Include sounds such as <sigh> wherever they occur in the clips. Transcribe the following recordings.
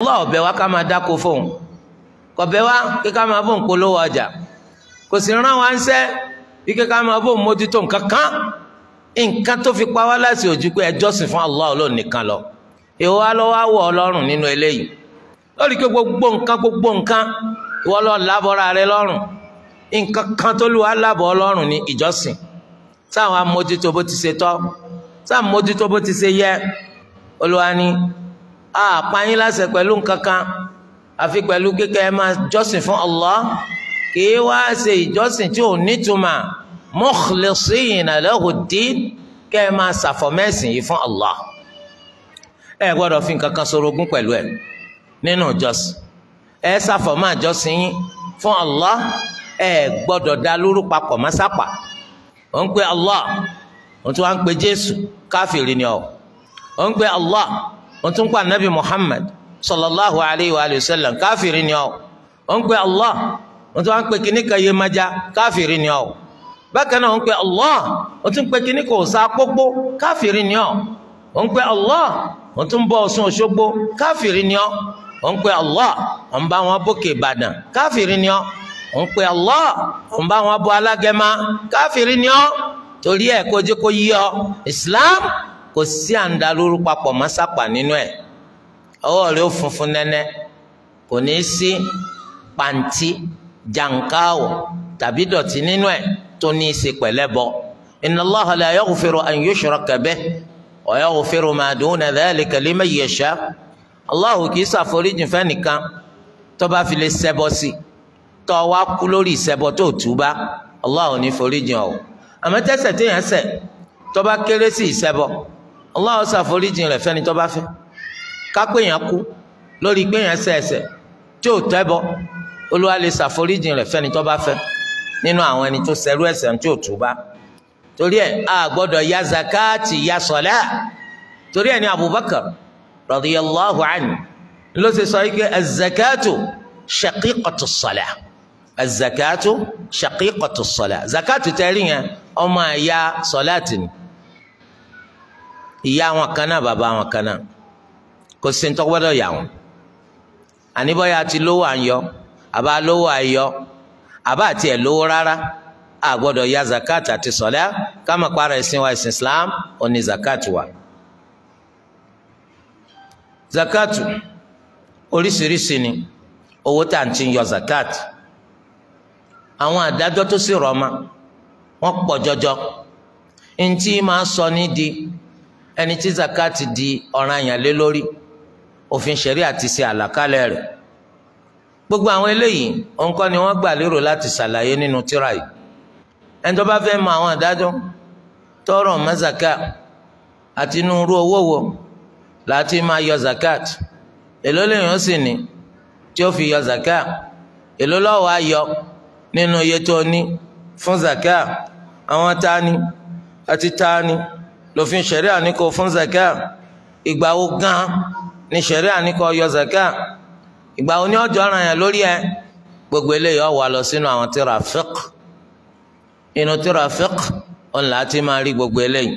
Allah ọbẹ wa ká máa dáko fóun kọbẹ wa kí ká máa bóun polówó ọjà kò sì rán wa ń sẹ bí kí ká máa bóun mójútó nǹkan kan nǹkan tó fi pa wá láti ojú pé ẹjọ́ sìn fún Allah Ọlọ́run nìkan lọ ìwọ wa lọ wá wọ Ọlọ́run nínú eléyìí lórí pé gbogbo nǹkan gbogbo nǹkan ìwọ lọ lábọra rẹ lọ́rùn nǹkan kan tó lù wá lábọ Ọlọ́run ní ìjọsìn táwọn amójútó bó ti ṣe tọ́ táwọn amójútó bó ti ṣe yẹ Olúwa ni. àpáyín láṣẹ pẹ̀lú nkankan àfi pẹ̀lú kíkẹ́ ẹ máa jọ́sìn fún ọlọ kì í wá ṣe ìjọ́sìn tí ò nítumọ̀ mukhlisina lahu ddin kẹ́ ẹ máa ṣàfọ̀mẹ́sìn yìí fún Allah ẹ gbọ́dọ̀ fi nǹkankan sorogún pẹ̀lú ẹ nínú ìjọ́sìn ẹ ṣàfọ̀mọ́ àjọsìn yín fún ọlọ, ẹ dá lóru papọ̀ mọ́sápà ó ń pe ó tún wá ń pe ni ọ ó ń pe o tún pa nabi muhammad sallallahu alayhi wa sallam káfíìrì ni ọ o ń pè allah o tún wá ń pè kíní kan Yemọja káfíìrì ni ọ bákan náà o ń pè allah o tún pè kíní kan òòṣà pópó káfíìrì ni ọ o ń pè allah o tún bọ Ọ̀ṣun Òṣogbo káfíìrì ni ọ o ń allah o bá wọn bókè ìbàdàn káfíìrì ni ọ o ń allah o bá wọn bọ alágẹmà káfíìrì ni ọ torí ẹ kó jẹ kó yí ọ islam. kò sí àǹdalóru papọ̀ mọ́sápà nínú ẹ̀ ọwọ́ rẹ̀ ó funfun nẹ́nẹ́ kò ní í sí pàǹtí jàǹkáwò tàbí dọ̀tí nínú ẹ̀ tó ní í ṣe pẹ̀lẹ́bọ. inna Allaha la yaghfiru an yushraka bihi wa yaghfiru ma kì í fẹ́nìkan tó bá fi lè ṣẹbọ sí tó wá kú lórí ìṣẹbọ tó ní foríjì ọ̀ àmọ́ ṣẹ̀ tó Allah ṣàforíjì rẹ̀ fẹ́ni tó bá fẹ́ kápẹ́ yẹn kú lórí pé yẹn ṣe ẹ̀ṣẹ̀ tí ò tẹ́bọ Olúwa lè ṣàforíjì rẹ̀ fẹ́ni tó bá fẹ́ nínú àwọn ẹni tó ṣerú ẹ̀ṣẹ̀ tí ò túbá torí ẹ̀ a gbọ́dọ̀ ya zakati ya sọ̀lá torí ẹ̀ ní Abubakar radiyallahu anhu ló ṣe sọ wípé az-zakatu shaqiqatu sọ̀lá az-zakatu shaqiqatu sọ̀lá zakatu tẹ́rí yẹn ọmọ ẹ̀yà sọ̀lá tì ìyá wọn kan náà bàbá wọn kan náà kò sí nítorí gbọ́dọ̀ yà wọn àníbọyà ti lówó à ń yọ àbá lówó à ń yọ àbá àti ẹ lówó rárá a gbọ́dọ̀ zakat àti sọlẹ káma para wa ẹ̀sìn Islam òní zakat wa zakat oríṣiríṣi ni owó tá à ń ti yọ zakat àwọn àdájọ́ tó sì rọ ma wọn pọ̀ jọjọ ntí máa sọ ní di ẹni tí zakati di ọ̀ranyàn lé lórí òfin ṣẹ̀rí àti ṣe àlàkalẹ̀ rẹ̀ gbogbo àwọn eléyìí òǹkọ́ ni wọ́n gbà lérò láti ṣàlàyé nínú tírà yìí ẹni tó bá fẹ́ mọ àwọn àdájọ́ tọrọ mọ́zàká àti inú rú owó wo láti máa yọ zakat èló lèyìn sì ní tí ó fi yọ zakat èló lọ́wọ́ ayọ nínú iye tó ní fún zakat àwọn tani àti tani lófin ṣẹ̀ríà ní kó fún zaka ìgbà wo gan ni ṣẹ̀ríà ní kó yọ zaka ìgbà wo ni ọjọ́ ọ̀ràn yẹn lórí ẹ gbogbo eléyìí ó wá lọ sínú àwọn tíra fiqh inú tíra fiqh òun là á ti máa rí gbogbo eléyìí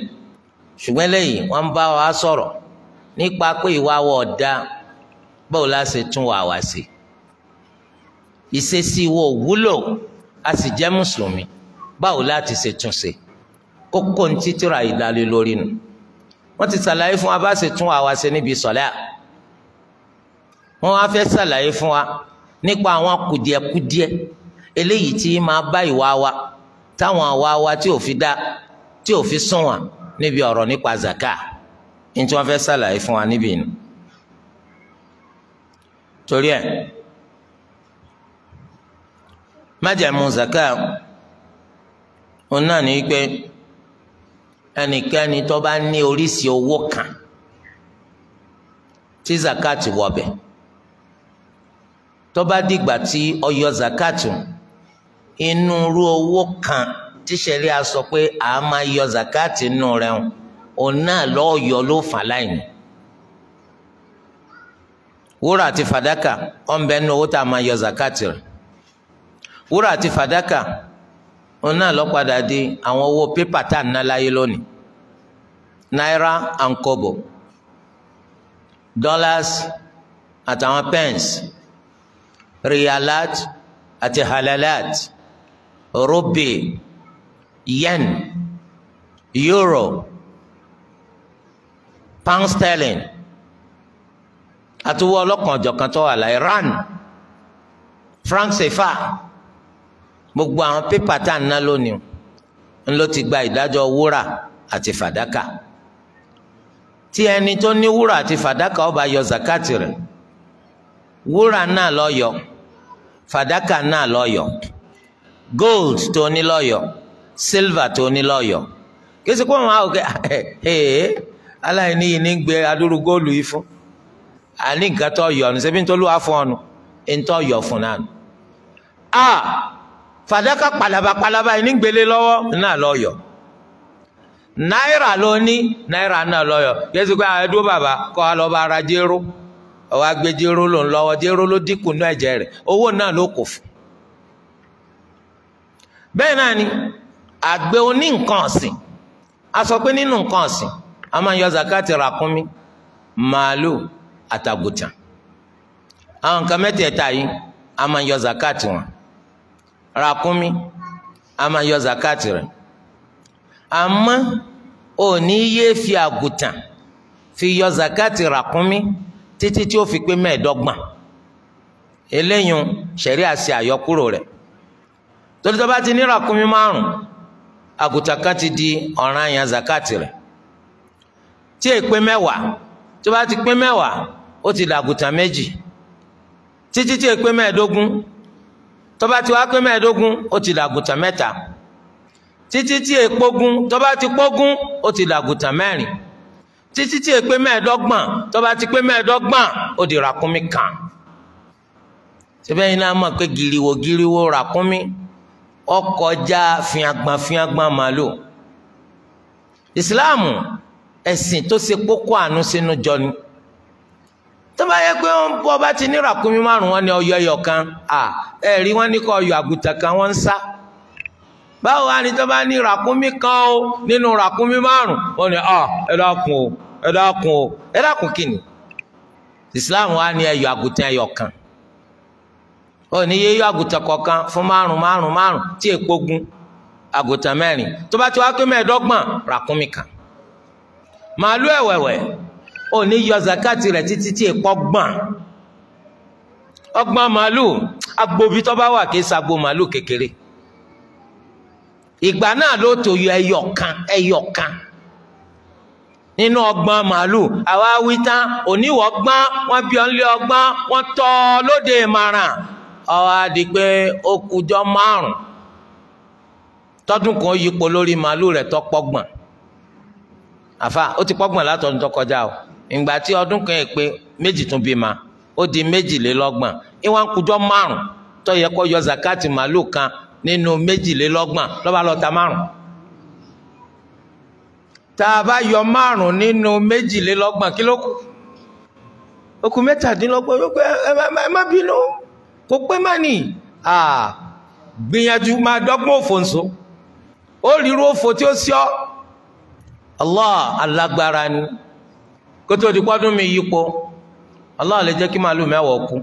ṣùgbọ́n eléyìí wọ́n ń bá wa sọ̀rọ̀ nípa pé ìwà wọ̀ ọ̀dà báwo la ṣe tún wà wá sí ìṣesí wo wúlò a sì jẹ́ mùsùlùmí báwo la ṣe tún kókó ní títírà ìdálé lórí nu wọ́n ti ṣàlàyé fún wa bá ṣe tún àwa ṣe níbi sọ̀lá wọ́n wá fẹ́ ṣàlàyé fún wa nípa àwọn kùdìẹ̀kùdìẹ̀ eléyìí tí máa bá ìwà wa táwọn àwa wa tí ò fi dá tí ò fi sún wa níbi ọ̀rọ̀ nípa zaka ní tí wọ́n fẹ́ ṣàlàyé fún wa níbi nu torí ẹ̀ májẹ̀mú zaka òun náà ní pé ẹnikẹ́ni tó bá ní oríṣi owó kan tí zakati wọbẹ̀ tó bá dìgbà tí ọyọ zakati inú irú owó kan tí ṣẹ̀ríà sọ pé a máa yọ zakati nù rẹ̀ hàn òun náà ló fà láìní wúrà àti fàdákà ọ̀nbẹ́ni owó tá a máa yọ zakati rẹ̀ wúrà àti fàdákà òun náà lọ padà di àwọn owó pépà tá à ń ná láyé lónìí náírà and kobo dollars àtàwọn pence riyalat àti halalat rubi yen euro pound sterling àtiwọ́ ọlọ́kan ọ̀jọ̀kan tó wà láyé rand franc sefa gbogbo àwọn pépà tá à ń ná lónìí ń ló ti gba ìdájọ́ wúrà àti fàdákà tí ẹni tó ní wúrà àti fàdákà ó bá yọ zakati rẹ̀ wúrà náà ló fàdákà náà ló gold tó ní ló silver tó ní ló yọ kí sèkú àwọn àwọn ọkẹ ẹ ẹ aláìní yìí ní gbé adúrú góòlù yìí fún àní nǹkan tó yọ ọ̀nù ṣebí ń tó lù wá fún ọ̀nù ń tó yọ fún náà fàdákà palabapalaba yìí nígbélé lọ́wọ́ náà lọ́yọ̀ náírà ló ní náírà náà lọ́yọ̀ yẹ́sì pé àwọn ẹdúró bàbá kọ́ wa lọ́ọ́ bá ara jéró ọwọ́ agbé jéró ló ń lọ́wọ́ jéró ló dínkù ní ẹ̀jẹ̀ rẹ̀ owó náà ló kò fún. bẹ́ẹ̀ náà ni àgbẹ̀ oní nǹkan ọ̀sìn a pé nínú nǹkan ọ̀sìn a máa yọ zakati ràkúnmí màálù àtàgùtàn àwọn nǹkan mẹ́tẹ̀ẹ̀ta yìí a máa yọ zakati wọn ràkúnmí a máa yọ zakati rẹ̀ àmọ́ ò ní yé fi àgùtàn fi yọ zakati ràkúnmí títí tí ó fi pé mẹ́ẹ̀ẹ́dọ́gbọ̀n eléyìí ṣẹ̀rí àṣẹ àyọkúrò rẹ̀ torí tó bá ti ní ràkúnmí márùn àgùtàn kan ti di ọ̀ràn àyàn zakati rẹ̀ tí è pé mẹ́wàá tó bá ti pé mẹ́wàá ó ti dàgùtàn méjì títí tí è pé mẹ́ẹ̀ẹ́dógún tó bá ti wá pé mẹ́ẹ̀ẹ́dógún ó ti làgùtàn mẹ́ta títí tí èpogun tó bá ti pógún ó ti làgùtàn mẹ́rin títí tí èpé mẹ́ẹ̀ẹ́dọ́gbọ̀n tó bá ti pé mẹ́ẹ̀ẹ́dọ́gbọ̀n ó di ràkúnmí kan síbẹ̀ yìí náà mọ̀ pé giriwo giriwo ràkúnmí ọkọjá fìyàgbọ̀n fìyàgbọ̀n màlúù ìsìláàmù ẹ̀sìn tó ṣe kókó àánú sínú jọ tó bá yẹ pé wọn bọ bá ti ní ràkúnmí márùn wọn ni ọyọ ẹyọ kan à ẹ rí wọn ní kọ ọyọ àgùntàn kan wọn ń sá báwo wá ni tó bá ní ràkúnmí kan o nínú ràkúnmí márùn wọn ni ọ ẹ dákun o ẹ dákun o ẹ dákun kìnnì Islam wa ni ẹyọ àgùntàn ẹyọ kan ó ní yẹ yọ àgùntàn kọ̀ọ̀kan fún márùn márùn márùn tí èpo gun àgùntàn mẹ́rin tó bá ti wá pé mẹ́ẹ̀ẹ́dọ́gbọ̀n ràkúnmí kan màálù ẹ̀wẹ̀wẹ̀ ò ní yọ zakati rẹ̀ títí tí èpọ gbọ̀n ọgbọ̀n màálù agbobi tó bá wà kì í sagbo màálù kékeré ìgbà náà ló tó yọ ẹyọ kan ẹyọ kan nínú ọgbọ̀n màálù àwa wí tán oníwọ̀ gbọ́n wọ́n bí ọ́n lé ọgbọ́n wọ́n tọ́ lóde ìmàràn ọ̀hà di pé ó kùjọ márùn tọdún kan yípo lórí màálù rẹ̀ tó pọ́gbọ̀n àfa ó ti pọ́gbọ̀n látọdún tó kọjá o. ìgbà tí ọdún kan yẹ pé méjì tún bímọ ó di méjìlélọ́gbọ̀n ìwà ń márùn tó yẹ yọ zakati màlúù kan nínú méjìlélọ́gbọ̀n ló bá ta bá yọ márùn nínú méjìlélọ́gbọ̀n kí ló kù mẹ́tàdínlọ́gbọ̀n yóò pé ẹ má bínú pé má nì gbìyànjú máa dọ́gbọ́n òfò ó rí irú òfò kótó di mi yípo Allah lè jẹ́ kí màálù mẹ́wọ̀ kú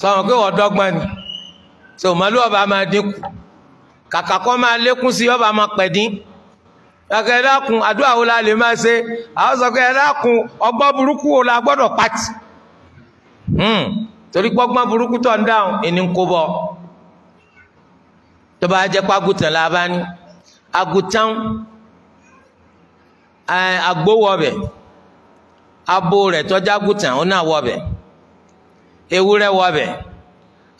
sọ̀rọ̀ pé wọ́n dọ́gbọ́n ni so màálù ọba máa dínkù kàkà kọ́ máa lékún sí ọba máa pẹ̀dín kàkà ẹ àdúrà wo la lè máa ṣe àwọn sọ pé ẹ dákun burúkú wo la gbọ́dọ̀ pati hmm, torí pọ́gbọ́n burúkú tó ń dáhùn ẹni ń kó bọ́ tó bá jẹ́ la bá abo rẹ̀ tọ́já gùtàn ó náà wọbẹ̀ ewúrẹ́ wọbẹ̀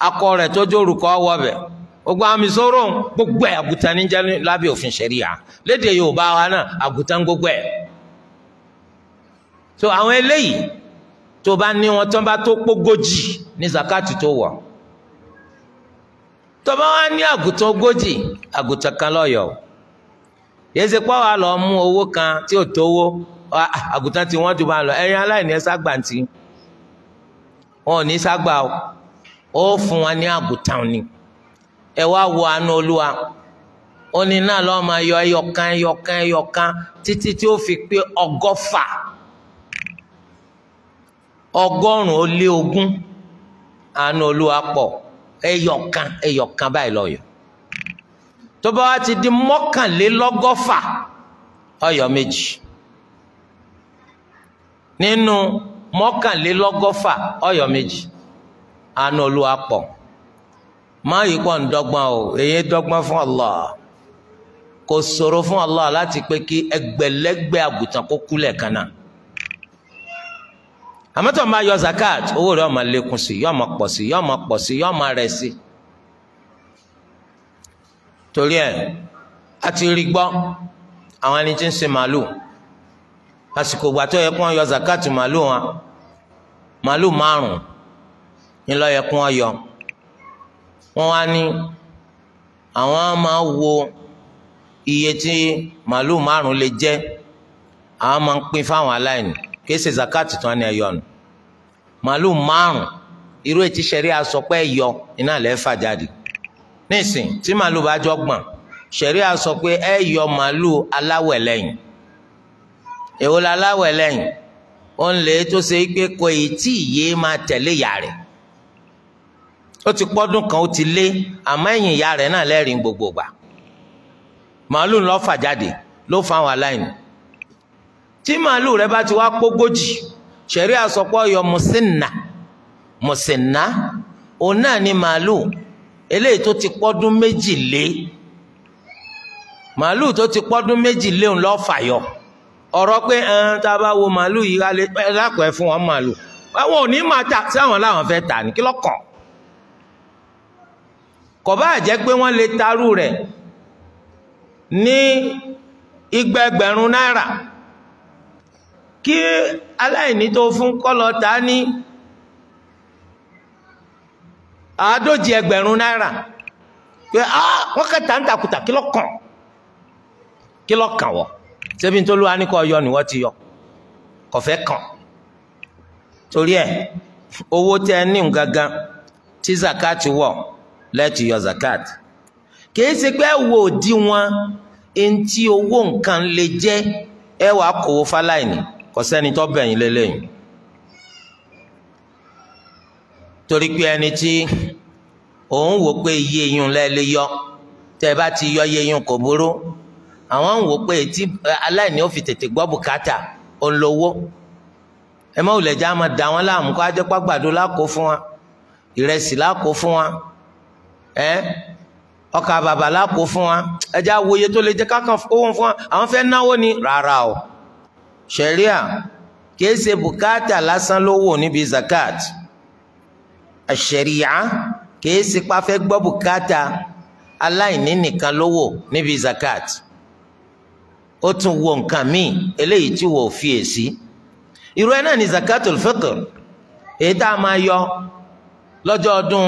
akọ rẹ̀ tọ́jú orúkọ wọbẹ̀ gbogbo àmì sọ̀rọ̀ gbogbo ẹ̀ àgùtàn ní jẹ́ lábẹ́ òfin ṣẹ̀ríà lédè Yorùbá wa náà àgùtàn gbogbo ẹ̀ so àwọn eléyìí tó bá ní wọn tán bá tó pógójì ní zakati tó wọ̀ tó bá wá ní àgùtàn ogójì àgùtàn kan lọ́yọ̀ọ́ yẹ́sẹ̀ pọ́ wa lọ mú owó kan tí ò tówó Ah, ah, àgùntàn tí wọ́n ti wá lọ ẹ̀yin aláìní ẹ ságbà ntì wọn ò ní ságbà o ó fún wa ní àgùntàn ni ẹ wá wo àánú olúwa ó ní náà lọ́ọ́ máa yọ ẹyọkan ẹyọkan ẹyọkan títí tí ó fi pé ọgọ́fà ọgọ́rùn-ún ó lé ogún àánú olúwa pọ̀ ẹyọkan ẹyọkan báyìí lọ́yọ̀ tó bá wá ti di mọ́kànlélọ́gọ́fà ọyọ méjì. nínú mọ́kànlélọ́gọ́fà ọ̀yọ́ méjì àánú olúwa pọ̀ má yìí pọ̀ ń dọ́gbọ́n o èyí dọ́gbọ́n fún Allah kò ṣòro fún Allah láti pé kí ẹgbẹ̀lẹ́gbẹ̀ àgùntàn kó kúlẹ̀ kan náà àmọ́ máa yọ zakat owó rẹ̀ ọmọ lékún sí yọ ọmọ pọ̀ sí yọ ọmọ pọ̀ sí yọ ọmọ rẹ̀ sí torí ẹ̀ a ti rí gbọ́ àwọn ẹni tí ń ṣe màálù. àsìkò ìgbà tó yẹ kó wọn yọ zakati màálù wọn màálù márùn ńlọ yẹ kó wọn yọ wọn wá ní àwọn máa wo iye tí màálù márùn lè jẹ àwọn máa ń pín fáwọn aláìní kìí ṣe zakati tó wọn ni ẹ nù màálù márùn irú ètí sẹ̀rí asọpẹ́ yọ iná lẹ́fà jáde nísìn tí màálù bá jọ gbọ̀n sẹ̀rí asọpẹ́ ẹ yọ màálù aláwẹ̀ lẹ́yìn èwo la láwẹ̀ lẹ́yìn ó ń lè tó ṣe pé kò ì tí ì yé máa tẹ̀lé ìyá rẹ̀ ó ti pọ́dún kan ó ti lé àmọ́ ẹ̀yìn ìyá rẹ̀ náà lẹ́rìí gbogbo gbà màálù ló fà jáde ló fa àwọn aláìní tí màálù rẹ̀ bá ti wá pógójì ṣẹ̀rí àsọpọ̀ yọ mùsínà mùsínà òun náà ni màálù eléyìí tó ti pọ́dún méjì lé màálù tó ti pọ́dún méjì lé òun fà yọ ọ̀rọ̀ pé ẹn tá a bá wo màálù yìí rálé ẹ̀dàpọ̀ ẹ̀ fún wọn màálù àwọn òní máa tà sáwọn láwọn fẹ́ tà ní kí lọ́kàn kò bá jẹ́ pé wọ́n lè tarú rẹ̀ ní igba ẹgbẹ̀rún náírà kí aláìní tó fún kọ́lọ̀ ta ní àádójì ẹgbẹ̀rún náírà pé ah, wọ́n kẹta ń takùtà kí lọ́kàn kí lọ́kàn wọ́n ṣebí tó lúwa ní kò yọ ni wọ́n ti yọ kò fẹ́ kàn torí ẹ̀ owó tẹ ẹ ní gangan tí zakat wọ̀ lẹ́ẹ̀tì yọ zakat kìí ṣe pé wo òdiwọ̀n eŋti owó nǹkan lè jẹ́ ẹ wàá kówó fáláìní kò sẹ́ni tó bẹ̀yìn lélẹ́yìn torí pé ẹni tí òun wò pé iye yun lẹ́ẹ̀ tẹ́ ẹ bá ti yọ iye yun kò burú àwọn ń wò pé tí aláìní ó fi tètè gbọ́ bùkátà ó ń lówó ẹ má wùlẹ̀ já máa da wọn láàmú kó ajẹ́ pàgbàdo lákò fún wa ìrẹsì lákò fún wa ẹ ọkà bàbà lákò fún wa ẹjẹ awoye tó lè jẹ kákan owó fún wa àwọn fẹ́ náwó ni rárá o ṣẹ̀ríà kìí ṣe bùkátà lásán ló níbi zakat ṣẹ̀ríà kìí ṣe pàfẹ́ gbọ́ bùkátà aláìní nìkan ló níbi zakat. ó tún wo nǹkan míì eléyìí tí wò ó irú ẹ náà ni zakatul fitr èyí tá a yọ lọ́jọ́ ọdún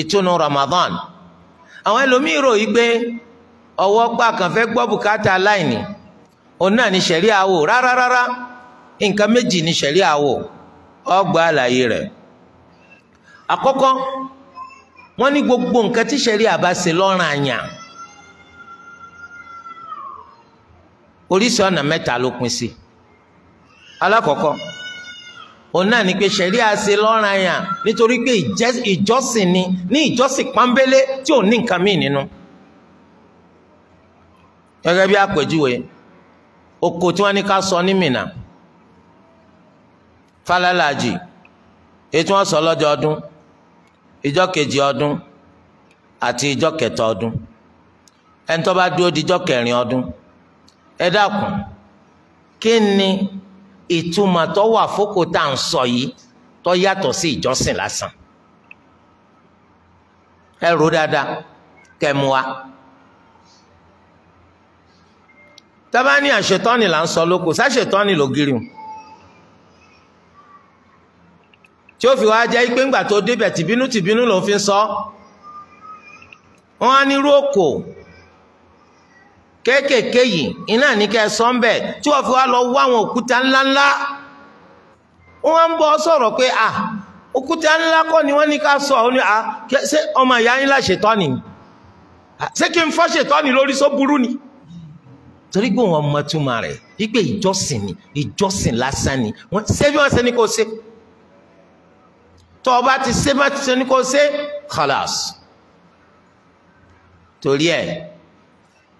ìtúnu Ramadan àwọn ẹlòmíì rò yí pé ọwọ́ gbà kàn fẹ́ gbọ́ bùkátà aláìní òun náà ni ṣẹ̀rí àwò rárárárá nǹkan méjì ni ṣẹ̀rí àwò ọgbà àlàyé rẹ̀ gbogbo nǹkan tí àbá ṣe lọ́rùn àyàn oríṣi ọ̀nà mẹ́ta ló pín sí alákọ̀ọ́kọ́ òun náà ni pé ṣẹ̀ríà ṣe lọ́ranyàn nítorí pé ìjọsìn ni ní ìjọsìn pọ́nbélé tí ò ní nǹkan míì nínú gẹ́gẹ́ bí àpèjúwe oko tí wọ́n ní ká sọ ní Mínà falálàjì ètò wọn sọ lọ́jọ́ ọdún ìjọ kejì ọdún àti ìjọ kẹta ọdún ẹni tó bá dúró di ìjọ kẹrin ọdún ẹ dákun kí ni ìtumọ̀ tó wà fókò tá à ń sọ yìí tó yàtọ̀ sí ìjọsìn lásán ẹ rò dáadáa kẹmu wa tábàání àṣetọ́ni là ń sọ lóko sáṣetọ́ni ló gírí o tí ó fi wá jẹ́ pé ńgbà tó débẹ̀ tìbínú tìbínú ló fi ń sọ wọ́n á nírú òkò kéékèèké yìí iná ní kẹ́ sọ́ńbẹ̀ tí wọ́n fi wá lọ wá àwọn òkúta ńláńlá wọ́n ń bọ́ sọ̀rọ̀ pé à òkúta ńlá kọ́ ni wọ́n ní ká sọ ọ́ ní à ṣé ọmọ ìyá yín láṣetọ́ ni ṣé kí n fọ́ ṣetọ́ ni lórí só burú ni torí pé wọn mọ túmọ̀ rẹ̀ wípé ìjọsìn ni ìjọsìn lásán ni wọ́n ṣé bí wọ́n ṣe ní kó ṣe tó o bá ti ṣe bá ti ṣe ní kó ṣe khalas torí ẹ̀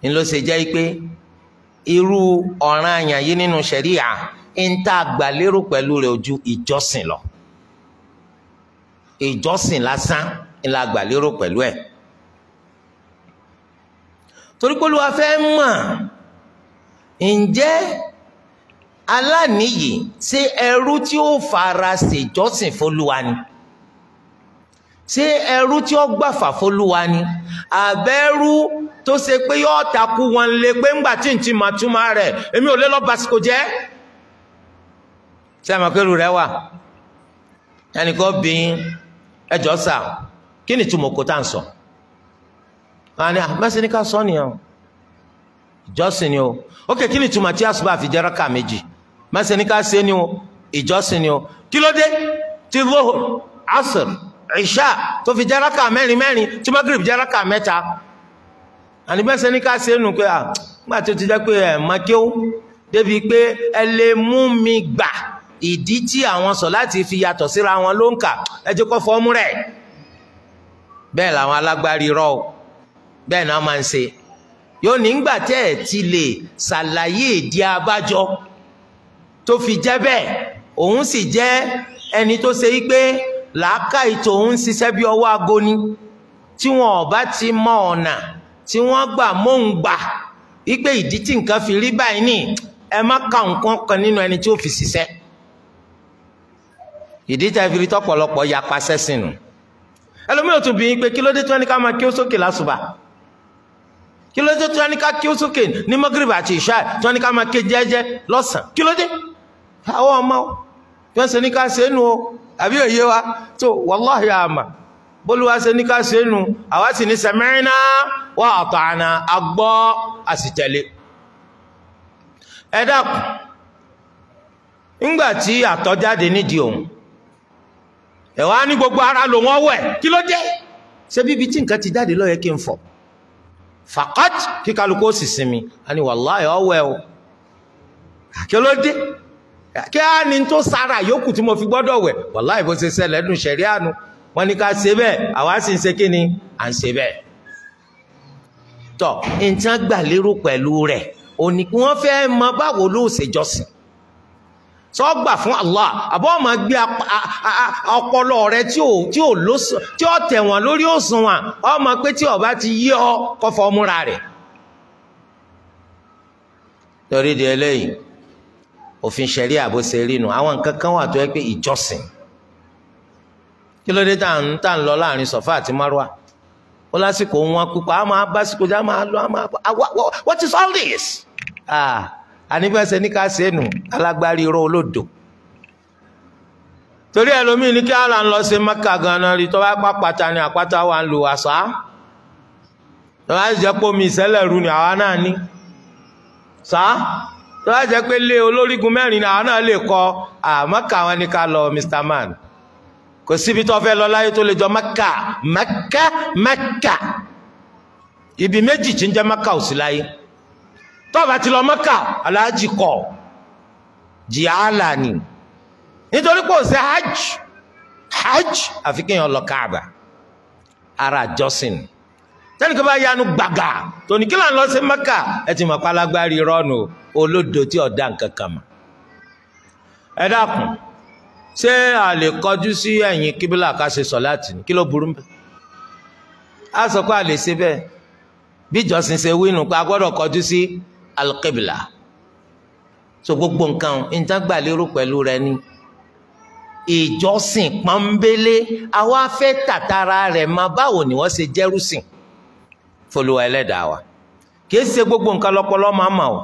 ń ló ṣe jẹ́ pé irú ọ̀ràn àyàn yìí nínú ṣẹ̀ríà ń tá àgbàlérò pẹ̀lú rẹ̀ ojú ìjọsìn lọ ìjọsìn lásán ń la àgbàlérò pẹ̀lú ẹ̀ torí pé olúwa fẹ́ mọ̀ ǹjẹ́ aláníyì ṣé ẹrú tí ó fara ṣèjọsìn fọlúwa ni. ṣé ẹrú tí ó gbà ni àbẹ́rú tó ṣe pé yóò takú wọn lé pé ńgbà tí n ti mà túmọ̀ rẹ̀ èmi ò lé lọ basiko jẹ́ ṣé àmọ́ pẹ̀lú rẹ wà ẹnìkan bí ẹjọ́ sà kí ni tá sọ àní àmẹ́sẹ̀ ní ah, ni o ok kí ni túmọ̀ tí fi jẹ́ ká méjì mẹ́sẹ̀ ní ni o ìjọsìn o kí ló dé asr. ìṣá tó fi járaka mẹ́rin mẹ́rin tí magrib járaka mẹ́ta àníbẹ́sẹ̀ ní ká ṣe nù pé à nígbà tó ti jẹ́ pé ẹ̀ mọ́kíó débi pé ẹ lè mú mi gbà ìdí tí àwọn sọ láti fi yàtọ̀ síra wọn ló ń kà ẹ jẹ́ kó rẹ̀ bẹ́ẹ̀ làwọn alágbárí rọ o bẹ́ẹ̀ náà máa ń ṣe yóò nígbà tẹ́ ẹ̀ ti lè ṣàlàyé ìdí abájọ tó fi jẹ́ bẹ́ẹ̀ òun sì jẹ́ ẹni tó ṣe wípé làákàyè tòun ń ṣiṣẹ́ bí ọwọ́ aago ni tí wọn ò bá ti mọ ọ̀nà tí wọ́n gbà mọ́ ń gbà wípé ìdí tí nǹkan fi rí báyìí ni ẹ má ka nǹkan kan nínú ẹni tí ó fi ṣiṣẹ́ ìdí tẹ́ fi rí tọ́pọ̀lọpọ̀ yapa sẹ́sìn nù ẹlòmíràn tún bí i pé kí ló dé tí wọ́n ní ká máa kí ó sókè lásùbà kí ló dé tí wọ́n ní ká kí ó sókè ní mọ́gìrìbà àti ìṣá tí wọ́n ní ká máa ké jẹ́jẹ́ lọ́sàn kí ló dé àwọn ọmọ bí wọ́n ṣe ní ká nù o àbí òye wa tó wàláhì àmà bólúwa ṣe ní ká ṣe nù àwa sì ní sami'na wa ata'na agbọ́ àsìtẹ̀lé ẹ dákun ńgbà tí àtọ̀ jáde nídìí òun ẹ ní gbogbo ara lò wọ́n wẹ̀ kí ló dé ṣé bíbi tí nǹkan ti jáde ló kí n fọ̀ fàkọ́t kí kálukú ó sì sinmi a ní wàláhì ọ̀wẹ́ o kí ló dé kí á ní tó sára yòókù tí mo fi gbọ́dọ̀ wẹ̀ wàláì bó ṣe ṣẹlẹ̀ dùn ṣẹ̀rí àánú wọn ní ká ṣe bẹ́ẹ̀ àwa sì ń ṣe kí ni à ń ṣe bẹ́ẹ̀. tọ nǹkan gbà lérò pẹ̀lú rẹ̀ òní wọ́n fẹ́ mọ báwo ló ṣèjọsìn sọ gbà fún Allah àbọ̀ ọmọ gbé ọpọlọ rẹ tí ò lóṣù tí ó tẹ̀wọ̀n lórí òṣùwọ̀n ọmọ pé tí ọba ti yí ọ kọfọ múra rẹ̀ torí di eléyìí òfin ṣẹlẹ àbó ṣe rí nu àwọn nǹkan kan wà tó yẹ pé ìjọsìn kí ló dé tá à ń tá ń lọ láàrin sọfà àti márùwà ó lásìkò wọn pípa á máa bá sìkò já máa lọ á máa bọ what is all this àníbẹ̀sẹ̀ ní ká ṣe nù alágbárí irọ́ olódò torí ẹlòmíì ní kí á là ń lọ sí mẹ́kà ganan rí tó bá pa pàtà ni àpáta wà ń lu àṣà tó bá jẹ́ pómi ìṣẹ̀lẹ̀ ru ni àwa náà ní sáà. tó bá jẹ́ pé lé olórígun mẹ́rin náà náà lè kọ àmọ́kà wọn ni ká lọ Mr Man kò síbi tó fẹ́ lọ láyé tó lè jọ Mẹ́kà Mẹ́kà Mẹ́kà ibi méjì tí ń jẹ Mẹ́kà ò sí láyé tó bá ti lọ Mẹ́kà aláàjì kọ̀ jìhálà ni nítorí pé ò sí hajj hajj àfi kéèyàn ara jọ́sìn tẹ́nìkan bá yanu gbàgà tòní kí là ń lọ sí mẹ́kà ẹ ti mọ̀ pálágbárí rọ́ọ̀nù olódo tí ọ̀dà nǹkan kan mọ̀. ẹ dákun ṣé a lè kọjú sí ẹ̀yìn kíbílà ká ṣe sọ̀láàtì ní kí ló burú mbẹ́. a sọ pé a lè ṣe bẹ́ẹ̀ bí ìjọsìn ṣe wí nù pé a gbọ́dọ̀ kọjú sí alqibla so gbogbo nǹkan ìjàngbà pẹ̀lú rẹ ni ìjọsìn pọ́nbélé àwa fẹ́ tàtàrà rẹ̀ máa báwo ni wọ́n ṣe jẹ́rùsìn folúwa ẹlẹ́dàá wa kìí ṣe gbogbo nǹkan lọ́pọlọ máa mà o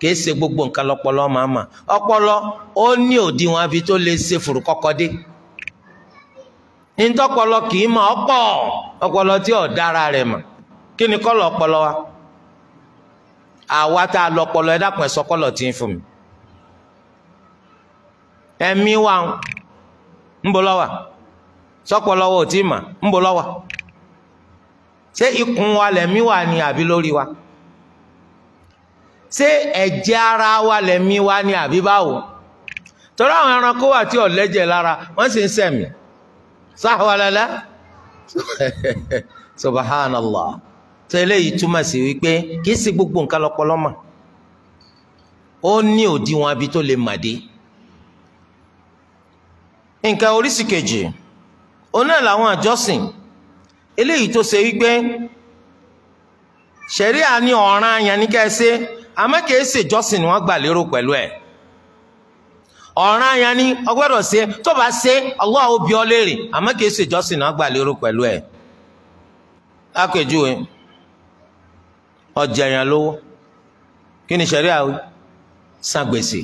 kìí ṣe gbogbo nǹkan lọ́pọlọ máa mà ọpọlọ ó ní òdiwọ̀n abi tó lè ṣe fùrù kọ́kọ́ dé ntọpọlọ kìí mà ọ̀pọ̀ ọpọlọ tí ò dára rẹ̀ mà kí ni kọ́lọ̀ ọpọlọ wa àwa tá a lọ́pọlọ ẹ dákun ẹ sọ tí ń fún mi ẹ̀mí wa ń bọ̀ lọ́wọ́ sọ́pọlọ wa ò tí ì mà ń bọ̀ lọ́wọ́. ṣé ikùn wa lẹ̀mí wà ni àbí lórí wa ṣé ẹ̀jẹ̀ ara wa lẹ̀mí wa ni àbí báwo torí àwọn ẹranko wà tí ọ̀lẹ́jẹ̀ lára wọ́n sì ń sẹ̀mí sáwàlálá <laughs> subhanallah tó eléyìí túmọ̀ sí wípé kì í sí gbogbo nǹkan lọ́pọlọ mọ̀ ó ní òdiwọ̀n abi tó lè màdé nǹkan oríṣìí kejì òun náà làwọn àjọsìn eléyìí tó ṣe wípé ṣẹ̀ríà ní ọ̀ràn àyàn ní kẹ́ẹ́sẹ́ àmọ́ kìí ṣèjọ́sìn ni wọ́n gbà lérò pẹ̀lú ẹ̀ ọ̀ràn àyàn ni ọgbọ́dọ̀ ṣe tó bá ṣe Allah ó bi ọ́ léèrè àmọ́ kìí ṣèjọ́sìn ni wọ́n gbà lérò pẹ̀lú ẹ̀ lápèjúwe ọjà èèyàn lówó kí ni ṣẹ̀ríà wí san gbèsè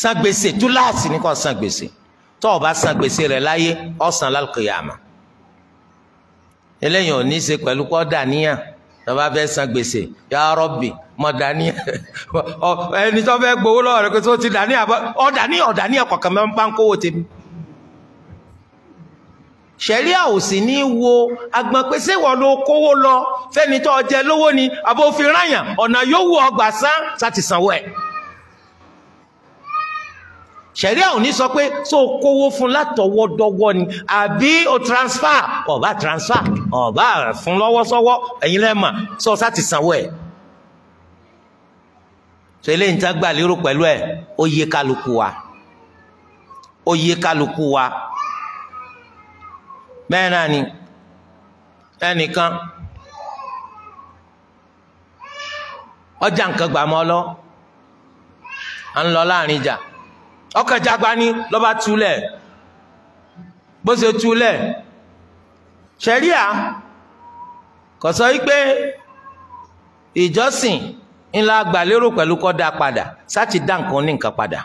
san gbèsè túláàsì ní kò san gbèsè tó o bá san gbèsè rẹ̀ láyé ó san eléyìí ò ní pẹ̀lú kọ́ tọ́ba fẹ́ san gbèsè ya rọ́bì mọ <laughs> ẹni tó fẹ́ gbowó lọ́wọ́ rẹ ti ọ ọ kọ̀ọ̀kan mẹ́rin tèmi. ní wo agbọn pé lọ fẹ́ni tó jẹ lówó ni àbófin ráyàn ọ̀nà yóò wù ọgbà sán ẹ̀. ṣẹ̀ríà ò ní sọ pé so kówó fún látọwọ́dọ́wọ́ ni àbí o transfer ọ̀bá transfer ọ̀bá fún lọ́wọ́sọ́wọ́ ẹ̀yin lẹ́mà sọ sáti sanwó ẹ̀ so eléyìí ń tágbà lérò pẹ̀lú ẹ̀ ó yé kálukú wa ó yé kálukú wa bẹ́ẹ̀ náà ni ẹnìkan ọjà nǹkan gbàmọ́ lọ à ń lọ láàrin ìjà ọkọ̀ jagba ní lọ́bá túlẹ̀ bó ṣe túlẹ̀ ṣẹ̀ríà kò sọ wípé ìjọsìn ńlá gbàlérò pẹ̀lú kọ́ dá padà sáti dá nǹkan ní nǹkan padà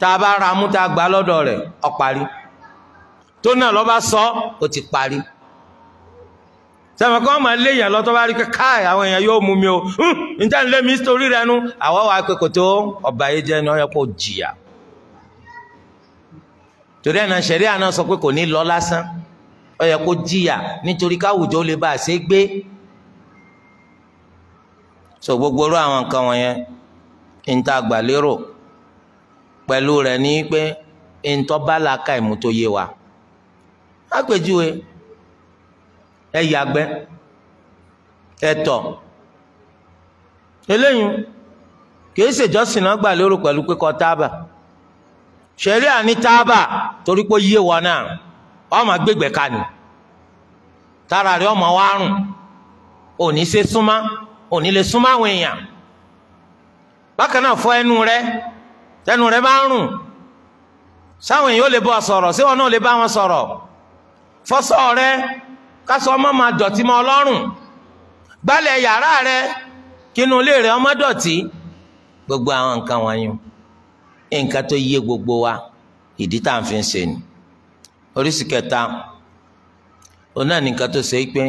tá a bá ra mú tá gbà lọ́dọ̀ rẹ̀ ó tó náà lọ́ba sọ ó ti parí. sẹ́wọ̀n kọ́ ma lé èèyàn lọ tó bá rí pé káì àwọn èèyàn yóò mú mi o ń tẹ́ ń lé mi sítorí rẹ nu àwọ̀ wa pé kò tó ọba yìí jẹ́ ni ó yẹ jìyà torí àná ṣẹ̀rí àná sọ pé kò ní lọ lásán ó yẹ kó jìyà nítorí káwùjọ lè bá a ṣe gbé so gbogbo rú àwọn nǹkan wọ̀nyẹn ń ta àgbàlérò pẹ̀lú rẹ̀ ní pé ń tọ́ bá làákà ìmú tó yé wa ẹ yàgbẹ́ ẹtọ eléyìí kìí ṣèjọsìn náà gbà lérò pẹ̀lú kíkọ tábà ṣẹ̀rí àní tábà torí pé yíyé wọn náà ọmọ gbégbé ká tára rẹ ọmọ wa rùn òní ṣe súnmá òní lè súnmá àwọn èèyàn bákan náà fọ ẹnu rẹ tẹnu rẹ máa ń rùn sáwọn èèyàn ó lè bọ síwọn náà kásọ ọmọ máa dọ̀tí mọ́ ọlọ́rùn gbálẹ̀ yàrá rẹ kínú ilé rẹ ọmọ dọ̀tí gbogbo àwọn nǹkan wọ̀nyí nǹkan tó yé gbogbo wa ìdí tá à ń fi ń ṣe ni oríṣi kẹta òun náà nìkan tó ṣe pé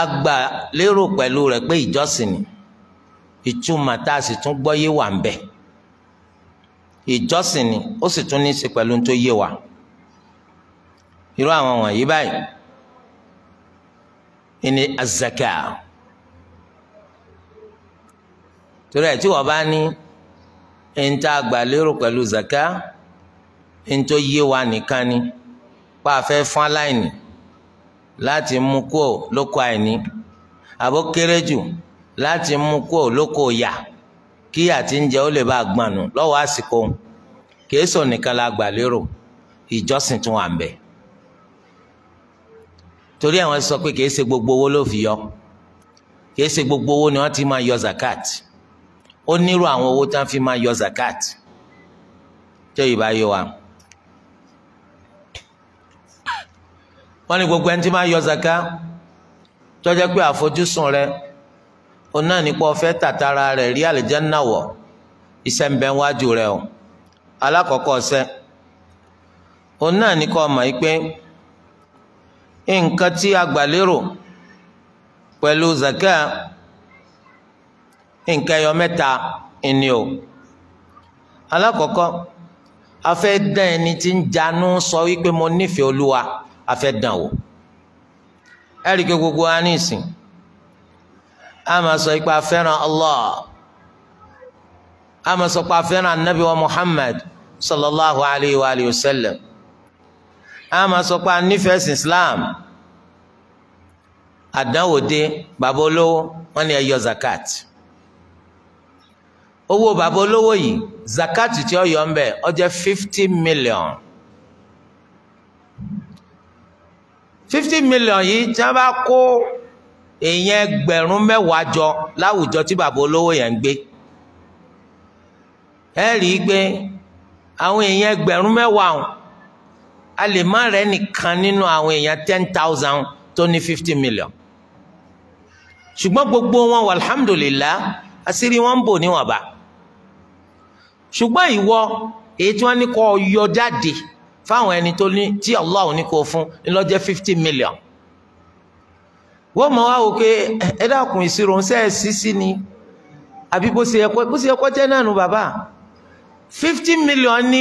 a gbà lérò pẹ̀lú rẹ̀ pé ìjọsìn ni ìtumọ̀ tá a sì tún gbọ́ yé wà ń bẹ̀ ìjọsìn ni ó sì tún ní í ṣe pẹ̀lú tó yé wa. irú àwọn wọ̀nyí báyìí ni azaka torí ẹ̀ tí wọ́n bá ní ẹni tá a pẹ̀lú zaka ẹni tó yé wa nìkan ni pa afẹ́ fún aláìní láti mú kúò lóko àìní àbó kéré jù láti mú kúò lóko yà kí àti ń jẹ ó lè bá a gbọ̀nù lọ́wọ́ àsìkò kèésò nìkan la gbà lérò ìjọsìn tún wà ń bẹ̀. torí àwọn sọ pé kìí ṣe gbogbo owó ló fi yọ kìí ṣe gbogbo owó ni wọ́n ti máa yọ zakat ó nírú àwọn owó tí wọ́n fi máa yọ zakat tó yìí bá yọ wa. wọ́n ní gbogbo ẹni tí máa yọ zaka tó jẹ́ pé àfojúsùn rẹ̀ òun náà nípa ọ̀fẹ́ tàtàrà rẹ̀ rí àlìjánnà wọ̀ iṣẹ́ ń bẹ wájú rẹ̀ o alákọ̀ọ́kọ́ ọ̀sẹ́ òun náà ní ọmọ yìí pé. nǹkan tí a gbà lérò pẹ̀lú zakat nǹkan ẹyọ mẹ́ta o alákọ̀ọ́kọ́ a dán ẹni tí ń janú sọ mo nífẹ̀ẹ́ olúwa a dán o ẹ rí i pé gbogbo wa ní ìsìn a máa sọ pé a fẹ́ràn Allah a máa sọ pé a fẹ́ràn wa Muhammad sallallahu alayhi wa sallam. a máa sọ pé a nífẹ̀ẹ́ sí Islam àdánwò dé bàbá olówó wọn ni ẹ yọ zakat owó bàbá olówó yìí zakat tí ó yọ ń bẹ ó jẹ́ fifty million fifty million yìí tí wọ́n bá kó èèyàn ẹgbẹ̀rún mẹ́wàá jọ láwùjọ tí bàbá olówó yẹn ń gbé ẹ rí i pé àwọn èèyàn ẹgbẹ̀rún mẹ́wàá a lè má rẹ nìkan nínú àwọn èèyàn ten thousand tó ní fifty million ṣùgbọ́n gbogbo wọn wà alhamdulillah àṣírí wọn ń bò níwọ̀nba ṣùgbọ́n ìwọ èyí tí wọ́n ní kó yọ jáde fáwọn ẹni tó ní tí Allah ní kó fún ńlọ́jẹ́ fifty million wọ́n mọ̀ wá wò pé ẹ dákun ìṣirò ń ẹ̀ sí sí ni àbí bó ṣe ẹkọ́ bó ṣe ẹkọ́ jẹ́ náà nu bàbá fifty million ní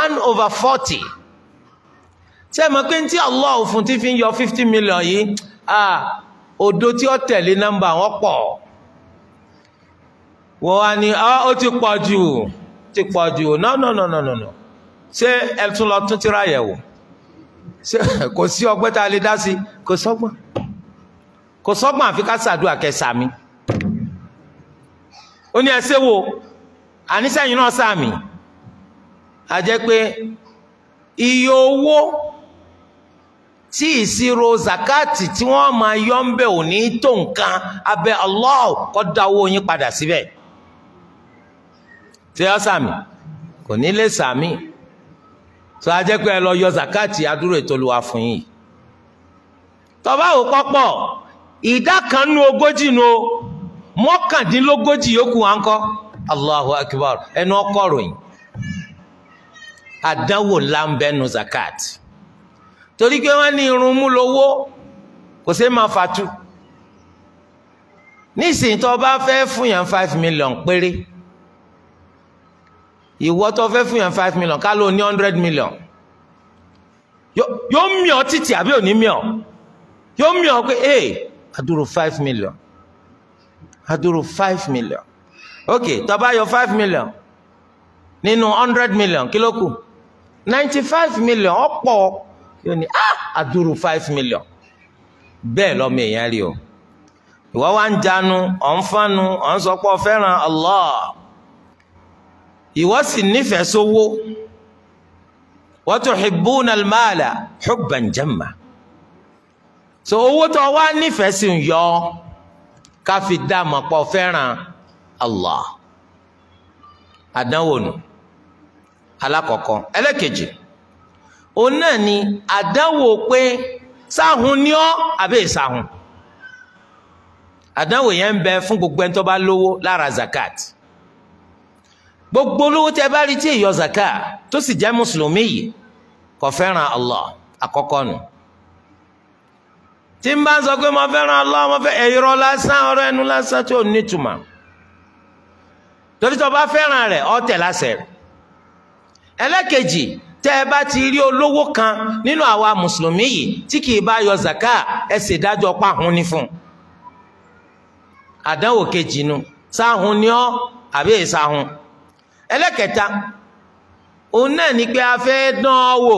one over forty ṣe mọ̀ pé tí Allah fún tí fi ń yọ 50 million yìí ah odo tí ó tẹ̀lé nọ́mbà wọn pọ̀ wọ́n wá ní ó ti pọ̀ jù ti pọ̀ jù no no no no no ṣé ẹ tún lọ tún tíra yẹ̀wò <laughs> kò sí ọgbẹ́ tá a lè dá sí kò sọ́gbọ́n kò sọ́gbọ́n àfi ká ṣàdúrà kẹsà mi ó ní ẹsẹ̀ wo àníṣẹ́yìn náà sáàmì àjẹ́ pé iye owó tí ìṣirò zakati tí wọ́n máa yọ ń bẹ̀ ò ní tó nǹkan abẹ́ Allah kó dá owó yín padà síbẹ̀ ṣé ọ sàmì kò ní lè sàmì tó a jẹ́ pé ẹ lọ yọ zakati adúrò ètò olúwa fún yìí tọ́ba ò pọ́pọ̀ ìdá kan nu ogójì nu mọ́kàndínlógójì yòókù wa ń kọ́ Allahu akbar ẹnu ọkọ̀ ròyìn àdánwò ńlá ń bẹ́nu zakati torí pé wọ́n ní irun mú lówó kò sí máa fatu nísìnyí tó bá fẹ́ fún yàn five million péré ìwọ tó fẹ́ fún yàn five million ká ló ní hundred million yóò mì ọ́ títì àbí ò ní mì ọ́ yóò mì ọ́ pé ee adúró five million adúró five million ok tó bá yọ five million nínú hundred million kí ló kù ninety five million ọ̀pọ̀ yóò ní àdúrú ah, five million bẹ́ẹ̀ lọ́mọ èèyàn rí o ìwọ wá ń janu ọ̀ ń fánu ọ̀ ń sọ pé ọ fẹ́ràn Allah ìwọ sì nífẹ̀ẹ́ sówó wa tuhibbuna al-mala hubban jamma so owó tó wá nífẹ̀ẹ́ sí ń yọ ká fi dá mọ̀ pé ọ fẹ́ràn Allah àdánwò nù alákọ̀ọ́kọ́ ẹlẹ́kejì. O náà ni àdánwò pé sáhun ní ọ́ àbẹ́ ìsáhun àdánwò yẹn ń bẹ fún gbogbo ẹni tó bá zakat gbogbo olówó tẹ bá rí tí èyọ zakat tó sì jẹ́ mùsùlùmí yìí kò fẹ́ràn Allah àkọ́kọ́ nù tí n bá sọ pé mo fẹ́ràn Allah mo fẹ́ ẹ̀yọrọ lásán ọ̀rọ̀ ẹnu lásán tí ò nítumọ̀ torí tó bá fẹ́ràn rẹ̀ tẹ̀ ẹlẹ́kejì tẹ́ ẹ bá ti rí olówó kan nínú àwa mùsùlùmí yìí tí kì í bá yọ zaka ẹ sì dájọ́ páhùn ní fún un àdánwò kejì nu sáhùn ni ọ àbí ìsáhùn ẹlẹ́kẹta òun náà ni pé a fẹ́ dán ọ wò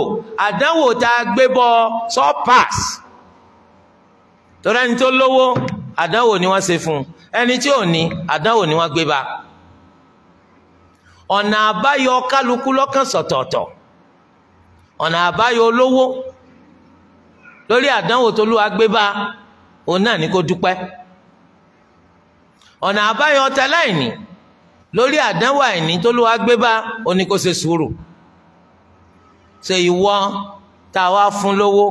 àdánwò tá a gbé bọ sọ pass torí ẹni tó lówó àdánwò ni wọ́n ṣe fún un ẹni tí ò ní àdánwò ni wọ́n gbé bá ọ̀nà àbáyọ kálukú lọ́kàn sọ̀tọ̀ọ̀tọ̀. So ọ̀nà àbáyọ olówó lórí àdánwò tó lúwa gbé bá òun náà ní kó dúpẹ́ ọ̀nà àbáyọ tẹlẹ́ẹ̀nì lórí àdánwò àìní tó lúwa gbé bá òun ní kó ṣe sùúrù ṣe ìwọ tá a wá fún lówó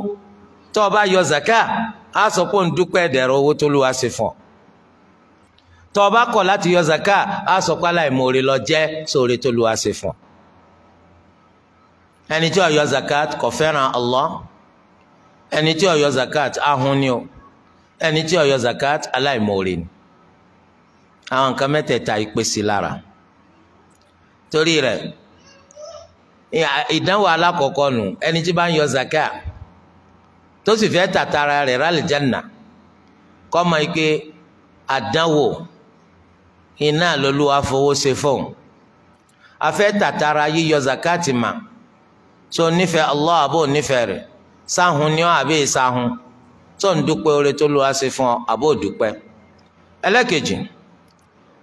tó o bá yọ zaka á sọ pé òun dúpẹ́ ẹ̀dẹ̀rọ owó tó lúwa ṣe fún tó o bá kọ̀ láti yọ zaka á sọ pé aláìmoore ló jẹ́ sóore tó lúwa ṣe fún ẹni tí ó yọ zakat kò fẹ́ràn Allah ẹni tí ó yọ zakat ahun ni o ẹni tí ó yọ zakat aláìmoore ni àwọn nǹkan mẹ́tẹ̀ẹ̀ta ìpèsè lára torí rẹ̀ ìdánwò alákọ̀ọ́kọ́ nù ẹni tí bá ń yọ zakat tó sì fẹ́ tàtara rẹ̀ rálìjánà kọ́ máa ike àdánwò iná lọ́lúwa fowó ṣe fóun afẹ́ tàtara yíyọ zakati mà tó nífẹ̀ẹ́ Allah àbò nífẹ̀ẹ́ rẹ̀ sáhun ni ọ́ àbí ìsáhun tó ń dúpẹ́ oore tó lu àṣẹ fún ọ àbò dúpẹ́ ẹlẹ́kejì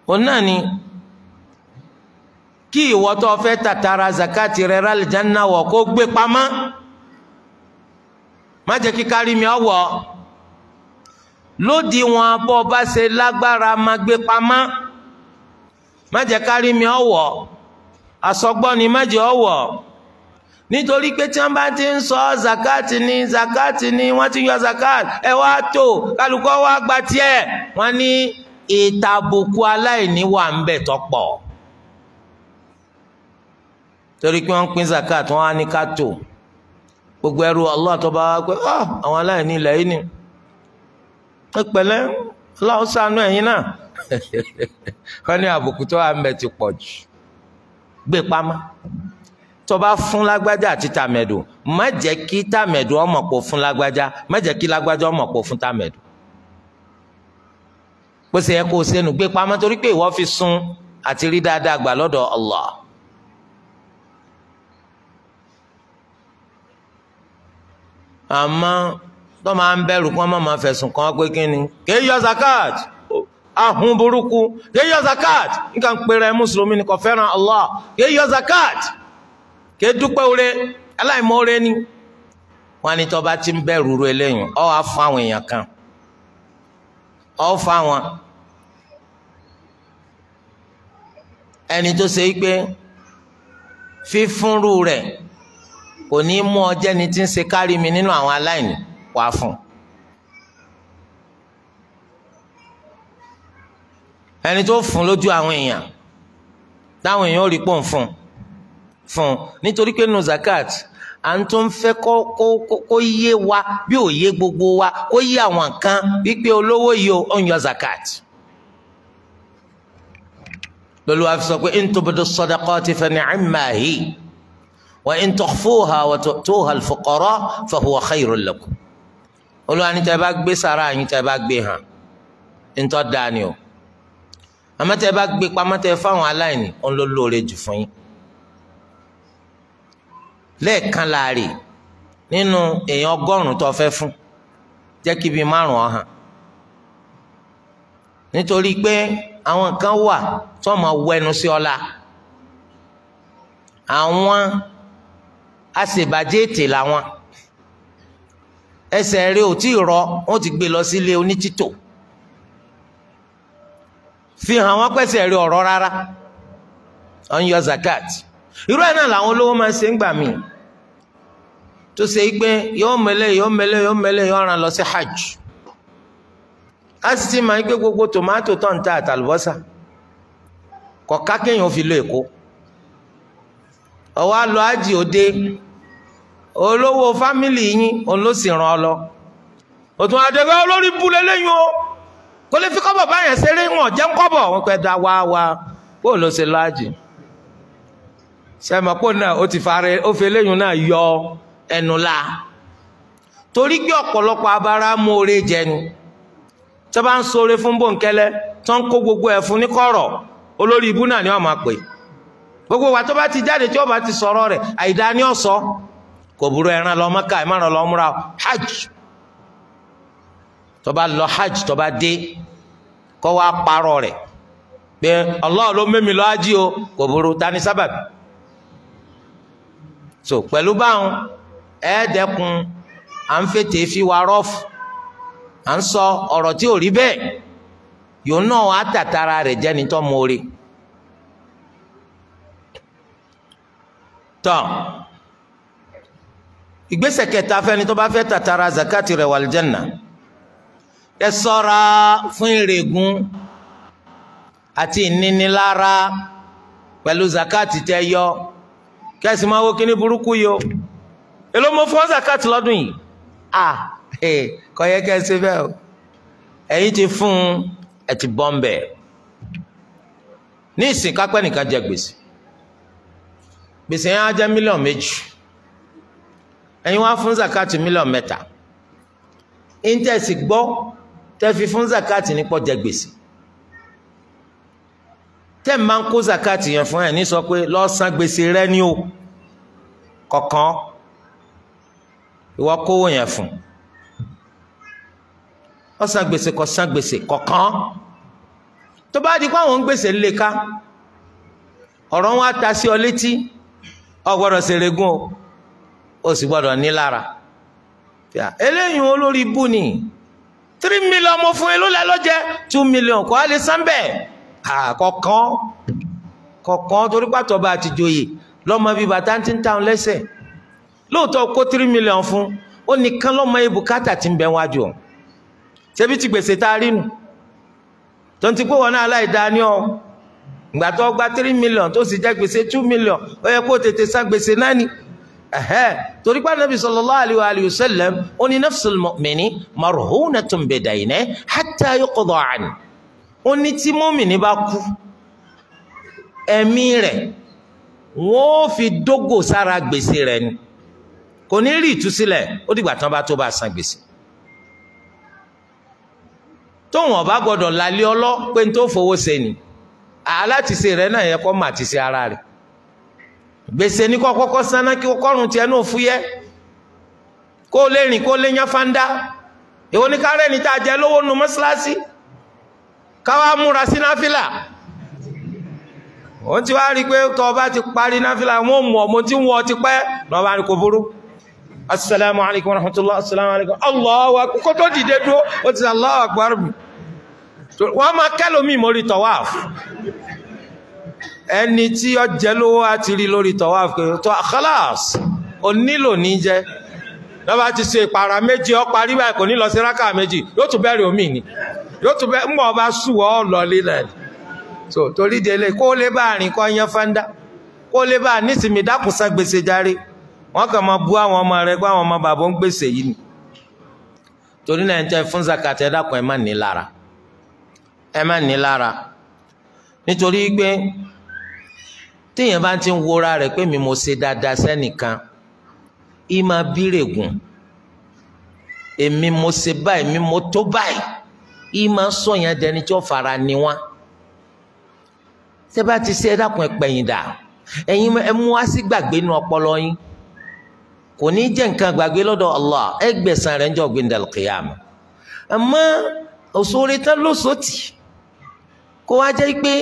òun náà ni kí ìwọ tó fẹ́ tàtàrà zakati rẹ rálìjánná wọ̀ kó gbé pamọ́ má jẹ́ kí kárí mi lódì wọn bọ́ bá ṣe lágbára má gbé pamọ́ má jẹ́ kárí mi ọ̀wọ́ má jẹ́ ọ̀wọ́. nítorí pé tí wọ́n bá ti ń sọ zakati ni zakati ni wọ́n ti yọ zakati ẹ wá tó kálukọ́ wá gba wọ́n ní ìtàbùkù aláìní wà ń torí pé pín zakati á ní gbogbo ẹrú wá pé ah, àwọn aláìní ilẹ̀ yìí ni ẹ pẹ̀lẹ́ náà <laughs> ní àbùkù tó wà ń bẹ̀ ti pọ̀ tó bá fún lágbájá àti tàmẹ̀dù má jẹ́ kí tàmẹ̀dù ọmọ lagbaja fún lágbájá má jẹ́ kí lágbájá ọmọ fún tàmẹ̀dù fi sun àti rí dáadáa gbà lọ́dọ̀ Allah. àmọ́ tó máa ń bẹ̀rù kí wọ́n má máa fẹ̀sùn kàn pé kí ni yọ zakat ahun burúkú yọ zakat nǹkan pèrè mùsùlùmí ni kò fẹ́ràn yọ zakat. kí dúpẹ́ oore aláìmọ́ oore ni wọ́n ní tọ́ba ti ń bẹ̀rù ru eléyìí ọ wá fún àwọn èèyàn kan ọ fún àwọn ẹni tó ṣe pé fífúnrú rẹ̀ kò ní mú ọ jẹ́ni tí ń ṣe kárí mi nínú àwọn aláìní wàá fún un. ẹni tó fún lójú àwọn èèyàn táwọn èèyàn ò rí pò ń fún un fún un nítorí pé nù zakat à ń tún fẹ́ kó kó kó yé wa bí ò yé gbogbo wa kó yé àwọn kan wípé olówó yìí ó ń yọ zakat lọ́lọ́wọ́ fi sọ pé in tubdu sadaqati fa ni'ma hi wa in tukhfuha wa tu'tuha al-fuqara fa huwa tẹ́ bá gbé sàrà yín tẹ́ bá gbé hàn ntọ́ da o àmọ́ tẹ́ bá gbé pamọ́ tẹ́ fáwọn aláìní òun ló lóore jù fún yín lẹ́ẹ̀kan láàrè nínú èèyàn ọgọ́rùn-ún tó fẹ́ fún jẹ́ kí bíi márùn-ún ọ̀hàn nítorí pé àwọn kan wà tó máa wẹnu sí ọlá àwọn aṣèbàjẹ́ ètè làwọn ẹsẹ̀ rẹ ò tí ì rọ wọ́n ti gbé lọ sílé onítìtò fi hàn wọ́n pẹ́sẹ̀ rẹ ọ̀rọ̀ rárá ọ̀n yọ zakat. irú ẹ̀ náà làwọn olówó máa ń ṣe ń gbà mí tó ṣe pé yóò mẹlẹ yóò mẹlẹ yóò mẹlẹ yóò ràn lọ sí hajj a sì ti máa ń gbé gbogbo tòmátò tó àtàlùbọ́sà kọ̀ọ̀ká kéèyàn fi lo èkó ọwọ́ àlọ́ àjì òde olówó fámìlì yín òun ló sì ràn ọ lọ òtún àdẹ́gbẹ́ olórí bu lélẹ́yìn o kò lè fi kọ́bọ̀ báyẹn ṣeré wọn jẹ́ ń kọ́bọ̀ wọn pẹ́ wá bóun ló lọ sẹ́mọ̀pọ̀ náà ó ti fara ó fi eléyìn náà yọ ẹnu la torí pé ọ̀pọ̀lọpọ̀ abara mọ́ọ̀rẹ́ jẹnu tó bá ń sóore fún bòńkẹ́lẹ́ tó ń kó gbogbo ẹ̀ fún níkọ̀rọ̀ olórí ibú náà ni wọ́n máa pè gbogbo wa tó bá ti jáde tí ó bá ti sọ̀rọ̀ rẹ̀ ẹran lọ lọ múra hajj tó lọ hajj tó bá dé kó wá parọ́ rẹ̀ pé ló mẹ́mi so pẹ̀lú báwọn ẹ̀ẹ́dẹ́kun à ń fètè fi wa rọ́ọ̀fù à ń sọ ọ̀rọ̀ tí ò rí bẹ́ẹ̀ yòó náà á tàtara rẹ̀ jẹ́ni tó mórí. tọ́ ìgbésẹ̀ kẹta fẹ́ni tó bá fẹ́ tàtara zakati rẹ̀ wà lìjẹ́nà ẹ sọ́ra fún ìrègùn àti ìnínilára pẹ̀lú zakati tẹ́ yọ kẹsì máa wo kíní burúkú yìí o èló mo fọ́ zakat lọ́dún yìí à kò yẹ kẹsì bẹ́ẹ̀ o ẹ̀yin ti fún un ẹ̀ ti bọ́ ń bẹ̀ ní ìsìn kápẹ́ nìkan jẹ gbèsè gbèsè yẹn á jẹ́ mílíọ̀nù méjì ẹ̀yin wá fún zakat mílíọ̀nù mẹ́ta íńtẹ̀sì gbọ́ tẹ́ fi fún zakat nípọ̀ jẹ gbèsè tẹ́ ń máa ń kó zakati yẹn fún ẹ̀ ní sọ pé lọ́sàn gbèsè rẹ ní o kọ̀ọ̀kan ìwọ kówó yẹn fún ọ̀sán gbèsè kọ̀ọ̀sán gbèsè kọ̀ọ̀kan tó bá di pé àwọn gbèsè lè ka ọ̀rọ̀ wọn á ta sí ọ létí ọ gbọ́dọ̀ ṣèrègùn o ó sì gbọ́dọ̀ ní eléyìí olórí bù ní three million mo fún ẹ ló lẹ́ lọ́jẹ́ two million kò á lè san bẹ́ẹ̀ àkọ́kọ́ kọ̀ọ̀kan torí pàtó bá ti joyè lọ́mọ bíi bàtà ti ń tàn lẹ́sẹ̀ lóòótọ́ kó tírí mílíọ̀n fún ó nìkan lọ́mọ ibù kátà ti ń bẹ wájú ọ̀ ṣebí ti gbèsè tá a tó ń ti pé wọn náà aláìda ní ọ ìgbà tó gba tírí mílíọ̀n tó sì jẹ́ gbèsè tú mílíọ̀n ó yẹ kó tètè san gbèsè náà ni torí pé anabi sallallahu alayhi wa alayhi ó ní nafsul mu'mini marhunatun bidaynihi hatta yuqda anhu ó ní tí mọ́mìnì bá kú ẹ̀mí rẹ̀ wọ́n ó fi dógò sára gbèsè rẹ̀ ni kò ní rí ìtúsílẹ̀ ó dìgbà tán bá tó bá san gbèsè tóun ọba gbọ́dọ̀ lálẹ́ ọlọ́ pé n tó fowó ṣe ni aláàtìsí rẹ̀ náà yẹ kó mà ti ṣe ara rẹ̀ gbèsè ní kó kọ́kọ́ sáná kí kọ́rùn tiẹ̀ náà fúyẹ́ kó lè rìn kó lè yán fáńdá èwo ní kárẹ́ni tá a jẹ lówó nu mọ́ṣáláṣí káwá múra sí náfìlà òun ti wá rí i pé tọ́ bá ti parí náfìlà wọ́n mú ọmọ tí wọ́n ti pẹ́ lọ́ba ní kò burú assalamu alaikum warahmatullahi assalamu alaikum allahu akbar kó tó dìde dúró ó ti allahu akbar wọ́n máa kẹ́lòmí mórí tọ́wáf ẹni tí ó jẹ́ lówó á rí lórí tọ́wáf tó khalas ò nílò ní jẹ́ lọ́ba ti ṣe ìpàrà méjì ó parí báyìí kò ní lọ sí rákà méjì yóò tún bẹ̀rẹ̀ omi ni yóò tún bẹ ńgbà ọba sùn ọ lọ lílẹ so torí délé kó lè bá àrìn kọ yan fanda kó lè bá nísìmí dákùnsá gbèsè járe wọn kàn máa bu àwọn ọmọ rẹ pé àwọn ọmọ bàbá ń gbèsè yìí ni torí náà ń tẹ fún zakat ẹ dákun ẹ má ní lára ẹ má ní lára nítorí gbé téèyàn bá ti ń wora rẹ̀ pé mi mo ṣe dáadáa sẹ́nìkan ìmọ̀ bírègùn èmi mo ṣe báyìí èmi mo tó báyìí yìí máa ń sọyàn dẹni tí ó fara ni wọn tẹ́bá ti ṣe ẹ̀dàkùn ẹ̀pẹ̀yìn dà ẹ̀yin ẹ mú wá sí gbàgbé nu ọpọlọ yín kò ní jẹ́ nǹkan gbàgbé lọ́dọ̀ Allah ẹ gbẹ̀san rẹ̀ ń jọ gbẹ̀ndẹ̀ kìyàmù àmọ́ òṣèré tán ló sọ́tì kó wá jẹ́ pé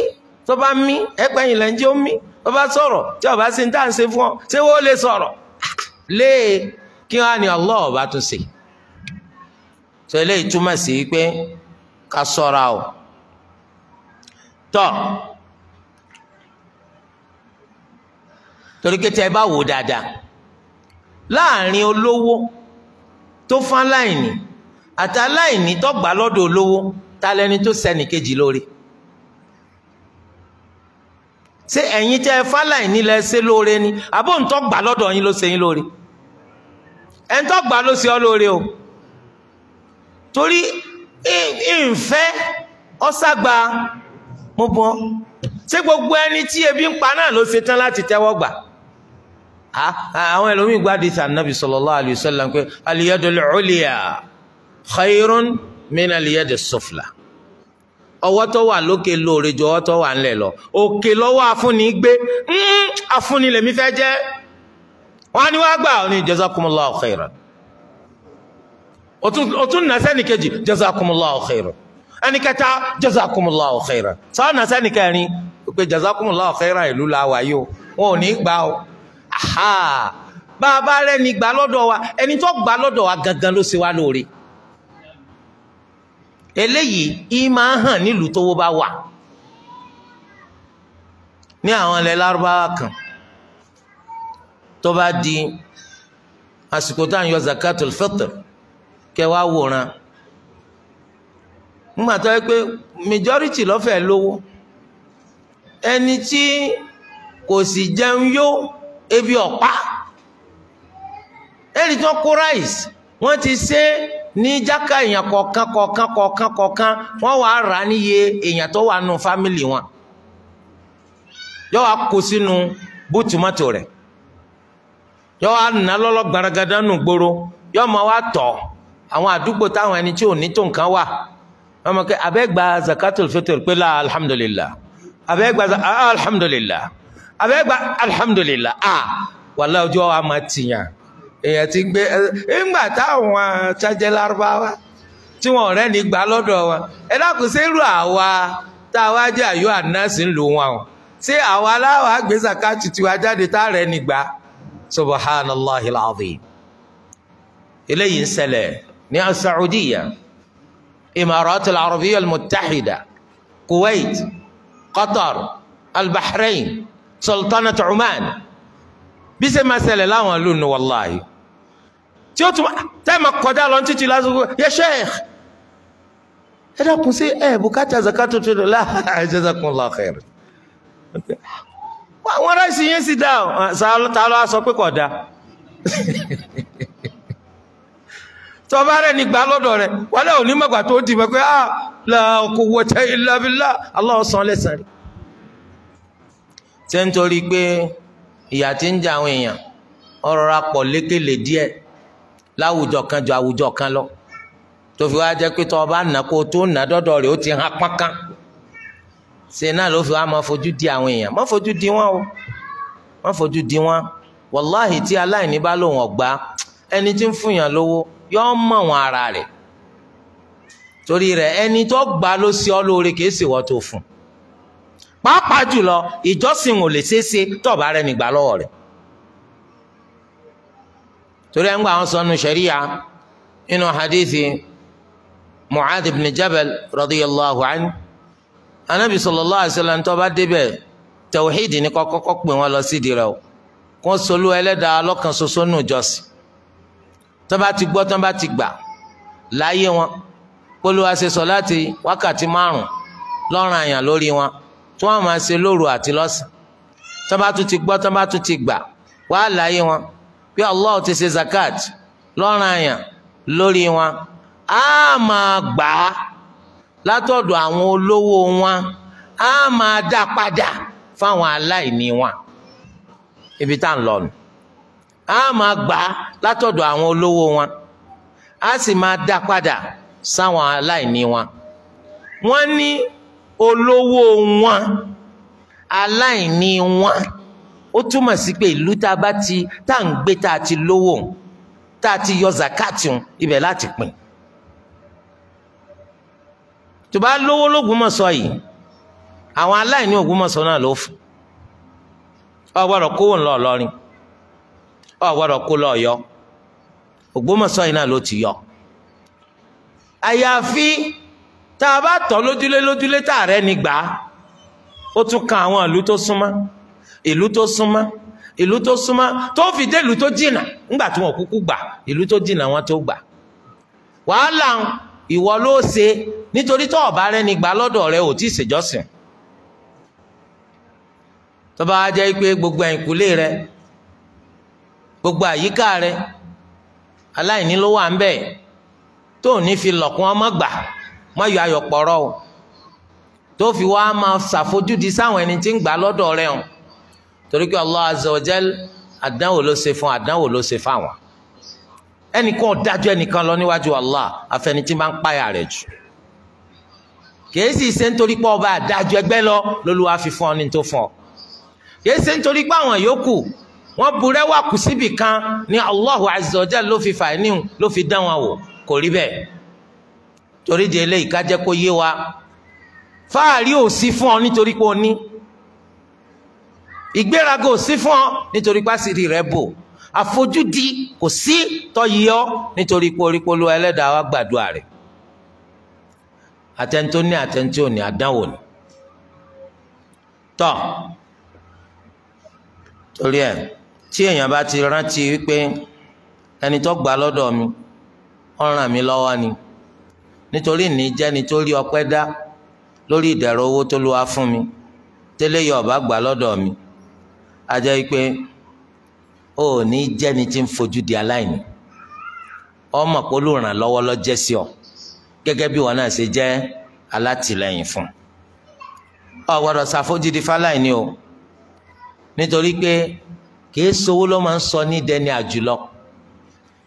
tó bá mí ẹ̀pẹ̀yìn lẹ́ ń jẹ́ ó tó bá sọ̀rọ̀ tí ọba sì ń tà ń ṣe fún ọ ṣé wọ́n lè sọ̀rọ̀ lée kí wọ́n á ní Allah ọba tún ṣe tó eléyìí túmọ̀ sí pé ká ṣọ́ra o tọ́ torí kété ẹ bá wò dáadáa láàrin olówó tó fún aláìní àti aláìní tó gbà lọ́dọ̀ olówó ta lẹni tó ṣẹni kejì lóore ṣé ẹ̀yin tẹ́ ẹ fáláìní lẹ ṣe lóore ni àbó ntọ́ gbà lọ́dọ̀ yín ló ṣe yín lóore ẹ̀ ló ṣe ọ́ lóore o torí ìfẹ́ ọ́sàgbà mo bọ́ ṣé gbogbo ẹni tí ebi ń pa náà ló ṣe tán láti tẹ́wọ́ gbà àwọn ẹlòmíì gbádìí tà nàbì sallallahu alayhi wa sallam pé al-yadul ulya khayrun min al-yadis sufla ọwọ́ tó wà lókè lóore ju ọwọ́ tó wà ńlẹ̀ lọ òkè lọ́wọ́ afúnni gbé hmm, afúnni lèmi fẹ́ jẹ́ wọ́n á ní wá gbà ó ní jazakumullahu khayran ó tún nà sẹ́ni kejì jazakumullahu khairan ẹni kẹta jazakumullahu khairan sọ nà sẹ́ni kẹrin pé jazakumullahu khairan ìlú la wà yìí o wọn ò ní gbà o bàbá rẹ ni gbà lọ́dọ̀ wa ẹni tó gbà lọ́dọ̀ wa gangan ló ṣe wá lóore eléyìí ìmọ̀ hàn nílùú tówó bá wà ní àwọn ilẹ̀ lárúbáwá kan tó bá di àsìkò tá à ń yọ zakatul fitr kẹ wá wòran nígbà tó pe pé majority lọ́fẹ̀ẹ́ ẹni tí kò sì jẹun yó ebi ọ̀pá ẹni tó kó rice wọ́n ti sé ní jákà èèyàn wọ́n rà níye èèyàn tó yọ wà kó sínú yọ nà yọ ma wà àwọn àdúgbò táwọn ẹni tí ò ní tó nǹkan wà wọ́n mọ̀ pé abẹ́ gba zakatul fitr pé la alhamdulillah abẹ́ gba ah, alhamdulillah abẹ́ gba alhamdulillah ah wàlá ojú wa máa tìyàn èèyàn ti gbé ńgbà eh, táwọn tajẹ lárúbáwá tí wọn ọ̀rẹ́ ní gbà lọ́dọ̀ wọn ẹ dákun ṣé irú àwa tá a wá jẹ́ àyọ ànáàsì ń lò wọn o ṣé àwa aláwọ̀ àgbẹ̀ zakatu tiwa jáde tá a rẹ̀ nígbà subhanallahil azim eléyìí ń ṣẹlẹ̀ ní asaudiya imarat al-arabiya al-mutahida kuwait qatar al-bahrain sultanate oman bí ṣe máa ṣẹlẹ̀ láwọn ìlú nu wàláyé tí ó tún tẹ́ẹ̀mà kọjá lọ títí lásìkò yẹ sheikh ẹ dákun sí ẹ bùkátà zakato tó lọ láàá jazakumullahu khair àwọn yẹn sì dá ọ sàlọ sọ pé kò dá <laughs> tó bá rẹ̀ nígbà lọ́dọ̀ rẹ̀ wọ́n lẹ́ òní mọ̀gbà tó dì mọ́ pé à láàkòwò tẹ́ ìlàbílà aláwọ̀sán lẹ́sàn rí pé tí ń jẹ èèyàn ọ rọra pọ̀ díẹ̀ láwùjọ kan ju àwùjọ kan lọ tó fi wá jẹ́ pé tó bá nà kó tó nà dọ́dọ̀ rẹ̀ ó ti hàn pákán fi wá fojú di àwọn èèyàn má fojú di wọn o fojú di wọn wàláhì tí aláìní bá lòun ẹni tí ń fún yóò mọ̀ wọn ara rẹ̀ torí rẹ̀ ẹni tó gbà ló ṣe ọ́ lóore kìí ṣe wọ́n tó fún pàápàá jùlọ ìjọsìn ò lè ṣeé ṣe tọ̀bà rẹ̀ nígbà lọ́wọ́ rẹ̀ torí ẹ̀ ń gbà wọn sọ nu sẹ̀ríya inú hadithi mu'adh ibn jabal radiyallahu anhu anabi sallallahu alayhi wa sallam tó bá débẹ̀ ni kọ́kọ́ kọ́ pé wọ́n lọ sídìí rẹ̀ o kó solú ẹlẹ́dàá lọ́kan ṣoṣo nù jọ́sìn tó bá ti gbọ́ tó bá ti gbà láyé wọn polówó ṣe sọ̀láàtì wákàtí márùn lọ́rùn àyàn lórí wọn tí wọ́n máa ṣe lóru àti lọ́sàn tó bá tún ti gbọ́ tó bá tún ti gbà wá láyé wọn bí Allah ti ṣe zakat lọ́rùn àyàn lórí wọn á máa gbà á látọ̀dọ̀ àwọn olówó wọn á máa dá padà fáwọn aláìní wọn ibi tá à ń lọ nù a máa gbà á látọ̀dọ̀ àwọn olówó wọn a sì máa dá padà sáwọn aláìní wọn wọ́n ní olówó wọn aláìní wọn ó túmọ̀ sí pé ìlú tá a bá ti tá à ń gbé tá a ti lówó tá a ti yọ zakati ń ibẹ̀ láti pín tó lówó lógúnmọ̀sọ yìí àwọn aláìní Ògbómọ̀ṣọ́ náà ló fún ọ gbọ́dọ̀ kówó ńlọ Ìlọrin. ọ gbọdọ kó lọ Ọ̀yọ́ yìí náà ló ti yọ àyàfi tá a bá tọ̀ lójúlé lójúlé tá a rẹ ní gbà á ó tún kan àwọn ìlú tó súnmọ́ ìlú tó súnmọ́ ìlú tó súnmọ́ tó fi dé ìlú tó jìnnà ńgbà tí wọ́n kúkú gbà ìlú tó jìnnà wọn tó gbà wàhálà ìwọ ló ṣe nítorí tó ọba rẹ ní gbà lọ́dọ̀ rẹ ò tí ì ṣèjọ́sìn tó bá pé gbogbo ẹ̀yìnkùlé rẹ gbogbo àyíká rẹ aláìní ló wà ń bẹ tó ní fi lọkùn ọmọ gbà má yọ ayọ̀ pọ̀rọ̀ o tó fi wá máa ṣàfojúdi sáwọn ẹni tí ń gbà lọ́dọ̀ rẹ o torí pé Allah azza wa jal àdánwò ló ṣe fún àdánwò ló ṣe fáwọn ẹnìkan ò dájú ẹnìkan lọ níwájú Allah àfẹnití máa ń páyà rẹ jù kìí sì ṣe nítorí pé ọba àdájọ ẹgbẹ́ lọ lólúwa fi fún ọ ní tó fún ọ kìí ṣe nítorí pé àwọn yòókù wọ́n burẹ́ wà kù síbì kan ní Allahu azza wa jalla ló fi fàníhùn ló fi dán wọn wò kò rí bẹ́ẹ̀ torí di eléyìí ká jẹ́ kó yé wa fáàrí ò sí fún ọ nítorí pé o ní ìgbéraga ò sí fún ọ nítorí pé àṣírí rẹ bò àfojúdi kò sí tọ́yíọ́ nítorí pé orí polówó ẹlẹ́dàá wa gbàdúrà rẹ̀ àtẹ̀ntó ní àtẹ̀ntó ní àdánwò ni tọ́ torí ẹ̀ tí èèyàn bá ti rántí wípé ẹni tó gbà lọ́dọ̀ mi ó ràn mí lọ́wọ́ ni nítorí ní jẹ́ni tó rí ọpẹ́ dá lórí ìdẹ̀rọ̀ owó tó lùwà fún mi tẹ́lẹ̀ yọ ọ̀bá gbà lọ́dọ̀ mi àjẹ́ wípé ó ní jẹ́ni tí ń fojú di aláìní ọmọ pé olùrànlọ́wọ́ ló jẹ́ sí ọ gẹ́gẹ́ bí wọn náà ṣe jẹ́ alátìlẹyìn fún ọ gbọ́dọ̀ ṣàfojì di fáláìní o nítorí pé kìí sowó ló máa ń sọ ní dẹni àjùlọ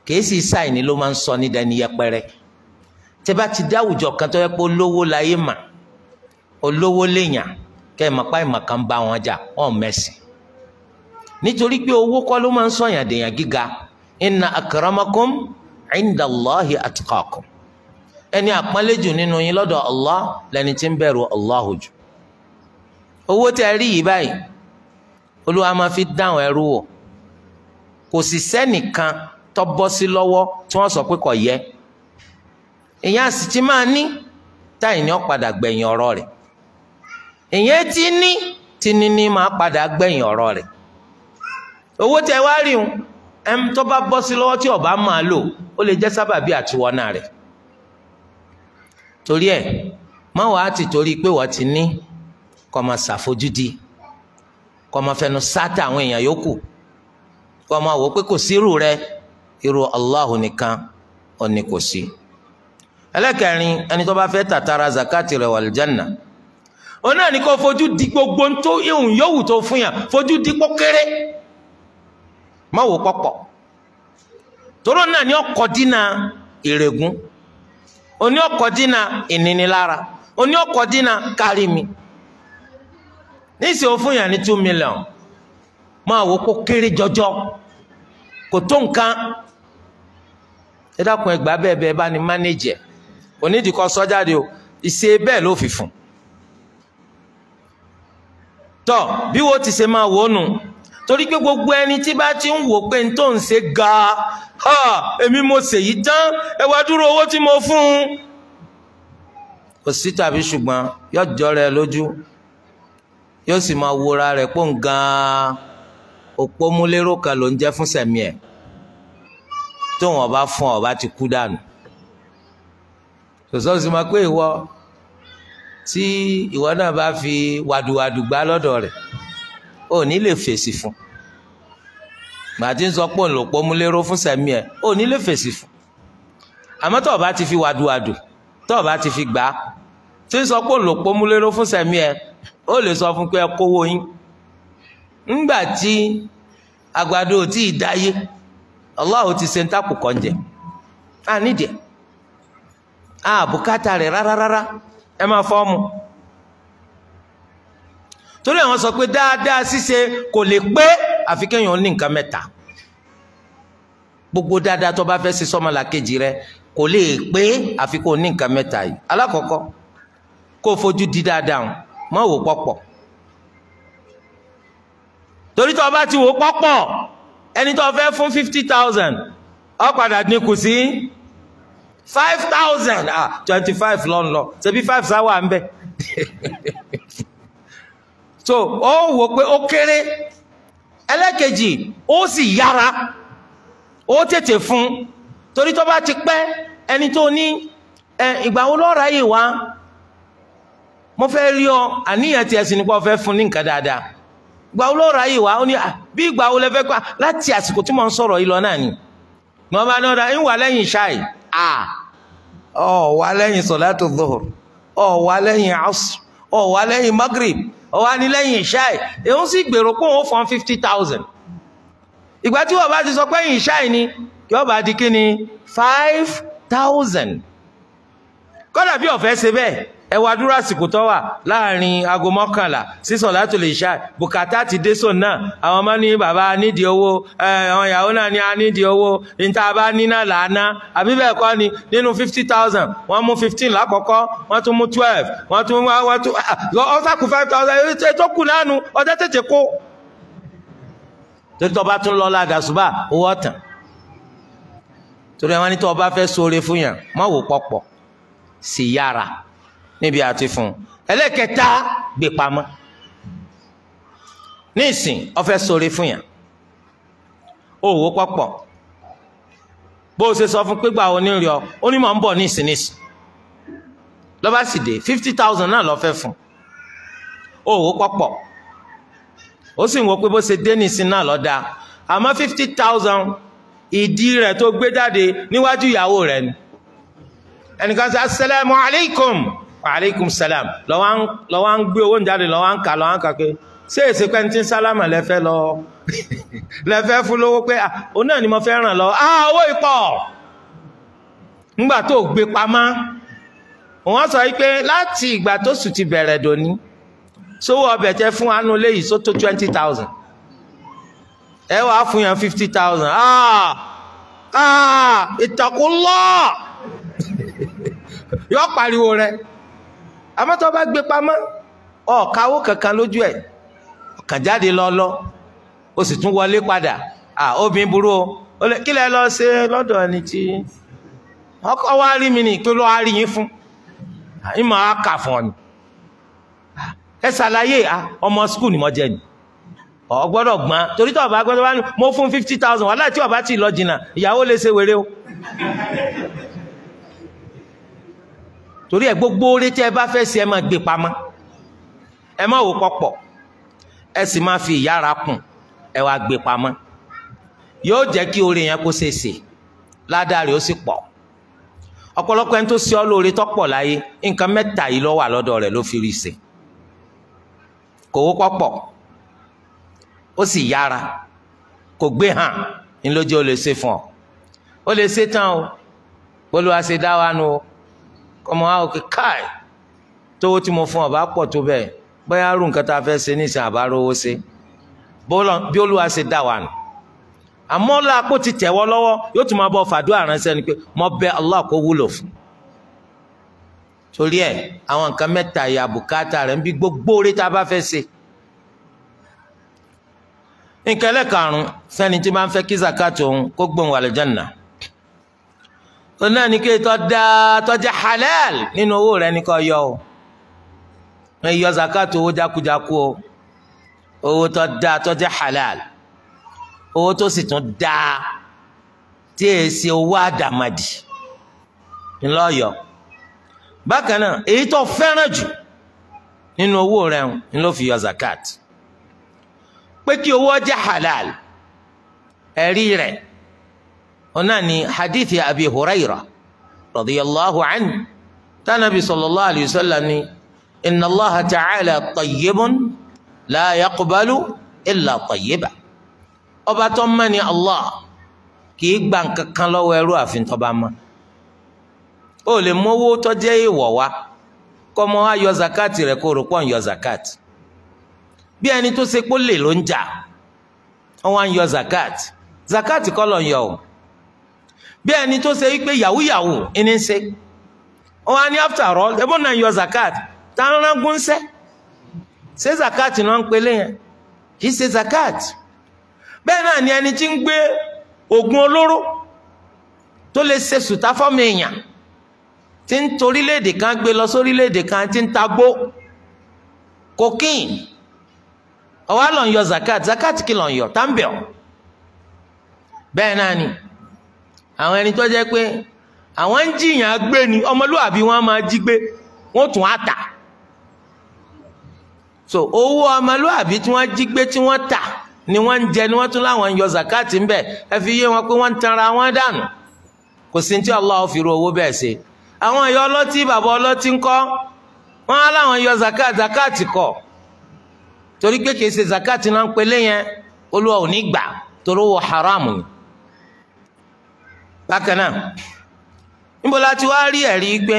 kìí sáìní ló máa ń sọ ní dẹni yẹpẹrẹ tẹ bá ti dá kan tó yẹ pé olówó láyé mà olówó léèyàn kẹ ẹ mọ̀pá ìmọ̀ kan bá wọn jà wọn mẹ́sìn nítorí pé owó kọ́ ló máa ń sọ̀yàn dèèyàn gíga inna akaramakom inda Allahi ẹni àpọ́nlẹ́jù nínú yín lọ́dọ̀ Allah lẹni tí ń olúwa máa fi dáhùn ẹrú wò kò sì sẹ́nìkan tó bọ́ sí lọ́wọ́ tí wọ́n sọ pé kò yẹ èyàn sì ti máa ní táyì ní ó padà gbẹ̀yìn ọ̀rọ̀ rẹ̀ èyàn ti ní ti ní ní máa padà gbẹ̀yìn ọ̀rọ̀ rẹ̀ owó tẹ wá rí un ẹm tó bá bọ́ sí lọ́wọ́ tí ọba máa lò ó lè jẹ́ sábàbí àtiwọ́nà rẹ̀ torí ẹ̀ má wàá ti torí pé wọ́n ti ní kó máa ṣàfojúdi kọ́mọfẹ́nu sáta àwọn èèyàn yòókù kọ́mọ wò pé kò sí irú rẹ irú Allahu nìkan ó kò sí. ẹlẹ́kẹ̀rin ẹni tó bá fẹ́ tàtàrà zakati rẹ̀ wà lìjánà òun náà ní fojú di gbogbo tó ihun yòówù tó fún yàn fojú di pọ́kéré má wò pọ́pọ̀ tóró náà ní ọkọ̀ dínà ìrègùn oní ọkọ̀ dínà ìnínilára oní níṣẹ́ o fún yàn ní two million máa wò kó kéré jọjọ kò tó nǹkan ẹ dákun ẹgbà bẹ́ẹ̀ bẹ́ẹ̀ bá ní mánéjì ẹ̀ onídìí kọ́ sọ́jáde o ìṣe bẹ́ẹ̀ ló fi fún tọ́ bí wo ti ṣe máa wò ó nù torí pé gbogbo ẹni tí bá ti ń wò pé n tó ń ṣe ga ha èmi mo ṣèyí tán ẹ wá dúró owó tí mo fún un kò sí tàbí ṣùgbọ́n yọjọ́ rẹ lójú yóò sì máa wora rẹ̀ pọ̀ gan-an òpómúlérò kan ló ń jẹ́ fún sẹ̀mí ẹ̀ tó wọn bá fún ọ bá ti kú dànù sòsọ́ sì máa pé ìwọ tí ìwọ náà bá fi wàdùwàdù gbá lọ́dọ̀ rẹ̀ ò ní lè fèsì fún gbàtí ń sọ pé òun lò pọ́nmúlérò fún sẹ̀mí ẹ̀ ò ní lè fèsì fún àmọ́ tó o bá ti fi wàdùwàdù tó o bá ti fi gbà tí ń sọ pé òun lò pọ́nmúlérò fún sẹ̀mí ẹ̀ ó lè sọ fún pé ẹ kówó yín ńgbà tí àgbàdo ò tí ì dáyé Allahu ti ṣe ń tàkù kọ́njẹ á nídìí á bùkátà rẹ̀ rárárárá ẹ máa fọ́ọ̀mù torí àwọn sọ pé dáadáa ṣíṣe kò lè pé àfi kéèyàn ní nǹkan mẹ́ta gbogbo dáadáa tó bá fẹ́ ṣe sọ́mọlá kejì rẹ kò lè pé àfi kó ní nǹkan mẹ́ta yìí alákọ̀ọ́kọ́ kó fojú di dáadáa hàn má wò pọ̀pọ̀ torí tó o bá ti wò pọ̀pọ̀ ẹni tó fẹ́ fún fifty thousand ó padà dínkù sí five thousand ah twenty five lọ́n lọ ṣebí five sáwà ń bẹ <laughs> so ó wò pé ó kéré ẹlẹ́kejì ó sì yára ó tètè fún torí tó bá ti pẹ́ ẹni tó ní ìgbà wo lọ́ọ́ wá. mo fẹ́ rí ọ àníyàn tiẹ̀ sì ni pé fún ní nǹkan dáadáa ìgbà wo lọ́ọ́ ra yìí wá ó ní bí ìgbà wo fẹ́ pa láti àsìkò tí mo ń sọ̀rọ̀ yìí lọ náà ni ní ọba náà dá ń wà lẹ́yìn ṣáì à ọ wà lẹ́yìn sọ̀látò dọ̀hùr ọ wà lẹ́yìn asr ọ wà lẹ́yìn magrib ọ wà ní lẹ́yìn ṣáì èyí sì gbèrò pé òun fọ́n fifty thousand ìgbà tí wọ́n bá ti sọ pé yìí ṣáì ni kí ọba di kí ni five thousand kọ́dà bí ọ̀fẹ́ ṣe bẹ́ẹ̀ ẹ wá dúró àsìkò tó wà láàrin aago mọ́kànlá sísọ látò lè ṣáà bùkátà ti dé sọ náà àwọn ọmọ ní bàbá nídìí owó àwọn ìyàwó náà ní a owó níta bá níná làánà àbí ni nínú fifty thousand wọ́n mú fifteen lákọ̀ọ́kọ́ wọ́n tún mú twelve wọ́n tún wọ́n tún ah, ọ̀sàkù five thousand ètò kù nánu ọjọ́ tètè kó. torí tó bá tún lọ ládàá ṣùgbà owó ọ̀tàn torí wọn ní tó níbi àti fún ẹlẹ́kẹta gbé pamọ́ nísìn ọfẹ́ sọ̀rọ̀ fún yàn owó pọ̀pọ̀ bó o ṣe sọ fún pé gbà wo ní rí ọ ó ní mọ̀ ń bọ̀ nísìn nísìn lọ́ba sì dé fifty thousand náà lọ́fẹ́ fún owó pọ̀pọ̀ ó sì ń wo pé bó ṣe dé nísìn náà lọ́dà àmọ́ fifty thousand ìdí rẹ̀ tó gbé jáde níwájú ìyàwó rẹ̀ ni ẹnìkan sọ assalamu alaikum aleykum salam lọ́wọ́ ń gbé owó jáde lọ́wọ́ ń kà lọ́wọ́ ń kà pé ṣé èsì pé ní tí ń sálámà lẹ́fẹ́ lọ <laughs> lẹ́fẹ́ fún lówó pé ah, òun náà ni fẹ́ ràn lọ ah owó ipọ̀ ńgbà tó gbé pamọ́ wọ́n sọ wípé láti ìgbà tó sùn ti bẹ̀rẹ̀ dòní sówó ọbẹ̀ tẹ fún anú léyìí só tó twenty thousand ẹ wàá fún yàn fifty thousand ah ah ìtàkùn lọ́ọ̀ <laughs> yọ pariwo rẹ. àmọ́ tó bá gbé pamọ́ ọ̀káwó kankan lójú ẹ̀ ọ̀kàn jáde lọ́lọ́ o sì tún wọlé padà obìnrin burú o kí lẹ lọ ṣe lọ́dọ̀ ẹni tí ọkọ wa rí mi ní pé lọ́ọ́ á rí yín fún ìmọ̀ á kà fún ọ ni ẹ ṣàlàyé ọmọ skul ni mo jẹ ni ọgbọ́dọ̀ gbọ́n torí tó ọba gbọ́dọ̀ bá ní mo fún fifty thousand wàhálà tí ọba ti lọ jìnnà ìyàwó lè se wèrè o torí ẹ gbogbo oore tí ẹ bá fẹ́ ṣe ẹ máa gbé pamọ́ ẹ má wò kọ́pọ̀ ẹ sì máa fi ìyára kùn ẹ wá gbé pamọ́ yóò jẹ́ kí oore yẹn kó ṣe ṣe ládàrí ó sì pọ̀ ọ̀pọ̀lọpọ̀ ẹni tó ṣe ọ́ lóore tó pọ̀ láyé nǹkan mẹ́ta yìí ló wà lọ́dọ̀ rẹ̀ ló fi rí ṣe kò wó kọ́pọ̀ ó sì yára kò gbé hàn ní lójú ó lè ṣe fún ọ ó lè ṣe tán o bólúwa ṣe dá wa nu o ọmọ wa òkè káì tówó tí mo fún ọba pọ̀ tó bẹ́ẹ̀ bóyá rú nǹkan tá a fẹ́ ṣe níṣẹ́ àbá rówó ṣe bí olúwa ṣe dá wa nù àmọ́ ọlá kó ti tẹ̀wọ́ lọ́wọ́ yóò tún máa bọ́ fàdúrà ránṣẹ́ ni pé mo bẹ Allah kó wúlò fún torí ẹ àwọn nǹkan mẹ́ta ìyá bùkátà rẹ̀ ń bí gbogbo orí tá a bá fẹ́ ṣe nǹkan ẹlẹ́karùn-ún sẹ́ni tí máa ń fẹ́ kí zakat òun kó gbóhùn àlùjánnà òun náà ní kéètò dáa tọ́jà halal nínú owó rẹ ní kò yọ o ẹ yọ zakato owó jákujáku o owó tó dáa halal owó tó sì tún dáa tí èyí ṣe owó àdàmàdì ńlọ́yọ̀ bákan náà èyí tó fẹ́ràn jù nínú owó rẹ ń ló fi yọ zakat pé kí owó jẹ́ halal ẹ̀rí rẹ̀ ọ̀nà ni hadithi abi huraira radiyallahu anhu tanabi sallallahu alayhi wa sallam ni inna allaha ta'ala tayyibun la yaqbalu illa tayyiba ọba tó ń mẹ́ni allah kì í gba nǹkan kan lọ́wọ́ ẹrú àfin tó bá mọ́ ó lè mówó tó jẹ́ ìwọ̀ wá kọ́ mọ́ wá yọ zakati rẹ̀ kó rò pọ̀ yọ zakati bí ẹni tó ṣe pé lè ló ń jà wọ́n wá ń yọ zakati zakati kọ́ ló ń yọ o bí ẹni tó ṣe wípé yàwúyàwó ẹni ń ṣe rọ á ní after all ẹbọn náà yọ zakat ta a rán gún ṣẹ ṣé zakat náà ń pelé yẹn kì ṣe zakat bẹ́ẹ̀ náà ni ẹni tí ń gbé oògùn olóró tó lè ṣe sùtá fọ́mọ èèyàn tí ń torílẹ̀-èdè kan gbé lọ sórílẹ̀-èdè kan tí ń tagbó ọwọ́ àlọ́ ń yọ zakat zakat kí lọ́n yọ bẹ́ẹ̀ náà ni. àwọn ẹni tó jẹ́ pé àwọn ń jìyàn gbé ni ọmọlúwàbí wọn máa jí gbé wọn tún á tà so owó ọmọlúwàbí tí wọ́n jí gbé tí wọ́n tà ni wọ́n ń jẹ ni wọ́n tún láwọn ń yọ zakati ńbẹ̀ ẹ fi yé wọn pé wọ́n ń tanra wọn dànù kò sí tí Allah fi ru owó bẹ́ẹ̀ ṣe àwọn ìyá ọlọ́tí bàbá ọlọ́tí ń kọ́ wọ́n á láwọn yọ zakati zakati kọ̀ torí pé kìí ṣe zakati náà ń pelé yẹn olúwa ò ní gbà torí owó haram ni. bákan náà níbo la ti wá rí ẹ̀rí pé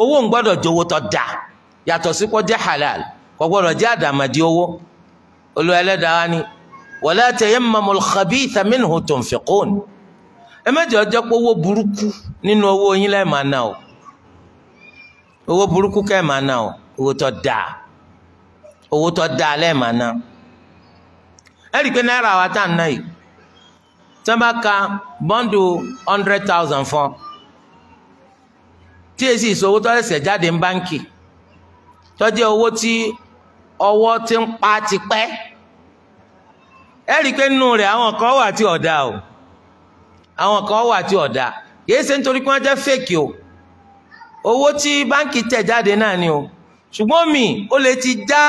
owó ń gbọ́dọ̀ jowó tó da yàtọ̀ sí kó jẹ́ halal kò gbọ́dọ̀ jẹ́ àdàmàdì owó Olúwa Ẹlẹ́dàá wa ni wala tayammamul khabitha minhu tunfiqun ẹ má jẹ́ ọjọ́ pé owó burúkú nínú owó yín lẹ́ẹ̀ máa ná o owó burúkú kẹ́ẹ̀ máa ná o owó tó da owó tó da lẹ́ẹ̀ máa ná ẹ rí i pé náírà wa tá à ń ná yìí tí wọ́n bá ka bọ́ńdù hundred thousand fún tí èsì ìṣòwò tó ṣẹ̀ṣẹ̀ jáde ní báńkì tó jẹ́ owó tí ọwọ́ ti ń pa tipẹ́ ẹ rí i pé nínú rẹ̀ àwọn kan wà tí ọ̀dà o àwọn kan wà tí ọ̀dà kìí ṣe nítorí pé wọ́n jẹ́ fèkì o owó tí báńkì tẹ̀ jáde náà ni o ṣùgbọ́n mi ó lè ti já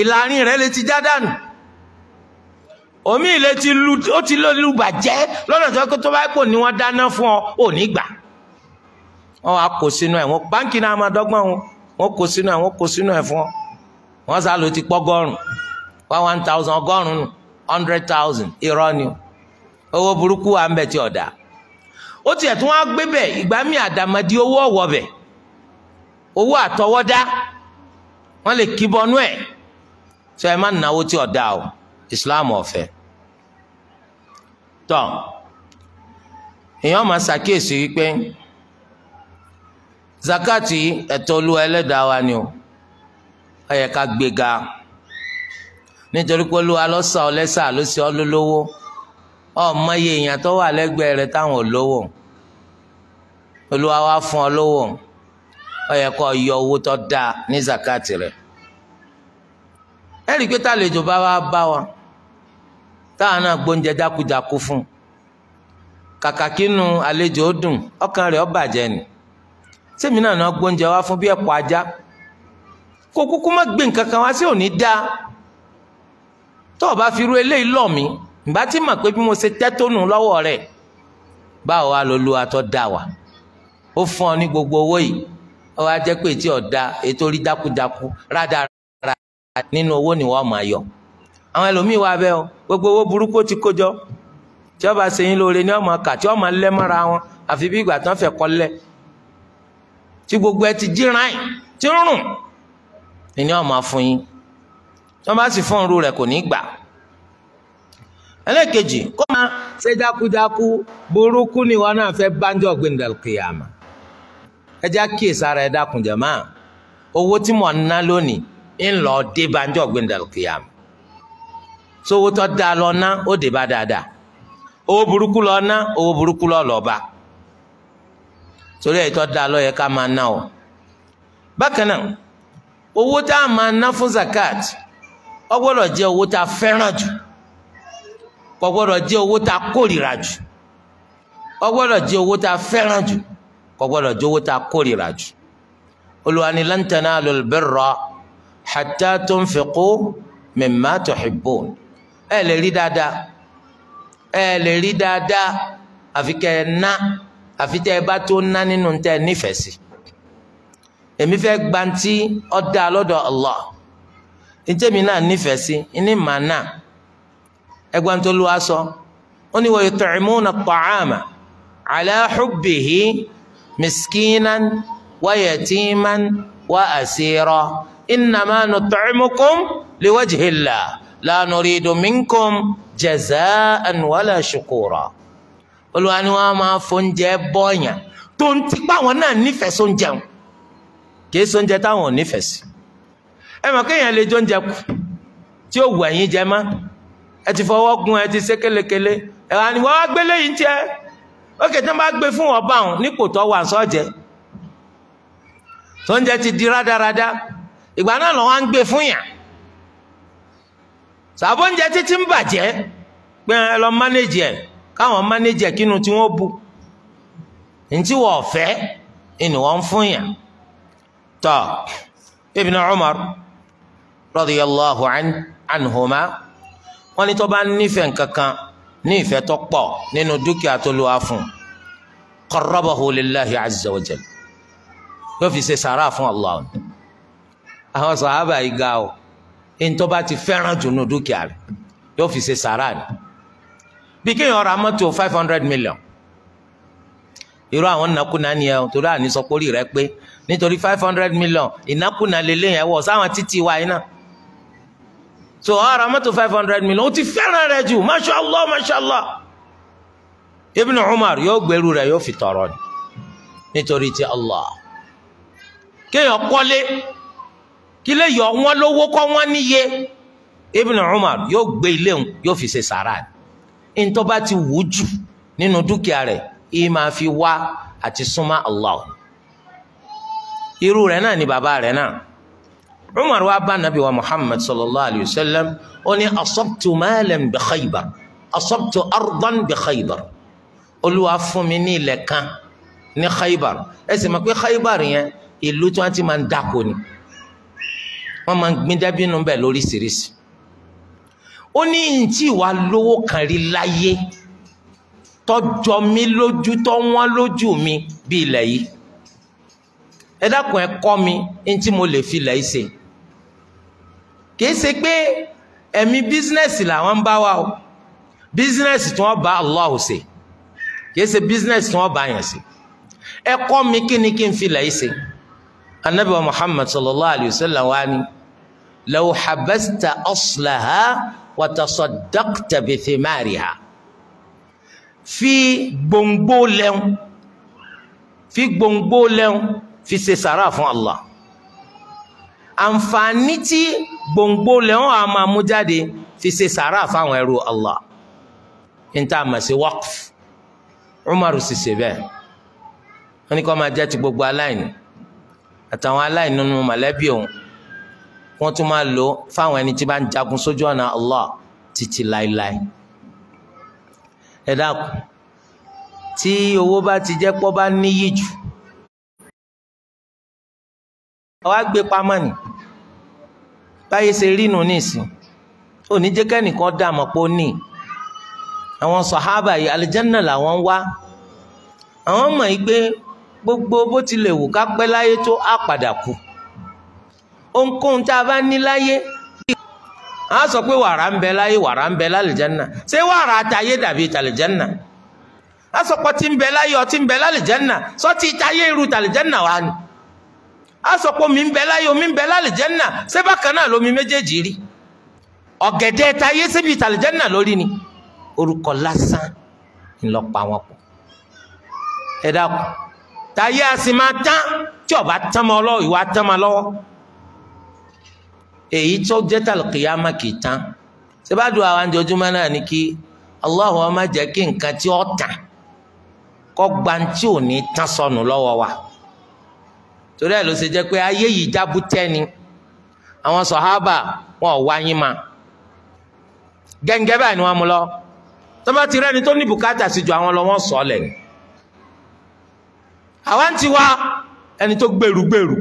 ìlàrin rẹ̀ lè ti já dànù. omi ilé ti lu ó ti lólu bàjẹ́ lọ́nà tó kó tó bá pò ní wọ́n dáná fún ọ ò ní gbà wọ́n wá kó sínú ẹ̀ wọ́n báńkì náà máa dọ́gbọ́n wọn wọ́n kó sínú ẹ̀ wọ́n kó sínú ẹ̀ fún ọ wọ́n sá ló ti pọ́gọ́rùn one one thousand ọgọ́rùn nù hundred thousand irọ́ ni owó burúkú wa ń bẹ̀ tí ọ̀dà ó wá gbé bẹ̀ mi owó ọ̀wọ́ bẹ̀ owó àtọwọ́dá wọ́n lè kíbọnú ẹ̀ sọ ẹ má náwó tí ọ̀dà o. islam ọ̀fẹ́ tọ́ èèyàn máa ṣàkíyèsí wípé zakati ẹ̀tọ́ olúwa ẹlẹ́dàá wa ni o ó yẹ ká gbéga nítorí pé olúwa ló sọ ọ lẹ́sà ló sì ọ lólówó ọmọ iye èèyàn tó wà lẹ́gbẹ̀ẹ́ rẹ táwọn ò olúwa wá fún ọ lówó ó yẹ yọ owó tó dáa ní zakati rẹ ẹ rí i pé tá àlejò bá wá Bá wa táwọn náà gbóúnjẹ jákujáku fún un kàkà kínú àlejò ó dùn ọkàn rẹ ó nì. ni sẹ́mi náà náà gbóúnjẹ wá fún bí ẹ̀pọ̀ ajá kó kúkú má gbé nǹkan kan wá sí òní dáa tó fi ru eléyìí lọ̀ mí ìgbà mà pé bí mo ṣe lọ́wọ́ rẹ̀ báwo wá ló lu atọ́ dá wa fún ọ ní gbogbo owó yìí ó wá jẹ́ tí ètò orí àwọn ẹlòmíì wà bẹ́ẹ̀ o gbogbo owó burúkú ti kójọ tí ọba ṣẹyìn lóore ní ọmọ kà tí ọmọ lẹ mọ́ra wọn àfi bí ìgbà tí wọ́n fẹ́ kọ́ lẹ̀ tí gbogbo ẹ ti jíran ẹ̀ tí ń rùn ní ọmọ fún yín tí wọ́n bá sì fún irú rẹ̀ kò ní gbà ẹlẹ́ẹ̀kejì kó máa ṣe jákujáku burúkú ni wọn náà fẹ́ bánjọ́ gbẹ̀ndàkìyàmà ẹ já kíyèsára ẹ dákun jàmáà owó tí mò ń ná lónìí ń lọ dé bánjọ́ gbẹ̀ndàkìyàmà sówó tó da lọ ná ó dé bá dáadáa owó burúkú lọ ná owó burúkú lọ lọ bá torí ẹ̀ tó da lọ yẹ ká máa ná o bákan náà owó tá a máa ná fún zakat ó gbọ́dọ̀ jẹ́ owó tá a fẹ́ràn jù kò gbọ́dọ̀ owó tá a kórìíra jù ó gbọ́dọ̀ owó tá a fẹ́ràn jù kò gbọ́dọ̀ owó tá a kórìíra jù olùwàní lan tanalul birra hatta tunfiqu ẹ lè rí dáadáa ẹ lè rí dáadáa àfi kẹ́ ẹ ná àfi tẹ́ ẹ bá tó ná nínú tẹ́ ẹ nífẹ̀ẹ́ sí èmi fẹ́ gbanti ọ̀dà lọ́dọ̀ Allah ntẹ́mi náà nífẹ̀ẹ́ sí ní màá náà ẹgbẹ́ tó lu aṣọ ó ní wa yut'imuna at-ta'ama ala hubbihi miskinan wa yatiman wa asira innama nut'imukum liwajhillah la nuridu minkum jaza'an wala shukura olúwa ni wọ́n máa fóúnjẹ bọ́ọ̀yàn tó ń ti páwọn náà nífẹ̀ẹ́ sóúnjẹ wọn kìí sóúnjẹ táwọn ò nífẹ̀ẹ́ sí ẹ mọ̀ kéèyàn lè jóúnjẹ kù tí ó wù ẹ̀yìn jẹ mọ́ ẹ ti fọwọ́ gun ẹ ti ṣe kélekele ẹ wà wá gbélé yìí tiẹ́ ó kè tán bá gbé fún ọba àwọn nípò tó wà sọ́jẹ́ sóúnjẹ ti di rádaràda ìgbà náà lọ́wọ́ ń gbé fún yàn sàbó oúnjẹ títí ń bàjẹ́ pé ẹ lọ mánéjì ẹ káwọn mánéjì ẹ kínú tí wọ́n bu ntí wọ́n ọ̀fẹ́ ni wọ́n ń fún yàn tọ́ Ibn Umar radiyallahu anhuma wọ́n ní tó bá nífẹ̀ẹ́ nǹkankan ní ìfẹ́ tó pọ̀ nínú dúkìá tó lu afun qarrabahu lillahi azza yóò fi ṣe sàrà fún Allah àwọn sàhábà yìí ga ntọ́ bá ti fẹ́ràn jù nù dúkìá rẹ̀ yóò fi ṣe sàrà ni bí kéèyàn ra mọ́tò five hundred million irú àwọn nàkúnà nìyẹn torí àní sọ pé orí rẹ pé nítorí five hundred million ìnákúnà lélẹ̀ yẹn wọ̀ sáwọn títí wa iná so ọ ra mọ́tò five hundred million ó ti fẹ́ràn rẹ jù masha allah ibn umar yóò gbèrú rẹ yóò fi tọrọ ni nítorí ti allah kéèyàn kọ́lé kí lè yọ wọn lówó kọ́ wọn níye Ibn Umar yóò gbé ilé òun yóò fi ṣe sàrà ní tó bá ti wù ú jù nínú dúkìá rẹ̀ yìí máa fi wá àti súnmọ́ Allah irú rẹ̀ náà ni bàbá rẹ̀ náà Umar wa bá nàbí wa Muhammad sallallahu alayhi wa sallam ó ní asabtu malan bi Khaybar asabtu ardan bi Khaybar olúwa fún mi ní ilẹ̀ kan ní Khaybar ẹ sì mọ̀ pé Khaybar yẹn ìlú tí wọ́n ti máa ń dáko ni wọ́n máa ń gbin dàbínù bẹ́ẹ̀ lóríṣiríṣi ó ní ntí ìwà lówó kan rí láyé tọjọ mi lójú tọ wọn lójú mi bí ilẹ̀ yìí ẹ dákun ẹ kọ́ mi ntí mo lè fi ilẹ̀ yìí ṣe kìí ṣe pé ẹ̀mí bísínẹ́sì làwọn ń bá wa o bísínẹ́sì tí wọ́n bá Allah ṣe kìí ṣe bísínẹ́sì tí wọ́n bá yàn ṣe ẹ kọ́ mi kí ni kí n fi ilẹ̀ yìí ṣe anabi wa Muhammad sallallahu alayhi wa sallam wa ni law habasta aslaha wa tasaddaqta bi thimariha fi gbòǹgbò lẹ́hún fi gbòǹgbò lẹ́hún fi ṣe sàrà fún Allah àǹfààní tí gbòǹgbò lẹ́hún a máa mú jáde fi ṣe sàrà fáwọn ẹrú Allah níta àmà sí waqf Umaru sì ṣe bẹ́ẹ̀ wọ́n ní kó máa jẹ́ ti gbogbo aláìní àtàwọn aláìní nínú mọ̀lẹ́bí òun wọ́n tún máa lò fáwọn ẹni tí bá ń jagun sójú ọ̀nà Allah títí láéláé ẹ dákun tí owó bá ti jẹ́ pọ́ bá níyì jù àwa gbé pamọ́ ni báyé ṣe rí nù nísìn òní jẹ́ kẹ́nìkan dààmú pé ó ní àwọn sàhábà yìí alìjẹ́nà làwọn ń wá àwọn mọ̀ yìí pé gbogbo bó tilẹ̀ wù ká pẹ́ láyé tó á padà kú ohunkóhun tá a bá ní láyé a sọ pé wàrà ń bẹ láyé wàrà ń bẹ lálìjánà ṣé wàrà àtàyé dàbí tàlìjánà a sọ pé ọtí ń bẹ láyé ọtí ń bẹ lálìjánà sọtí táyé irú tàlìjánà wà ní a sọ pé omi ń bẹ láyé omi ń bẹ lálìjánà ṣé bákan náà lomi méjèèjì rí ọ̀gẹ̀dẹ̀ táyé síbi tàlìjánà lórí ni orúkọ lásán ńlọ pa wọn pọ̀ ẹ dákun táyé a sì máa tán tí ọba tán mọ lọ ìwà tán mọ lọ́wọ́ èyí tó jẹ́ tàlùkìyàmà kì í tán ṣèbádùn àwọn àjọjúmọ́ náà ni kí Allahu má jẹ́ kí nǹkan tí ó tàn kọ́ gbantí ò ní tán sọnù lọ́wọ́ wa torí ẹ̀ ló ṣe jẹ́ pé ayé yìí jábútẹ́ ni àwọn sọ̀hábà wọn ò wáyé ma gẹ́ngẹ́ báyìí ni wọ́n mú lọ tọ́ba ti rẹ́ni tó ní bùkátà sí ju àwọn lọ wọ́n sọ lẹ̀ ni ti wá ẹni tó gbèrú gbèrú.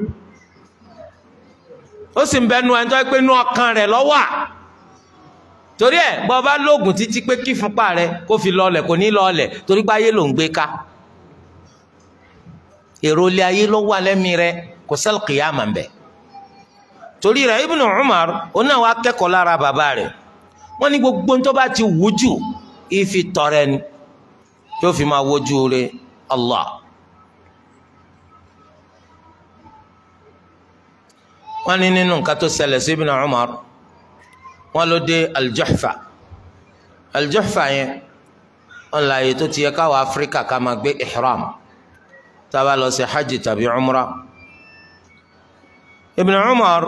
ó sì ń bẹ nu ẹjọ́ pé inú ọkàn rẹ̀ ló wà torí ẹ bọ́ bá lóògùn títí pé kí fúnpá rẹ kó fi lọlẹ̀ kò ní torí pé ayé ló ń gbé ká èrò ilé ayé ló wà lẹ́mí rẹ kò sẹ́lùkì yá ma bẹ̀ torí rẹ Umar náà wàá Allah. wọ́n ní nínú nǹkan tó ṣẹlẹ̀ sí Ibn Umar wọ́n ló dé Al-Juhfa Al-Juhfa yẹn wọ́n là yìí tó ti yẹ káwọn Áfíríkà ká máa gbé ihram tá lọ sí hajj tàbí umra Ibn Umar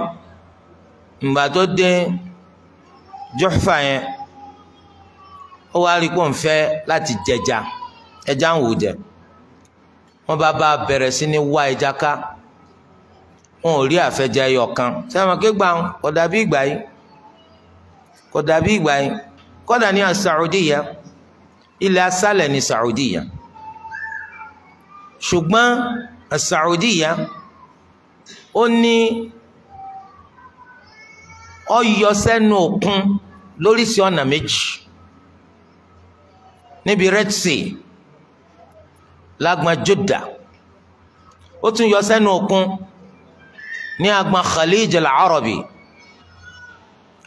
ǹgbà tó dé Juhfa yẹn ó wá rí pọ̀ ń láti jẹja ẹja ń wò jẹ wọ́n bá bá bẹ̀rẹ̀ sí ní wá ẹja ká wọn ò rí àfẹjẹ ẹyọ kan sẹ́wọ̀n kégbà kò dàbí ìgbà yìí kò dàbí ìgbà yìí kódà ní Saudiya ilẹ̀ asálẹ̀ ní Saudiya ṣùgbọ́n Saudiya ó ní ọyọ sẹ́nu òkun lóríṣi ọ̀nà méjì níbi Red Sea lágbọn Júdà ó tún yọ sẹ́nu òkun ní agbọn Khalij al-Arabi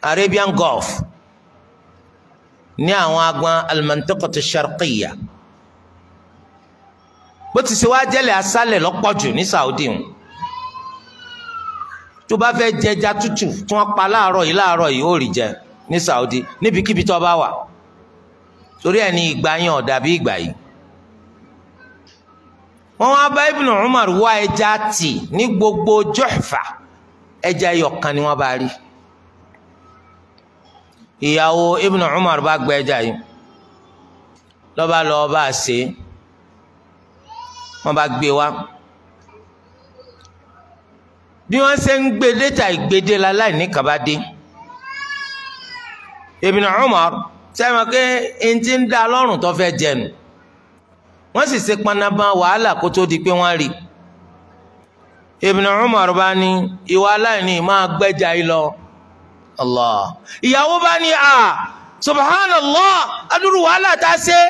Arabian Gulf ní àwọn agbọn al-Mantiqatu Sharqiyya bó ti ṣe wá jẹ́lẹ̀ aṣálẹ̀ lọ́pọ̀jù ní Saudi hùn tó bá fẹ́ jẹja tútù tí wọ́n pa láàárọ̀ yìí láàárọ̀ yìí ó rí jẹ ní Saudi níbikíbi tó bá wà torí ẹni ìgbà yẹn ò dàbí ìgbà yìí wọ́n wá bá Ibn Umar wá ẹja tì ní gbogbo Juhfa ẹja yọkan ni wọ́n bá rí ìyàwó Ibn Umar bá gba ẹja yìí lọ́ba lọ́ọ́ bá a ṣe wọ́n bá gbé wá bí wọ́n ṣe ń gbé létà ìgbédè la láì ní kàbádé Ibn Umar sẹ́wọ̀n pé ẹni tí ń da lọ́rùn tó fẹ́ jẹnu wọ́n sì ṣe panaba wàhálà kó tó di pé wọ́n rí Ibn Umar bá ní ìwà aláìní máa gbẹ́jà yìí lọ Allah ìyàwó bá ní à subhanallah adúrú wàhálà tá a ṣe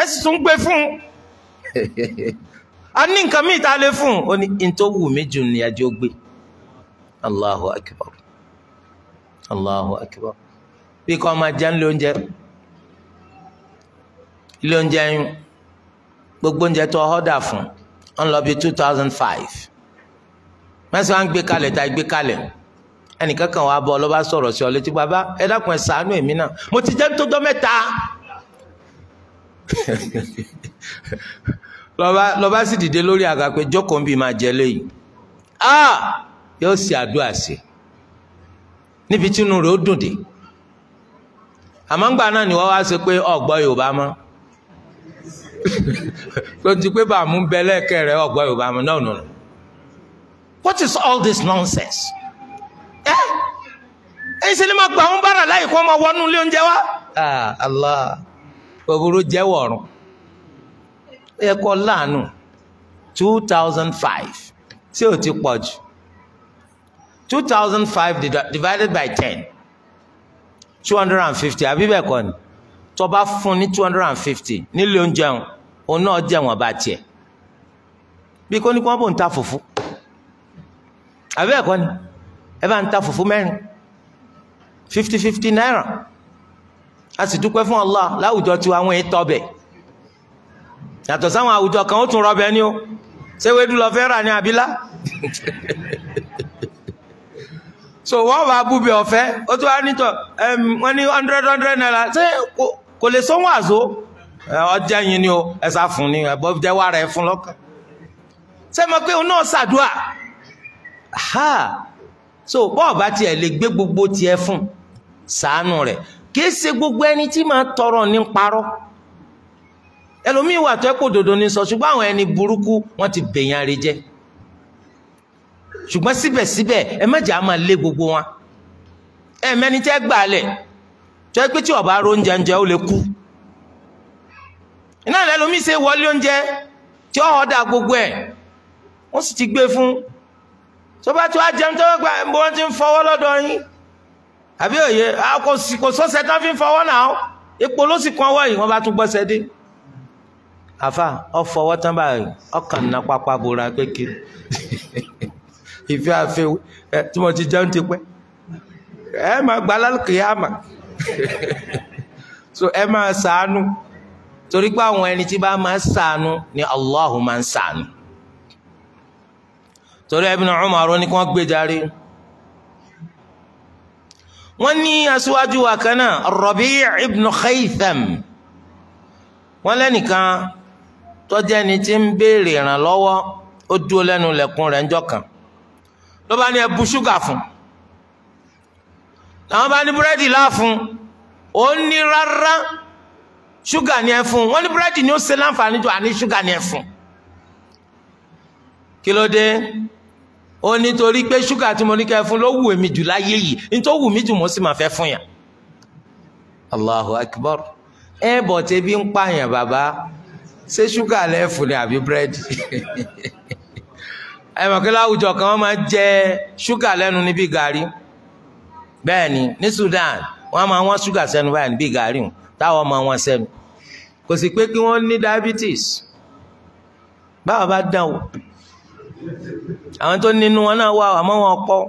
ẹ sì tún gbé fún <laughs> a ní nǹkan míì tá a lè fún ó ní n wù mí jù ní ajé ó gbé Allahu akbar Allahu akbar bí kò máa jẹun lóúnjẹ ilé yín gbogbo oúnjẹ tó ọ̀dà fún ọ̀n lọ bí two thousand five mẹ́sàn án gbé kalẹ̀ tá gbé kalẹ̀ ẹnìkan kan wàá bọ̀ ọlọ́ba sọ̀rọ̀ sí ọ létí bàbá ẹ dákun ẹ ṣàánú èmi náà mo ti jẹ́ tó dọ́ mẹ́ta <laughs> lọ́ba sì dìde lórí àga pé jókòó ń bì máa jẹ léyìí ah yóò ṣe àdúrà sí níbi tí inú rẹ̀ ó dùn dé àmọ́ ńgbà náà ni wọ́n wá ṣe pé ọ̀gbọ́ Yorùbá mọ́ lọ́n ti pé bàmú bẹ́lẹ́kẹ̀ rẹ̀ ọ̀gbọ́n yorùbá mi náà nù. what is all this nonsense? ẹ ẹ ṣe ni máa gbà ń bára láì kó ọmọ wọnú ilé oúnjẹ wa. Allah òbúrú jẹ́wọ̀ ọ̀run ẹ kọ́ láàánú two thousand five tí ò ti pọ̀ jù two thousand five divided by ten two hundred and fifty àbí bẹ́ẹ̀ kọ́ ni tó bá fún ní two hundred and fifty nílé oúnjẹ òun òun náà jẹ wọn bá tiẹ̀ bí kò ní kí wọ́n bò ń ta fùfú àbí ẹ̀kọ́ ni ẹ bá ń ta fùfú mẹ́rin fifty fifty naira a sì dúpẹ́ fún Allah láwùjọ tiwa àwọn èyí tọ́bẹ̀ yàtọ̀ sáwọn àwùjọ kan ó tún rọbẹ̀ ni ó ṣé wédú lọ fẹ́ rà ní abilá <laughs> so wọ́n wá búbi ọ̀fẹ́ ó tún wá nítọ̀ wọ́n ní hundred hundred naira ṣé kò lè sóhun àzó ọjọ́ yín ni o ẹ̀sà fún ni ẹ̀bọ́ jẹ́ wàrà fún lọ́kàn sẹ́mi pé òun náà ṣàdúà ha so bọ́ọ̀ bá tiẹ̀ lè gbé gbogbo tiẹ̀ fún ṣàánú rẹ̀ kì í ṣe gbogbo ẹni tí máa tọrọ ní parọ́ ẹlòmíì wà tó ẹ kó dòdò ní sọ ṣùgbọ́n àwọn ẹni burúkú wọ́n ti bèèyàn rẹ̀ jẹ́ ṣùgbọ́n síbẹ̀síbẹ̀ ẹ mẹ́jà máa lé gbogbo wọn ẹ mẹ́ni tẹ́ gbà lẹ̀ tó pé tí ọba ro oúnjẹ oúnjẹ ó lè kú iná ṣe wọlé oúnjẹ tí ó da gbogbo ẹ̀ wọ́n sì ti gbé fún tó bá tó á jẹun tó gbà wọ́n ti ń fọwọ́ àbí òye kò sọ́sẹ̀ tán fi ń fọwọ́ náà ló sì ọwọ́ yìí wọ́n bá tún gbọ́sẹ̀ dé àfa tán báyìí ọkàn pápá bora <laughs> ìfẹ́ àfẹ́ tí ti <laughs> so ẹ máa ṣàánú torí pé àwọn ẹni tí bá máa ṣàánú ni Allahu máa ń ṣàánú torí Ibn Umar ní kí wọ́n gbé járe wọ́n ní aṣíwájú wa kan náà Rabi' ibn Khaytham wọ́n lẹ́nìkan tó ẹni tí ń béèrè ìrànlọ́wọ́ ó dúró lẹ́nu lẹ̀kùn rẹ̀ ńjọ́ kan ló bá ní ẹ bu ṣúgà fún un làwọn bá ní búrẹ́dì láàfún ó ní rárá ṣúgà ni ẹ fún wọn ní búrẹ́dì ni ó ṣe láǹfààní jù àní ṣúgà ni ẹ fún kí ló dé ó ní torí pé ṣúgà tí mo ní kẹ́ fún ló wù mí jù láyé yìí ní tó wù mí jù mo sì máa fẹ́ fún yàn Allahu Akbar ẹ bọ̀ tẹ́bí ń pààyàn bàbá ṣé ṣúgà lẹ́fù ni àbí búrẹ́dì <laughs> ẹ mọ̀ kí láwùjọ kan wọ́n máa jẹ ṣúgà lẹ́nu níbi gàrí bẹ́ẹ̀ ni ní Sudan wọ́n máa wọ́n ṣúgà sẹ́nu báyìí bíi gàrí hùn táwọn máa wọ́n sẹ́nu kò sì pé kí wọ́n ní diabetes báwa bá dán o àwọn tó nínú wọn náà wà àmọ́ wọn pọ̀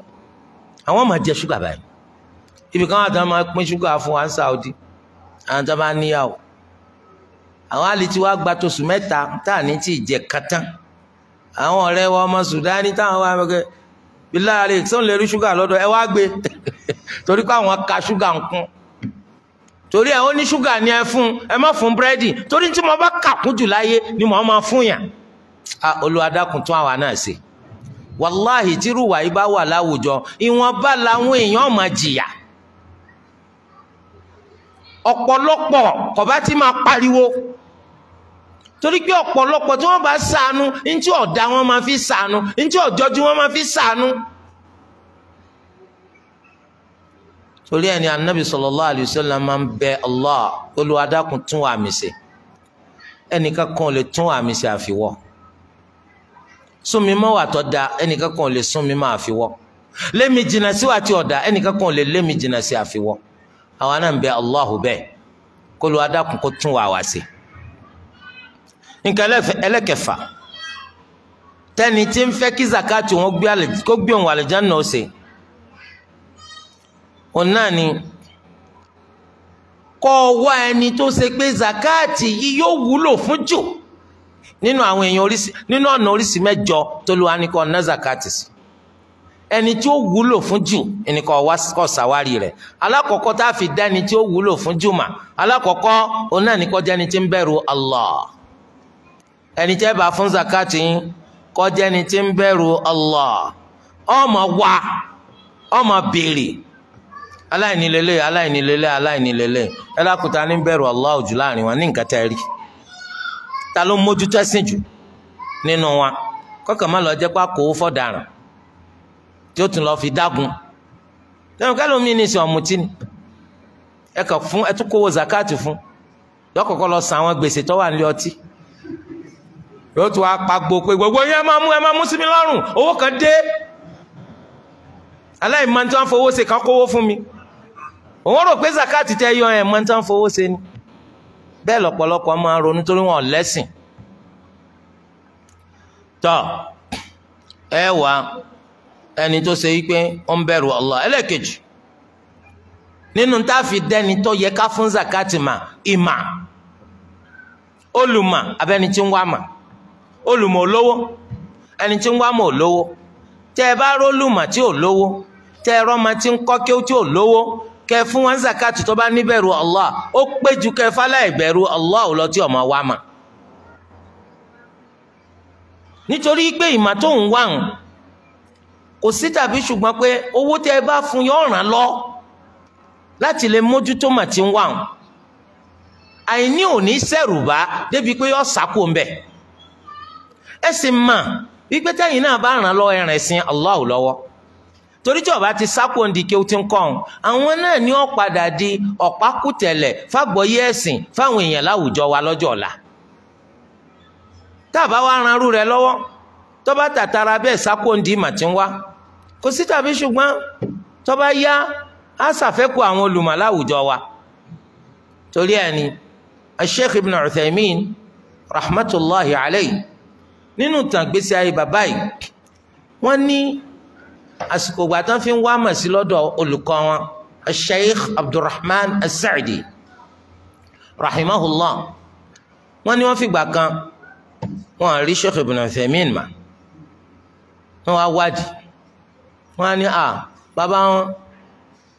àwọn máa jẹ ṣúgà báyìí ibi kan àtàwọn máa pín ṣúgà fún wa ní Saudi àwọn tó bá níyàwó àwọn àlejò wa gba tóṣù mẹ́ta tá à ní tí ì jẹ kátán àwọn ọ̀rẹ́ wa ọmọ Sudan táwọn wà mẹ́kẹ́ bílá àlè sóun lè rí ṣúgà lọ́dọ̀ ẹ wá gbé <laughs> torí pé àwọn ka ṣúgà ń kún torí ẹ ó ní ṣúgà ni ẹ fún ẹ má fún búrẹ́dì torí tí mo bá kà jù láyé ni mo máa fún yàn Olúwa tún àwa náà ṣe wàláhì tírú wàyí bá wà láwùjọ ìwọ̀nba làwọn èèyàn máa jìyà ọ̀pọ̀lọpọ̀ kọ̀bá tí máa pariwo torí pé ọ̀pọ̀lọpọ̀ tí wọ́n bá ṣàánú ntí ọ̀dà wọn máa fi ṣàánú ntí ọ̀jọ́jú wọn máa fi ṣàánú. torí ẹni anabi sallallahu alayhi wa sallam máa ń bẹ Allah Olúwa dákun tún àmì ṣe ẹnìkan kan ò lè tún àmì ṣe àfiwọ́ súnmi mọ́ wà tó da ẹnìkan kan ò lè súnmi mọ́ àfiwọ́ lémi jìnnà sí wà tí ọ̀dà ẹnìkan kan ò lè lémi jìnnà sí àfiwọ́ àwa náà ń bẹ Allahu bẹ́ẹ̀ kó kó tún wà wá sí i. nǹkan ẹlẹ́kẹfà tẹ́ni tí ń fẹ́ kí zakati wọn kó gbé òun àlùjáná ọ̀sẹ̀ òun náà ni kọ́ wá ẹni tó ṣe pé zakati yìí yóò wúlò fún jù nínú àwọn èèyàn oríṣi nínú ọ̀nà oríṣi mẹ́jọ tó lu anìkọ́ ná zakati sí ẹni tí ó wúlò fún jù ẹni kọ́ wá kọ́ sàwárì rẹ̀ alákọ̀ọ́kọ́ tá a fi dá ẹni tí ó wúlò fún jù mà alákọ̀ọ́kọ́ òun náà ni kọ́ jẹ́ ẹni tí ń bẹ̀rù Allah. ẹni tẹ́ bá fún zakati yín kó ẹni tí ń bẹ̀rù ọlọ ọmọ wa ọmọ béèrè aláìní lélẹ̀ aláìní lélẹ̀ aláìní lélẹ̀ ẹ lákùtà ní bẹ̀rù Allah jù láàrin wọn ní nǹkan tẹ́ rí ta ló mójútó ẹ̀sìn jù nínú wa kọ́kàn má lọ jẹ́ pé àkówó fọ̀daràn tí ó tún lọ fi dágun ní ìsìn ni ẹ kàn fún zakati fún yọkọ̀kọ́ lọ àwọn gbèsè tó wà nílé ọtí. yóò tún wá pagbo pé gbogbo yín ẹ máa mú ẹ máa mú sí mi lọ́rùn owó kan dé aláìmọ̀ tí wọ́n fowó ṣe kan fún mi òun rò pé zakati tẹ yọ ẹ̀ mọ̀ tí wọ́n fowó ṣe ni bẹ́ẹ̀ lọ́pọ̀lọpọ̀ máa ronú torí wọn lẹ́sìn tọ́ ẹ wá ẹni tó ṣe wípé ó ń bẹ̀rù Allah ẹlẹ́ẹ̀kejì nínú tá a fi dẹ́ni tó yẹ ká fún zakati mà ìmà olùmọ̀ abẹ́ni tí ń wá mà. olùmọ̀ olówó ẹni tí ń wá mọ̀ olówó tẹ́ ẹ bá rólùmọ̀ tí ò lówó ẹ rọ́mọ tí ń kọ́ kí tí ò kẹ fún wọn tó bá níbẹ̀rù Allah ó pé ju kẹ ìbẹ̀rù Allah ò lọ tí ọmọ wa mà nítorí pé ìmọ̀ tó ń wà lọ láti lè mójútó mà ti ń wà ń àìní sẹ̀rù ẹ sì mà wípé tẹ́yìn náà bá ràn lọ́wọ́ ẹ̀rìn ẹ̀sìn Allah lọ́wọ́ torí tí ọba ti sápò ndí kí o ti ń kọ́ ọ̀hún àwọn náà ni ó padà di ọ̀pákùtẹ̀lẹ̀ fàgbọ́yé ẹ̀sìn fáwọn èèyàn láwùjọ wa lọ́jọ́ ọ̀la táàbá wa ranrú rẹ lọ́wọ́ tọ́ba tàtara bẹ́ẹ̀ sápò ndí mà ti ń wá kò sí tàbí ṣùgbọ́n tọ́ba yá á ṣàfẹ́kù àwọn olùmọ̀ láwùjọ wa torí ẹ̀ Sheikh Ibn Uthaymin rahmatullahi alayhi nínú tàgbésí ayé bàbá yìí wọ́n ní àsìkò ìgbà tán fi ń wá mọ̀ sí lọ́dọ̀ olùkọ́ wọn sheikh abdulrahman as-sa'di rahimahullah wọ́n ní wọ́n fìgbà kan wọ́n rí sheikh ibn Uthaymeen mà wọ́n wá wádìí wọ́n á ní à bàbá wọn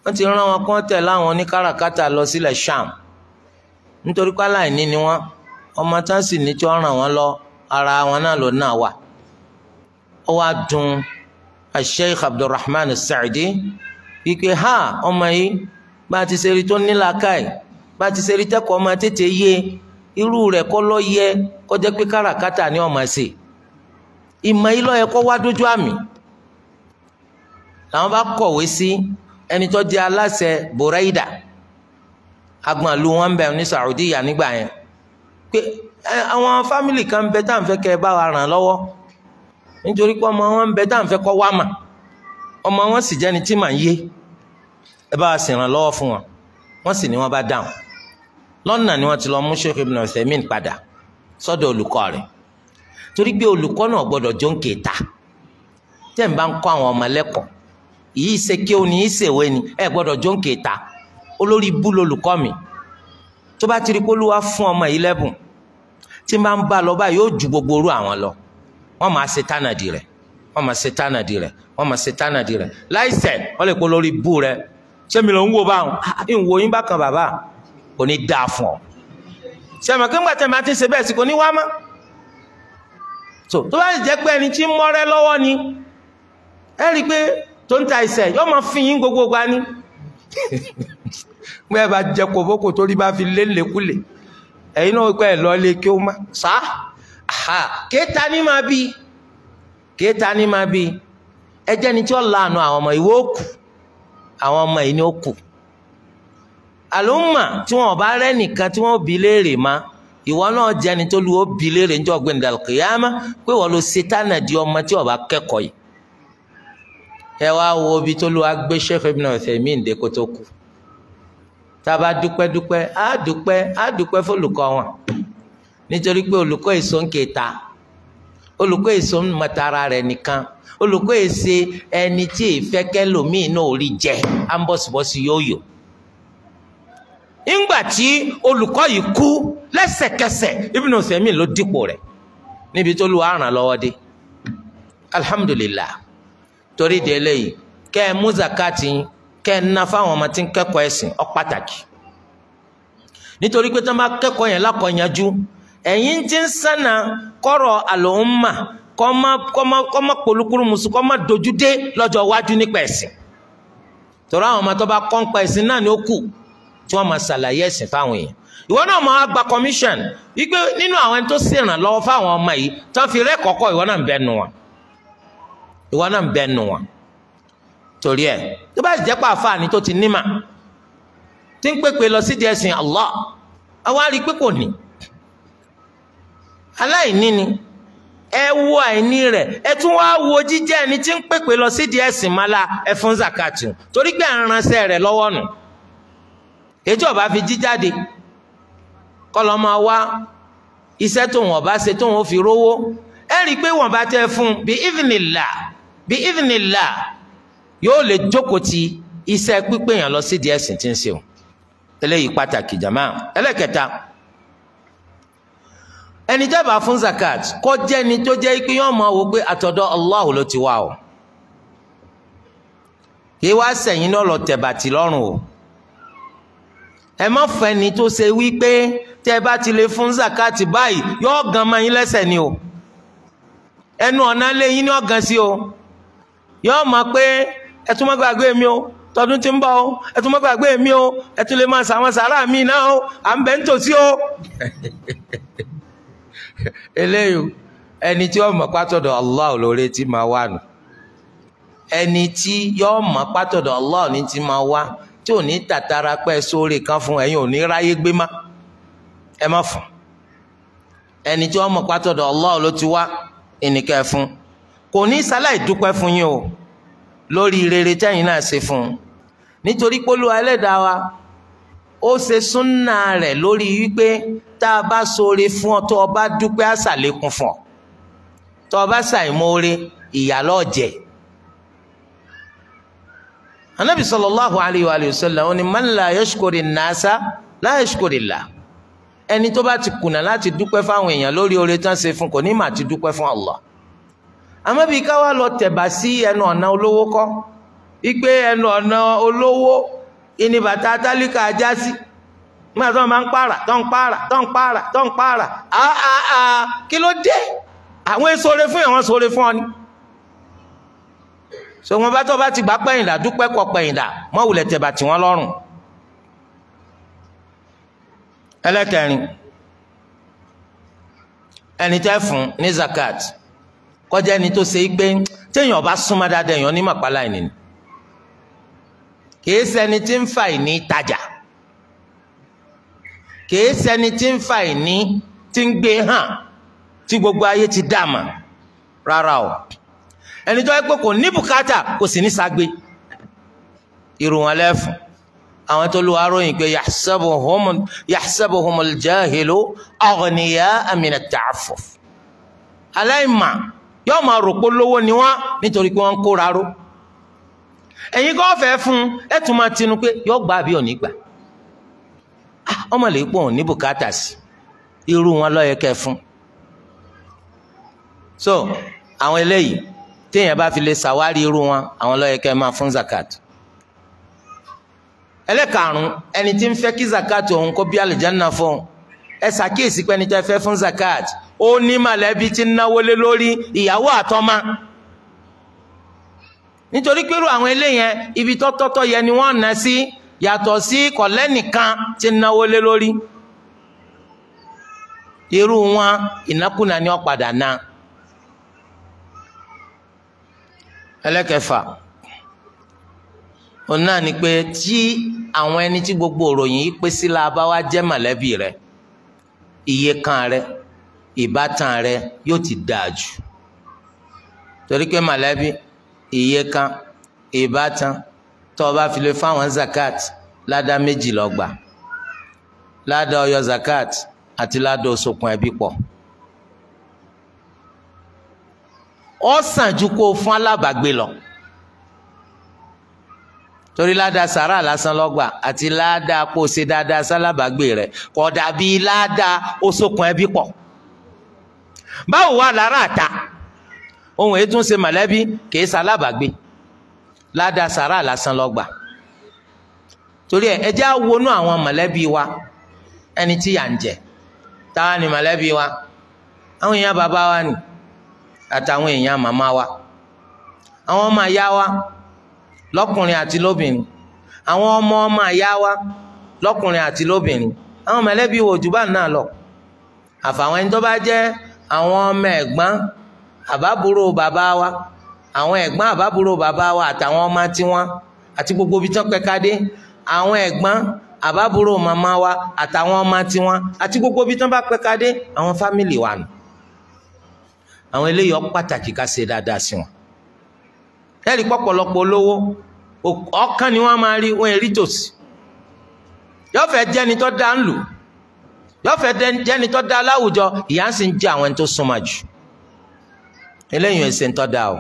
wọ́n ti rán wọn kọ́ tẹ̀lé àwọn oníkàràkátà lọ sílẹ̀ sham nítorí pé aláìní ni wọ́n ọmọ tá sì ní tí wọ́n ràn wọ́n lọ ara wọn náà ló náà wà ó wá dùn Sheikh Abdulrahman As-Sa'di wípé ha ọmọ yìí bá a ti ṣe rí tó nílà káì bá a ti ṣe rí tẹ́kọ̀ọ́ ọmọ tètè yé irú rẹ̀ kọ́ ló yẹ kó jẹ́ pé káràkátà ni ọmọ ṣe ìmọ̀ yìí ló yẹ kó wá dójú àmì làwọn bá kọ̀wé sí ẹni tó di aláṣẹ Buraida agbọ̀nlu wọn bẹ̀rù ní Saudiya nígbà yẹn pé àwọn fámìlì kan bẹ tá à ń fẹ́ kẹ́ ẹ bá wa ràn lọ́wọ́ nítorí pé ọmọ wọn bẹ tá à ń fẹ́ kọ́ wá mà ọmọ wọn sì jẹ́ni tí màá yé ẹ bá wa sì ràn lọ́wọ́ fún wọn wọ́n sì ní wọ́n bá dáhùn lọ́nà ni wọ́n ti lọ mú Sheikh Ibn Uthaymeen padà sọ́dọ̀ olùkọ́ rẹ̀ torí pé olùkọ́ náà gbọ́dọ̀ jó ń kéta tẹ́ bá ń kọ́ àwọn ọmọ lẹ́kọ̀ọ́ yìí ṣe kí o ní í ṣèwé ni ẹ gbọ́dọ̀ jó ń kéta olórí bú lolùkọ́ mi tó bá ti rí pé olúwa fún ọmọ yìí lẹ́bùn tí n bá ń bá lọ báyìí yóò ju gbogbo orú àwọn lọ wọ́n máa ṣe tánàdì rẹ̀ wọ́n máa ṣe tánàdì rẹ̀ wọ́n máa ṣe tánàdì rẹ̀ láìsẹ̀ wọ́n lè pọ̀ lórí bú rẹ̀ ṣé mi ló ń wo báwọn ah, ah, ìwò yín bá kan bàbá kò ní dáa fún ọ ṣẹmọ kí n gbà tẹmọ àti ṣe bẹ́ẹ̀ sí kò ní wá mọ́ tó tó bá jẹ́ pé ẹni tí ń mọrẹ lọ́wọ́ ni ẹ rí i pé tó ń ta ìṣẹ yóò máa fi yín gbogbo gba ni <laughs> bẹ́ẹ̀ bá jẹ kòbókò torí bá fi lélẹkulè ẹ̀yin náà pẹ́ lọ́lé kí ó má sá kéta ní máa bí kéta ní máa bí ẹjẹ́ ni tí ó lànà àwọn ọmọ ìwé òkú àwọn ọmọ yìí ni ó tí wọn bá rẹ́ nìkan tí wọn bí léèrè ma ìwọ náà jẹni tó lu ó bí léèrè níjọ́ gbẹ̀ndà kìyàmá pé wọ́n lo sitana di ọmọ tí ó bá kẹ́kọ̀ọ́ yìí ẹ wá wo ibi tó lu agbé Sheikh Ibn Uthaymeen dé kó kù. taba dúpẹ́ dúpẹ́ á dúpẹ́ á dúpẹ́ wọn nítorí pé olùkọ́ èso ń kẹta olùkọ́ èso ń mọ̀tara rẹ̀ nìkan olùkọ́ èsè ẹni tí ìfẹ́kẹ́ lòmíì náà ò rí jẹ á yóò yò ńgbà tí olùkọ́ yìí kú lẹ́sẹ̀kẹsẹ̀ ló rẹ̀ níbi tó lu kẹ́ ẹ fáwọn ọmọ tí ń kẹ́kọ̀ọ́ ẹ̀sìn ó pàtàkì nítorí pé tó bá kẹ́kọ̀ọ́ yẹn lákọ̀ọ́yanjú ẹ̀yin ti ń sànà kọ́rọ̀ àlòmà polúkúrú musu kọ́mọ dojúdé lọ́jọ́ iwájú nípa ẹ̀sìn tọ́ra àwọn ọmọ tó bá kọ́ nípa ẹ̀sìn náà ni ó kù tí wọ́n máa ṣàlàyé ẹ̀sìn fáwọn ìwọ náà máa gba commission wípé nínú àwọn ọmọ yìí fi ìwọ náà ń wọn torí ẹ̀ tó bá jẹ́ pé àfààní tó ti nímà tí ń pèpè lọ sídìí ẹ̀sìn Allah àwa rí i pé kò ní aláìní ni ẹ wo àìní rẹ̀ ẹ tún wá wo jíjẹ́ ẹni tí ń pèpè lọ sídìí ẹ̀sìn mọ́lá ẹ fún zakati torí pé à ń ránṣẹ́ rẹ̀ lọ́wọ́ nù èjì ọba fi jíjáde kọlọ máa wá iṣẹ́ tó wọn bá ṣe tó wọn fi rówó ẹ rí i pé wọn bá tẹ fún bí ìfìnnìlà bí ìfìnnìlà yóò lè jókòó ti iṣẹ́ pípé yàn lọ sídìí ẹ̀sìn tí ń ṣe o eléyìí pàtàkì jàmá ẹlẹ́kẹta ẹni dábàá fún zakat kó jẹ́ tó jẹ́ pé yọ́n mọ̀ wò pé àtọ̀dọ̀ Allah ló ti wá o kí wá sẹ̀yìn náà lọ tẹ̀bàtì lọ́rùn o ẹ má fẹ́ni tó ṣe wípé tẹ́ bá ti lè fún zakat báyìí yóò gan mọ́ yín lẹ́sẹ̀ ni o ẹnu ọ̀nà lẹ́yìn ni ọ̀gàn sí o yóò mọ̀ pé ẹ tún má gbàgbé mi o tọdún tí ń bọ̀ o ẹ tún má gbàgbé mi o ẹ tún lè máa sàwọn sàárà mi náà o à ń bẹ nítòsí o. <laughs> eléyìí ẹni tí ọmọ pátọ̀dọ̀ Allah olóore ti máa wà nù ẹni tí yọọ mọ pátọ̀dọ̀ Allah ní ti máa wá tí ò ní tàtàrà pẹ sórí kan fún ẹ̀yin ò ní ráyé gbé má ẹ má fún ẹni tí ọmọ pátọ̀dọ̀ Allah ló ti wá ẹnìkẹ fún kò ní sáláì dúpẹ́ fún yín o. lórí rere tẹ́yìn náà ṣe fún un nítorí pólúwa ẹlẹ́dàá wa ó ṣe súnà rẹ̀ lórí wípé tá a bá ṣoore fún ọ tó o bá dúpẹ́ àṣàlékún fún ọ tó o bá ṣàìmoore ìyàlọ́ọ̀jẹ̀ anabi sallallahu alayhi wa sallam ó ní man la yashkuri nasa la yashkuri Allah ẹni tó bá ti kùnà láti dúpẹ́ fáwọn èèyàn lórí oore tán ṣe fún kò ní mà ti dúpẹ́ fún Allah àmọ́ bí ká wá lọ tẹ̀bà sí ẹnu ọ̀nà olówó kọ́ wípé ẹnu ọ̀nà olówó ìní bàtà tálíkà ajá sí nígbà tó máa ń pààrà tó ń pààrà tó ń pààrà tó ń pààrà àà ah, ah, ah, kí ló dé àwọn èsòre fún àwọn sòre fún ọ ni so wọn bá tó bá ti gbà pẹ̀yìndà dúpẹ́ kọ pẹ̀yìndà mọ́wùlẹ̀ tẹ̀bà tí wọ́n lọ́rùn ẹlẹ́kẹrin ẹni tẹ́ fún ní zakat kọjá ẹni tó ṣe é pé téèyàn bá súnmọ́ dáadáa èèyàn ní màpá láì nìyí kìí ṣẹni tí ń fa ìní tajà kìí ṣẹni tí ń fa ìní tí ń gbé hàn tí gbogbo ayé ti dààmú rárá o ẹni tó yẹ pé kò ní bùkátà kò sì ní sagbe irú wọn àwọn tó lu aróyìn pé yahsabuhumul jahilu aghniya min at-ta'affuf aláìmọ̀ yóò máa rò pé lówó ni wọ́n nítorí pé wọ́n ń kóra ró ẹ̀yin kọ́ fẹ́ fún un ẹ̀ tún máa tinú pé yóò gbà bí òní gbà ah, ọmọ lè pọ̀ ní bùkátà sí irú wọn lọ́yẹ kẹ́ fún so àwọn eléyìí téèyàn bá fi lè ṣàwárí irú wọn àwọn lọ́yẹ kẹ́ máa fún zakat ẹlẹ́karùn-ún ẹni tí ń fẹ́ kí zakat òun kó bí àlùjánnà fún un ẹ ṣàkíyèsí pé ẹni tẹ́ fẹ́ fún zakat ó ní mọ̀lẹ́bí tí ń náwó lé lórí ìyàwó àtọ́mọ́ nítorí pé irú àwọn yẹn ibi tọ́tọ́tọ́ yẹn ni wọ́n ná sí yàtọ̀ sí kọ̀lẹ́nìkan tí ń náwó lé lórí irú wọn ìnákúnà ni wọ́n padà ná ẹlẹ́kẹfà òun náà ni pé tí àwọn ẹni tí gbogbo òròyìn yìí làbáwá sí la bá jẹ́ mọ̀lẹ́bí rẹ̀ iye kan rẹ ìbátan rẹ yóò ti dáa jù torí pé mọ̀lẹ́bí iye kan ìbátan tó o bá fi lè fáwọn zakat ládàá méjì lọ́gbà ládàá ọyọ zakat àti ládàá osokun ẹbí pọ̀ ó sàn ju kó o fún alábàágbé lọ torí ládàá sàrà lásán lọ́gbà àti ládàá kó o ṣe dáadáa sálábàgbé rẹ̀ kò dàbí ládàá ó sókun ẹbí pọ̀ báwo wà lára àta ohun èyí tún ṣe mọ̀lẹ́bí kìí sálábàgbé ládàá sàrà lásán lọ́gbà torí ẹ ẹjẹ́ àwọnú àwọn mọ̀lẹ́bí wa ẹni tí yà ń jẹ táwa ni mọ̀lẹ́bí wa àwọn èèyàn bàbá wa ni àtàwọn èèyàn màmá wa àwọn ọmọ ìyá wa lọ́kùnrin àti lóbìnrin àwọn ọmọ ọmọ àyá wa lọ́kùnrin àti lóbìnrin àwọn mẹ̀lẹ́bí wo jù bá náà lọ àfàwọn ẹni tó bá jẹ́ àwọn ọmọ ẹ̀gbọ́n àbábúrò bàbá wa àwọn ẹ̀gbọ́n àbábúrò bàbá wa àtàwọn ọmọ tiwọn àti gbogbo ibi tí wọ́n pẹ̀ka dé àwọn ẹ̀gbọ́n àbábúrò màmá wa àtàwọn ọmọ tiwọn àti gbogbo ibi tí wọ́n bá pẹ̀ka àwọn fámìlì wa nù àwọn eléyìí ó pàtàkì ká ṣe dáadáa sí wọn ẹ̀rí pọ̀pọ̀lọpọ̀ olówó ọ̀kan ni wọ́n máa rí wọn èrí tòsí yóò fẹ́ jẹ́ni tó dá ń lù yóò fẹ́ jẹ́ni tó dá láwùjọ ìyá sì ń jẹ́ àwọn ẹni tó súnmọ́ jù eléyìí ẹsẹ̀ ń tọ́ o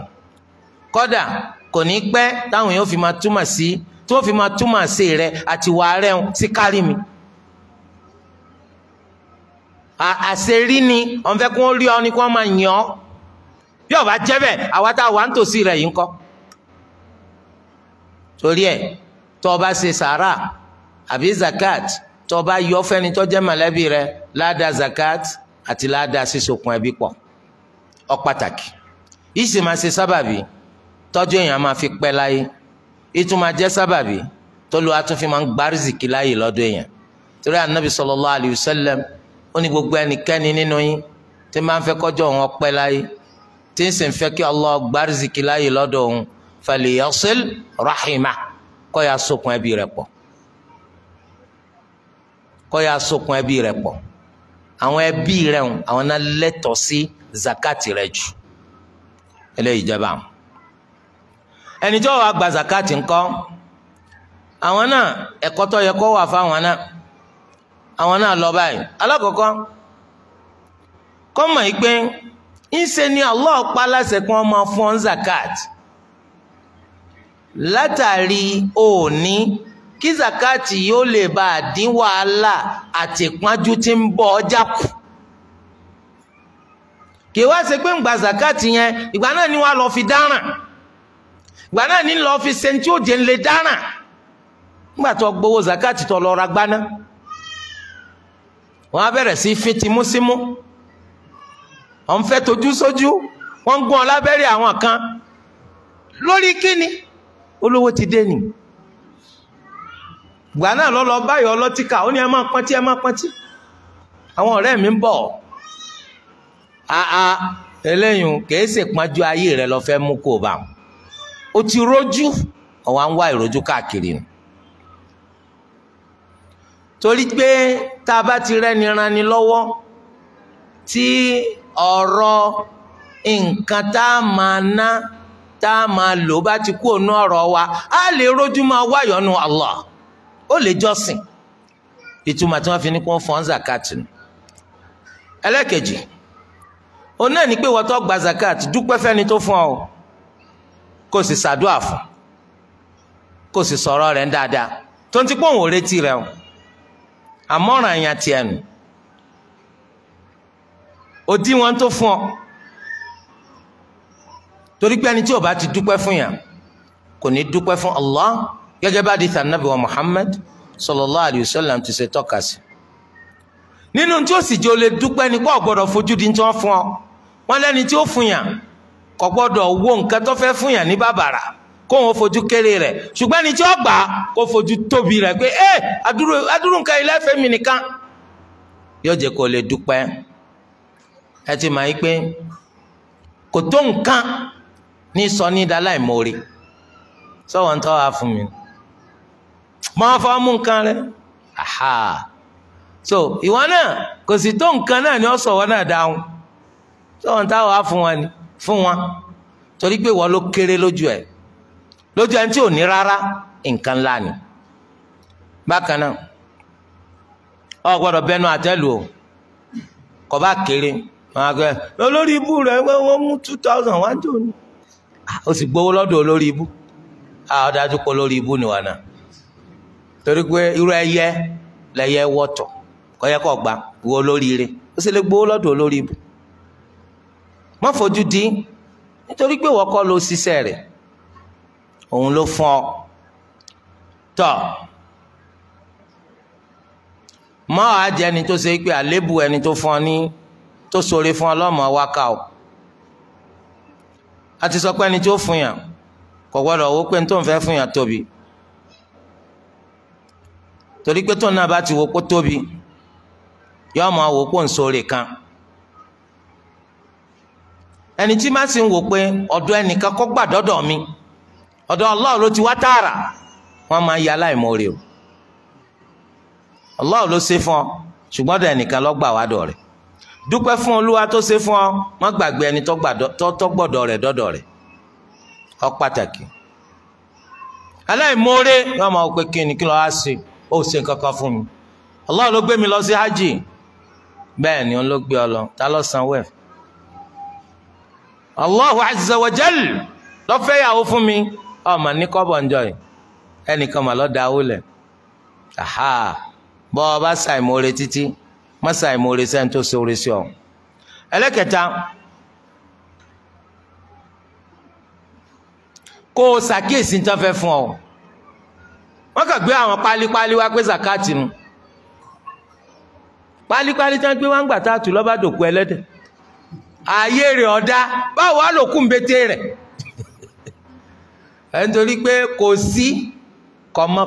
kódà kò ní pẹ́ táwọn yóò fi máa túmọ̀ sí tí wọ́n fi máa túmọ̀ sí rẹ àti wà á rẹun sí kárí mi àṣerí ni ọ̀n fẹ́ kó rí ọ ni kó máa yàn ọ́ bí ó jẹ́ bẹ́ẹ̀ àwa tá wà ń tòsí rẹ̀ yìí ń kọ́ torí ẹ̀ tó o bá ṣe sàárà àbí zakat tó o bá yọ fẹ́ni tó jẹ́ mọ̀lẹ́bí rẹ láàdá zakat àti láàdá sísokùn ẹbí pọ̀ ọ pàtàkì yìí sì máa ṣe sábàbí tọ́jú èèyàn máa fi pẹ́ láyé ìtumọ̀ jẹ́ sábàbí tó lu atúnfi máa ń gbárùsìkì láyè lọ́dọ̀ èèyàn torí anabi sallallahu alayhi wa sallam ó ní gbogbo ẹnikẹ́ni nínú yín tí máa ń fẹ́ kọjọ́ òun ọpẹ́ láyé tí ń sì ń fẹ́ kí Allah gbárùsìkì láyè lọ́dọ̀ òun fàlìyọ́sìl rahima kọ́ sokun ẹbí rẹ̀ pọ̀ kọ́ ya àwọn ẹbí ń àwọn zakati rẹ jù eléyìí jẹba ẹni tí gba zakati ńkọ́ àwọn náà ẹ̀kọ́ yẹ kó wà fáwọn náà àwọn náà ni Allah pa láṣẹ kí zakat. látàrí òní kí zakati yóò lè bá dín wàhálà àti ìpọ́njú tí ń bọ̀ ọjà kù kì í wá ṣe pé ń gba zakati yẹn ìgbà náà ni wàá lọ fi dáràn ìgbà náà ni lọ fi ṣe tí ó jẹ ń lè dáràn nígbà tó gbowó zakati tó lọ ra gbaná wọn á bẹ̀rẹ̀ sí fi tìmúsímú wọn fẹ́ tojú sójú wọn gún ọ lábẹ́rẹ́ àwọn kan lórí kíni olówó ti dé nì gbà náà lọ́lọ́ báyọ̀ ọlọ́tíkà ó ní ẹ máa pọ́ntí ẹ máa pọ́ntí àwọn ọ̀rẹ́ mi ń bọ̀ àà eléyìn kìí ṣe pọ́njú ayé rẹ lọ fẹ́ mú kó bá wọn o ti rójú ọ̀wá ń wá ìrójú káàkiri nù torí pé tá a bá ti rẹ́ni ranni lọ́wọ́ tí ọ̀rọ̀ nǹkan tá a máa ná tá a máa lò bá ti kú ònú ọ̀rọ̀ wa á lè rójú máa wáyọ̀ nu Allah ó lè jọ́sìn ìtumọ̀ tí wọ́n fi ní kó fọ́n zakat nù ẹlẹ́kejì òun náà ní pé wọ́n tó gba zakat dúpẹ́ fẹ́ni tó fún ọ kò sì ṣàdúà fún kò sì sọ̀rọ̀ rẹ̀ dáadáa tó ń ti pọ́n òun retí rẹ̀ o àmọ́ràn àyàn tiẹ̀ nù òdiwọ̀n tó fún ọ torí pé ẹni tí ó bá ti dúpẹ́ fún yà kò ní dúpẹ́ fún Allah gẹ́gẹ́ bá di tànàbí wa Muhammad sallallahu alayhi wa sallam ti ṣe tọ́ka sí. nínú tí sì o lè dúpẹ́ ni kò gbọ́dọ̀ fojú di tí wọ́n fún ọ wọ́n lẹ́ni tí ó fún yà kò gbọ́dọ̀ wo nǹkan tó fẹ́ fún yà ní bàbàrà kó wọn fojú kéré rẹ̀ ṣùgbọ́n ẹni tí ó gbà kó fojú tóbi pé ẹ adúrú ní sọ́nídàá láì mọ̀ọ́rẹ́ sọ́wọ́n tó wà fún mi máa fọ́ mú nǹkan rẹ aha so ìwọ náà kò sì tó nǹkan náà ni ó sọ̀wọ́ náà dáhùn sọ́wọ́n tó wà fún wọn ni fún wọn torí pé wọ́n ló kéré lójú ẹ̀ lójú ẹni tí ò ní rárá nǹkan ńlá ni bákan náà ọ gbọ́dọ̀ bẹnu àtẹ́lù o kò bá kéré olórí ibu rẹ wọn mú two thousand one two. o sì gbowó lọ́dọ̀ olórí ibú ọ̀dájú pọ̀ lórí ibú ni wà náà torí pé irú ẹyẹ lẹyẹ wọ̀tọ̀ kọ́yẹ́ kọ́ gba wo olóríire ó sì lè gbowó lọ́dọ̀ olórí ibú má fojú di nítorí pé wọ́n kọ́ ló ṣiṣẹ́ rẹ̀ òun ló fún ọ tọ́ mọ́ àjẹni tó ṣe pé àlébù ẹni tó fún ọ ní tó ṣoore fún ọ lọ́mọ wákà o a ti sọ pé ẹni tí ó fún yàn kò gbọdọ̀ wó pé tó ń fẹ́ fún yàn tóbi torí pé tó náà bá ti wò pé tóbi yóò máa wò pé nsọ̀rẹ̀ kan ẹni tí má sì ń wò pé ọ̀dọ̀ ẹnìkan kọ́ gbà dọ́dọ̀ mi ọ̀dọ̀ Allah ló ti wá tààrà wọ́n máa ya aláìmoore o Allah ló ṣe fún ọ ṣùgbọ́n ọ̀dọ̀ ẹnìkan ló gbà wá dọ̀ dúpẹ́ fún olúwa tó ṣe fún ọ má gbàgbé ẹni tó gbọ́dọ̀ rẹ̀ dọ́dọ̀ rẹ̀ ọ pàtàkì aláìmoore yóò máa pe kíni kí lọ á sí ó ṣe kankan fún mi Allah ló gbé mi lọ sí hajj bẹ́ẹ̀ ni ó ló gbé ọ lọ ta ló sanwó ẹ̀ Allahu azza wa jal ló fẹ́ yàwó fún mi ọmọ ní kọ́bọ̀ ń jọ yìí ẹnìkan mà lọ́ọ́ da owó lẹ̀ bọ́ ọ bá ṣàìmoore títí. masai mori sen to sori sio eleketa ko sakisi nta fe fun o won ka gbe awon pali pali wa pe zakati nu pali pali tan gbe wan gba ta doku elede aye re oda ba wa lokun bete re <laughs> en tori pe ko si komo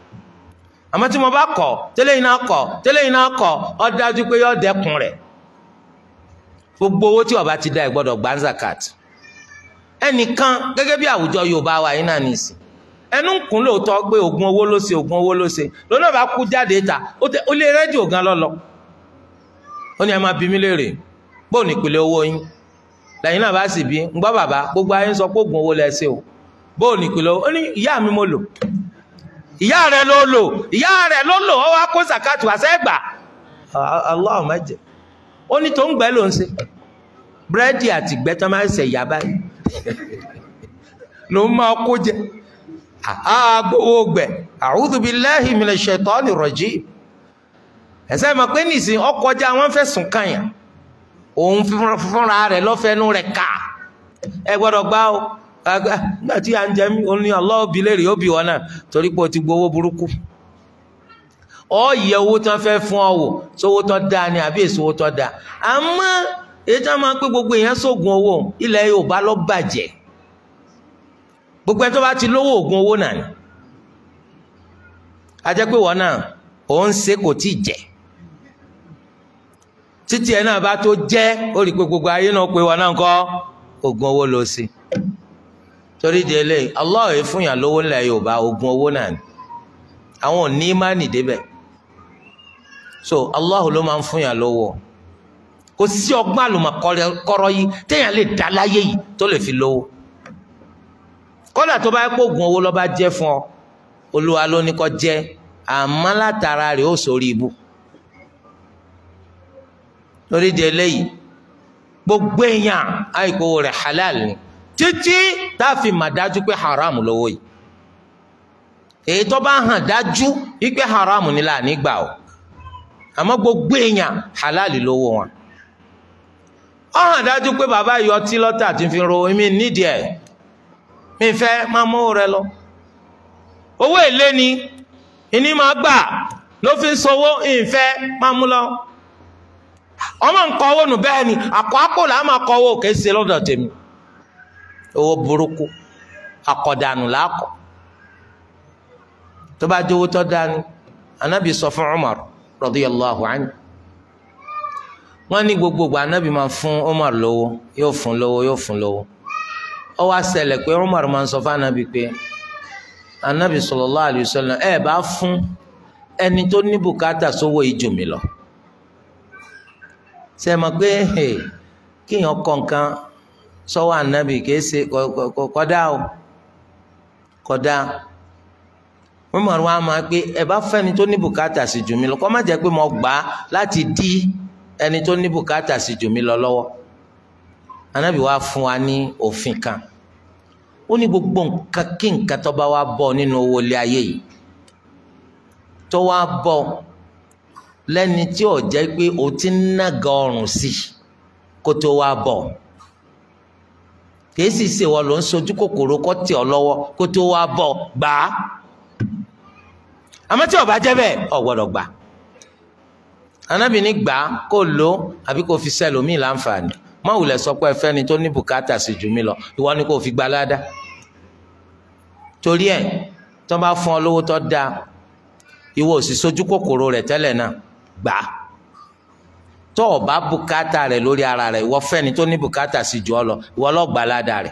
àmọ́ tí mo bá kọ̀ tẹ́lẹ̀ iná kọ̀ tẹ́lẹ̀ iná kọ̀ ọ dájú pé yọ dẹkùn rẹ̀ gbogbo owó tí ọba ti dá ẹ gbọ́dọ̀ zakat ẹnìkan gẹ́gẹ́ bí àwùjọ Yorùbá wa yìí náà nìsín ẹnu ń kún lóòótọ́ pé owó ló ṣe owó ló ṣe lónà bá kú jáde gan lọ́lọ́ ó ní ẹ máa bí léèrè bóun ìpìlẹ̀ owó yín lẹ́yìn náà bá gbogbo ayé ń sọ pé owó o bóun ìpìlẹ̀ owó ó ní ìyá mi mo ìyá rẹ̀ ló lò ìyá rẹ̀ ló lò ó wá kó zakatu àṣẹ́gbà Allah má jẹ́ ó ní tó ń gbẹ́ ló ń ṣe búrẹ́dì àti ìgbẹ́ tó máa ń ṣe ìyá báyìí ló máa kó jẹ àgbowó gbẹ a'udhu billahi minash shaitani rajim ẹ̀sẹ̀ mọ̀ pé nìsín ọkọjá wọn fẹ̀sùn kàyàn òun fúnra rẹ̀ lọ́fẹ̀ẹ́nu rẹ̀ ká ẹ gbọ́dọ̀ gbá o. nígbà tí à ń jẹ mí òun ni Allah bi léèrè ó bi wọn náà torí o ti gbowó burúkú ọ yẹ owó tán fẹ́ fún ọ sówó tán dáa ni àbí èso owó tán dáa àmọ́ èyí tí wọ́n máa ń pé gbogbo èèyàn sóògùn owó ilẹ̀ Yorùbá ló bàjẹ́ gbogbo ẹ̀ tó bá ti lówó oògùn owó náà ni a jẹ́ pé wọ́n náà ò ṣe kò tí ì jẹ́ títí ẹ̀ náà bá tó jẹ́ ó rí pé gbogbo ayé náà pé wọ́n náà ń kọ́ oògùn owó lọ sí i torí di eléyìí Allah yìí fún yàn lówó ńlẹ̀ Yorùbá ogun owó náà ni àwọn ò ní mánì débẹ̀ so Allah ló máa ń fún yàn lówó kò sí sí ọgbọ́n àlùmọ̀kọ́rọ́ yìí téèyàn lè dá láyé yìí tó lè fi lówó kódà tó bá yẹ kó ogun owó ló bá jẹ́ fún ọ Olúwa ló ní kó jẹ́ àmọ́ látara rẹ̀ ó sórí ibu torí di eléyìí gbogbo èèyàn àìkówó rẹ̀ halal ni. títí tá a fi mà dájú pé haram lówó yìí èyí tó bá hàn dájú wípé haram ni là nígbà o àmọ́ gbogbo èèyàn halal lówó wọn ó hàn dájú pé bàbá yọ ọtí lọ́tà tí fi ro èmi nídìí ẹ̀ mi fẹ́ máa mú rẹ lọ owó èlé ni ìní máa gbà ló fi ń sowó ìfẹ́ máa mú lọ ọmọ nǹkan owó nù bẹ́ẹ̀ ni àkọ́ àpò làá máa kọ owó kèé ṣe lọ́dọ̀ tèmi. owó burúkú akọ̀dànù làákọ̀ tó bá jẹ́ owó tó dání anabi sọ fún Umar radiyallahu anhu wọ́n ní gbogbogbò anabi máa fún Umar lówó yóò fún lówó yóò fún lówó ó wá ṣẹlẹ̀ pé Umar máa ń sọ fún anabi pé anabi sallallahu alayhi wa sallam ẹ bá fún ẹni tó ní bùkátà sówó ìjù mí lọ ṣe é mọ̀ pé kéèyàn kọ̀ọ̀kan. sọ́wọ́ ànábì kìí ṣe kọ́dá o kọ́dá wọ́n mọ̀ wá máa pé ẹ bá fẹ́ni tó ní bùkátà sí jù mí lọ kọ́ má jẹ́ pé mo gbà á láti dí ẹni tó ní bùkátà sí jù mí lọ lọ́wọ́ ànábì wa fún wa ní òfin kan ó ní gbogbo nǹkan kí nǹkan tó bá wá bọ̀ nínú owó ilé ayé yìí tó wá bọ̀ lẹ́ni tí ò jẹ́ pé o ti ń nàgà ọrùn sí kó tó wá bọ̀ kìí sì ṣe wọ́n ló ń sojú kòkòrò kó tì ọ́ lọ́wọ́ kó tó wá bọ̀ gbà á àmọ́ tí ó bá jẹ́ bẹ́ẹ̀ ò gbọ́dọ̀ gbà anábìíní gbà á kó lò ó àbí kó fi sẹ́lòmíì láǹfààní má wulẹ̀ sọ pé ẹfẹ́ni tó ní bùkátà sí jù mí lọ ìwọ ni kò fi gba ládá torí ẹ tó bá fún ọ lówó tó dáa ìwọ ò sì sojú kòkòrò rẹ̀ tẹ́lẹ̀ náà gbà á tó o bá bùkátà rẹ lórí ara rẹ ìwọ fẹni tó ní bùkátà sí jù ọ lọ ìwọ lọgbà ládà rẹ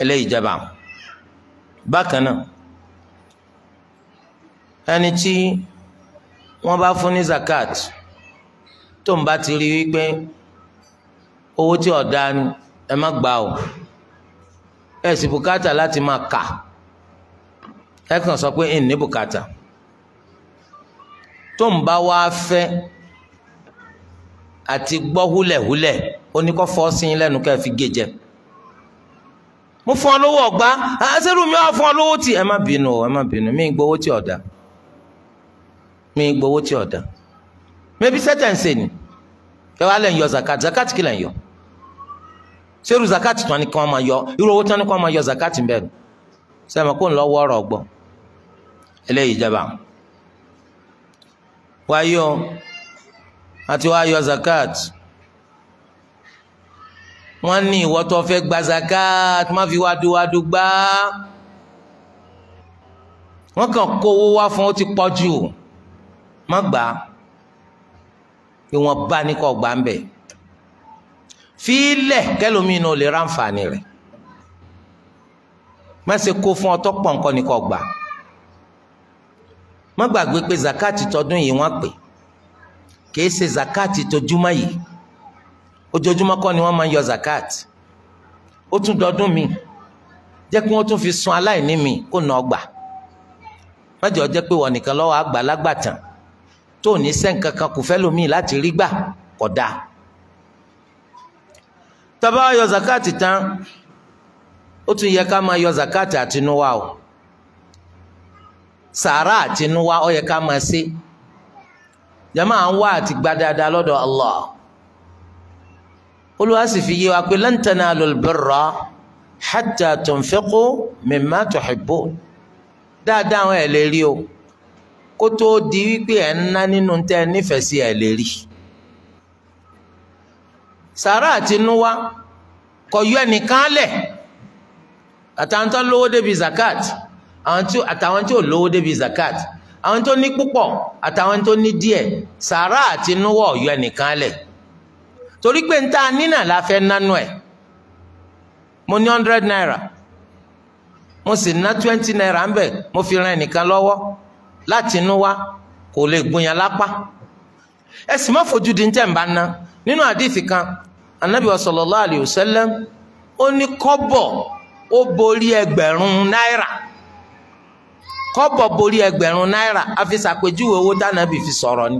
eléyìí jẹba àwọn bákan náà ẹni tí wọn bá fún ní zakat tó ń bá ti rí wípé owó tí ọ̀dà ẹ má gbà o ẹ sì bùkátà láti máa kà ẹ kàn sọ pé ẹ ní bùkátà tó ń bá wá fẹ́ àti gbọ́ húlẹ̀húlẹ̀ oníkọ́ fọ́ sí yín lẹ́nu kẹ́ ẹ fi gé jẹ. mo fún ọ lówó ọgbà àṣẹrù mi wà fún ọ lówó tì ẹ má bínú ẹ má bínú mi gbowó tí ọ̀dà mi gbowó tí ọ̀dà mẹbi sẹ́tẹ̀ǹsẹ̀ ni ẹ wá lẹ́yìn yọ zakat zakat kí lẹ́yìn yọ sẹ́rù zakat tán ni kí wọ́n máa yọ irú owó tán ni kí wọ́n máa yọ zakat ń bẹ̀rù sẹ́mi kó ń lọ wọ́ọ̀rọ̀ ọgbọ́n eléyìí jẹba wáyé o àti wàá yọ zakat wọn ní ìwọ tó fẹ́ gba zakat má fi wàdúwàdú gbá wọn kàn kó owó wá fún ó ti pọ̀ jù má gbà á pé wọn bá ní kọ gbà ń bẹ fílẹ̀ kẹlòmínú lè ra nfààní rẹ̀ má ṣe kó fún ọtọ pọ̀ nǹkan ní kọ gbà má gbàgbé pé zakat tọdún yìí wọ́n pè é kìí ṣe zakati tójúmọ́ yìí ojoojúmọ́ kọ́ ni wọ́n máa ń yọ zakati ó tún dọdún mi jẹ́ kí wọ́n tún fi sun aláìní mi kó nà ọgbà mẹ́jọ jẹ́ pé wọ́n nìkan lọ́wọ́ àgbà lágbàtàn tó ní sẹ́ǹkan kan kò fẹ́ lómi láti rí gbà kò dáa tá yọ zakati tán ó tún yẹ ká máa yọ zakati àtinúwá o sàárà àtinúwá ó yẹ ká máa ṣe jama à ń wá àti gba dáadáa lọ́dọ̀ Allah olùwà sì fi yé wa pé lan tanalul birra hatta tunfiqu mimma tuhibbun dáadáa àwọn ẹ̀ lè rí o kó tó di wípé ẹ̀ ń nínú tẹ́ ẹ sí ẹ̀ lè rí sàrà àtinúwá kò yọ ẹnìkan lẹ̀ àtàwọn tó lówó débi zakat àtàwọn tí lówó débi zakat àwọn tó ní púpọ̀ àtàwọn tó ní díẹ̀ sàárà àti núwọ̀ ọ̀yọ́ ẹnìkan lẹ̀ torí pé ń ta nínà la fẹ́ nánú mo ní hundred naira mo sì ná twenty naira ńbẹ mo fi ran ẹnìkan lọ́wọ́ láti kò lè gbóyan lápá ẹ sì má fojú di tẹ̀ ń bá kan anabi ó ní kọ́bọ̀ ó kọ́bọ̀ borí ẹgbẹ̀rún náírà àfi ṣàpèjúwe owó tánàbì fi sọ̀rọ̀ ni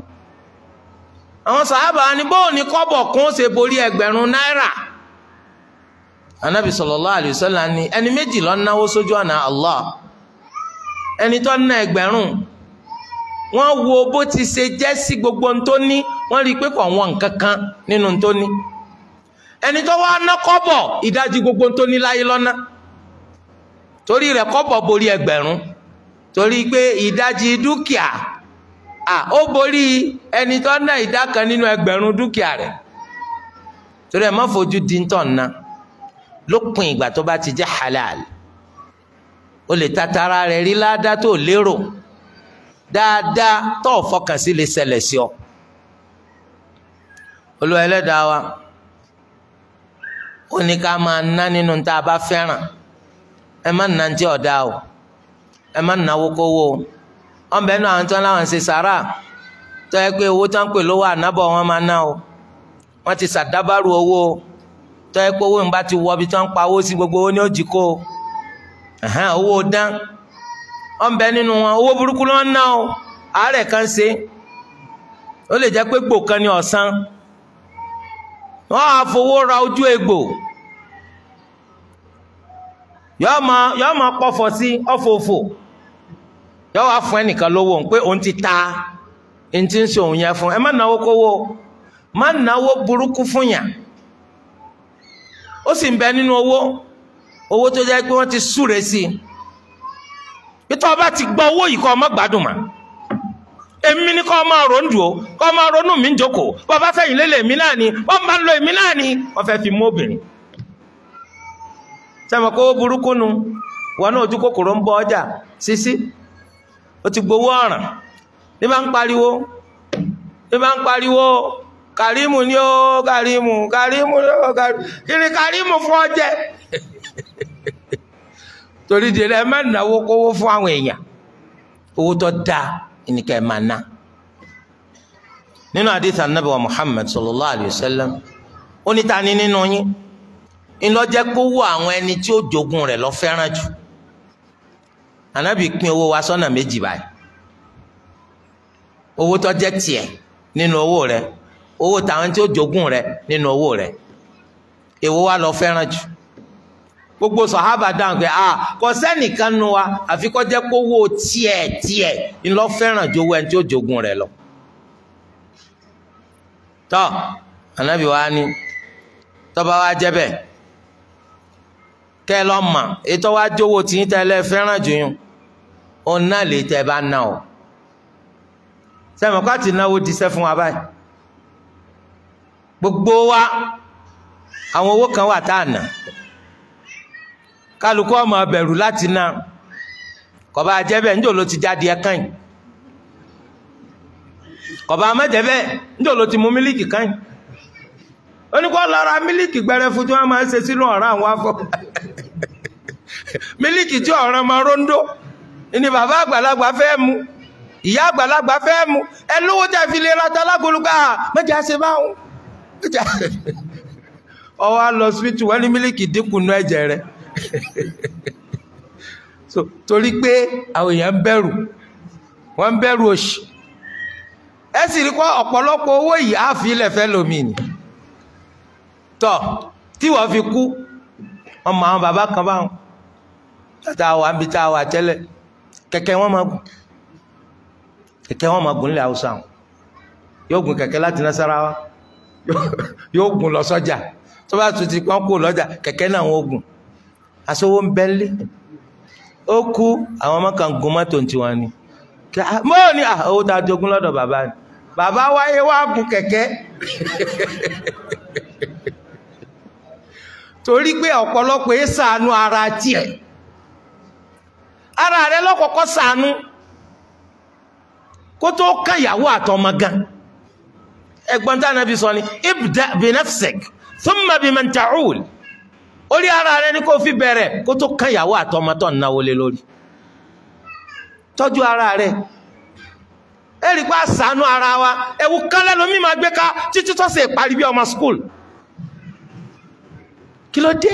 àwọn sàhábà ni bóò ní kọ́bọ̀ kún ṣe borí ẹgbẹ̀rún náírà anabi sallallahu alayhi wa ni ẹni méjì lọ náwó sójú ọ̀nà Àlọ́ ẹni tó ná ẹgbẹ̀rún wọ́n wo bó ti ṣe jẹ́ sí gbogbo ohun tó ní wọ́n rí i pé kò wọ́n nǹkan kan nínú ohun tó ní ẹni tó wá ná kọ́bọ̀ ìdajì gbogbo ohun tó ní láyé lọ́nà torí rẹ̀ kọ́bọ̀ borí ẹgbẹ̀rún torí pé ìdajì dúkìá ó borí ẹni tó ná ìdá kan nínú ẹgbẹ̀rún dúkìá rẹ̀ torí ẹ̀ má fojú díntàn ná lópin ìgbà tó bá ti jẹ́ halal o lè tatara rẹ̀ rí ládá tó lérò dáadáa tó fọkàn sí lè ṣẹlẹ̀ sí ọ Olúwa ẹlẹ́dàá wa ó ní ká máa ná nínú tá a bá fẹ́ràn ẹ má nà ń tí ọ̀dá o. ẹ má náwó kówó wọn bẹ nínú àwọn tí wọn láwọn ṣe sàrà tó yẹ pé owó wọn ń pè lówó wọn máa ná o wọn ti ṣàdábàrú owó tó yẹ pé owó ìgbà ti wọ ibi wọn ń pa gbogbo owó ní òjì kó owó dán wọn nínú wọn owó burúkú ló ń ná o kan ṣe ó lè pé gbò kan ní á fowó ra ojú egbò ma sí ọfọfọ. yọ wá fún ẹnìkan lówó pé òun ti ta ẹni ń òun yẹn fún ẹ má náwó kówó má náwó burúkú fún yàn ó sì ń bẹ nínú owó owó tó ti súre sí i tó ti gbọ owó yìí ọmọ gbádùn mà èmi ni kọ́ ọmọ ròndù o kọ ọmọ ronú mi ń jókòó èmi náà ni bá ń lo èmi náà ó ti gbowó ọ̀ràn ní bá ń pariwo ní bá ń pariwo kàrímù ni ó kàrímù kàrímù ni ó kàrímù kí ni kàrímù fún ọ jẹ <laughs> torí dèrè ẹ má náwó kówó fún àwọn èèyàn owó tó dáa ìníkà ẹ máa ná nínú àdìsá nàbẹ wa Muhammad sallallahu alayhi wa sallam ó ní ta ni nínú yín ńlọ jẹ kó wọ àwọn ẹni tí ó jogun rẹ̀ lọ fẹ́ràn jù. anabi pin owó wa sọ́nà méjì báyìí owó tó jẹ́ tiẹ̀ nínú owó rẹ owó tàwọn tí ó jogún rẹ nínú owó rẹ èwo wa lọ fẹ́ràn jù gbogbo sọ dáhùn pé a kò sẹ́nìkan nu wa àfi kó jẹ́ pé owó tiẹ̀ tiẹ̀ ńlọ fẹ́ràn ju owó ẹni tí ó jogún rẹ lọ. tọ́ wa ni tọ́ba wa jẹ́ bẹ́ẹ̀. kẹ lọ mà ètò wa jówó tìyín tẹlẹ fẹ́ràn jù yún òun lè tẹ bá ná o sẹmọ ká ti náwó diṣẹ fún wa báyìí gbogbo wa àwọn owó kan wà tá à ná kálukú ọmọ bẹ̀rù láti ná kọba àjẹbẹ níjò ló ti jáde ẹ kàn yìí kọba àmọjẹbẹ níjò ló ti mú mílíkì kàn yìí. oníkọ́ lọ́ra mílíkì gbẹrẹfu tí wọ́n máa ń ṣe sínú ọ̀rá àwọn afọ. mílíkì tí ọ̀ràn máa róńdó ni bàbá àgbàlagbà fẹ́ mu ìyá àgbàlagbà fẹ́ mu fi lè rata lágolúgbà mẹ́jà ṣe máa ń ọwọ́ lọ dịkụ wọ́n ní torí pé àwọn èèyàn ń bẹ̀rù wọ́n ń bẹ̀rù òṣì ẹ sì rí kọ́ ọ̀pọ̀lọpọ̀ owó yìí tọ́ tí wọ́n fi kú wọ́n mọ àwọn bàbá kan báwọn tata wà ń bi tá a wà tẹ́lẹ̀ kẹ̀kẹ́ wọn máa gùn kẹ̀kẹ́ wọn máa gùn nílẹ̀ haúsá wọn yóò gùn kẹ̀kẹ́ láti Nasarawa <laughs> yóò gùn lọ sọ́jà tó bá tún ti pọ́n kó lọ́jà kẹ̀kẹ́ náà wọ́n gùn aṣọ́wó ń bẹ́ńlẹ̀ ó kú àwọn ọmọ kan gun mọ́tò tiwọn ni mọ́ọ̀ ni owó tá a jogún lọ́dọ̀ bàbá ni bàbá wáyé wá gun kẹ̀kẹ́. <laughs> torí pé ọ̀pọ̀lọpọ̀ é sàánú ara tiẹ̀ ara rẹ lọ́kọ̀ọ́kọ́ sàánú kó tó kàn ìyàwó àtọmọ gan ẹgbọ́n tí Ànábì sọ ni ibda bi nafsik thumma bi man ta'ul orí ara rẹ ni kó fi bẹ̀rẹ̀ kó tó kàn ìyàwó àtọmọ tó náwó lé lórí tọ́jú ara rẹ ẹ̀rí pa sàánú ara wa ẹ̀wù kan lẹ́nu mi máa gbé ká títí tó ṣe ìparí bí ọmọ skul kí ló dé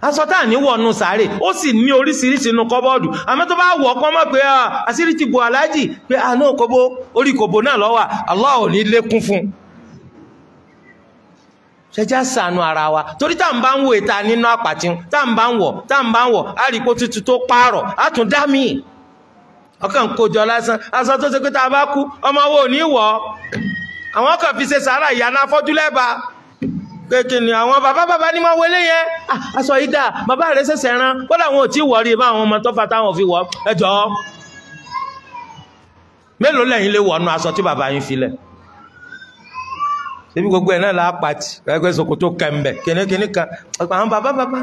táà ní wọ̀nù sáré ó sì ní orísìírísìí inú kọ́bọ́ọ̀dù àmọ́ tó bá wọ̀ ọkọ́ mọ́ pé àṣírí ti bò aláàjì pé àánú kòbó orí kòbó náà lọ́wà Allah ò ní lékún fún ṣẹjá sànú ara wa torí tá n bá ń wo ìta nínú àpàtì tá n bá ń wọ̀ tá n bá ń wọ̀ á tuntun tó dá mi ọkàn lásán aṣọ tó ṣe pé tá a bá kú ọmọ wo ò ní wọ̀ àwọn kan fi ṣe sàárà ìyá náà kékin ni àwọn bàbá bàbá ní máa wọlé yẹn ah, aṣọ ìdá bàbá rẹ̀ ṣẹ̀ṣẹ̀ rán kódà àwọn ò tí wọ̀rí bá àwọn ọmọ tó fa táwọn fi wọ̀ ẹjọ́ mélòó lẹ́yìn lè wọ̀nú aṣọ tí bàbá yín filẹ̀ ṣebí gbogbo ẹ̀ náà là á pàtì ẹgbẹ́ ṣòkòtò kẹ̀mbẹ̀ kìnnìkìnnì kan àwọn bàbá bàbá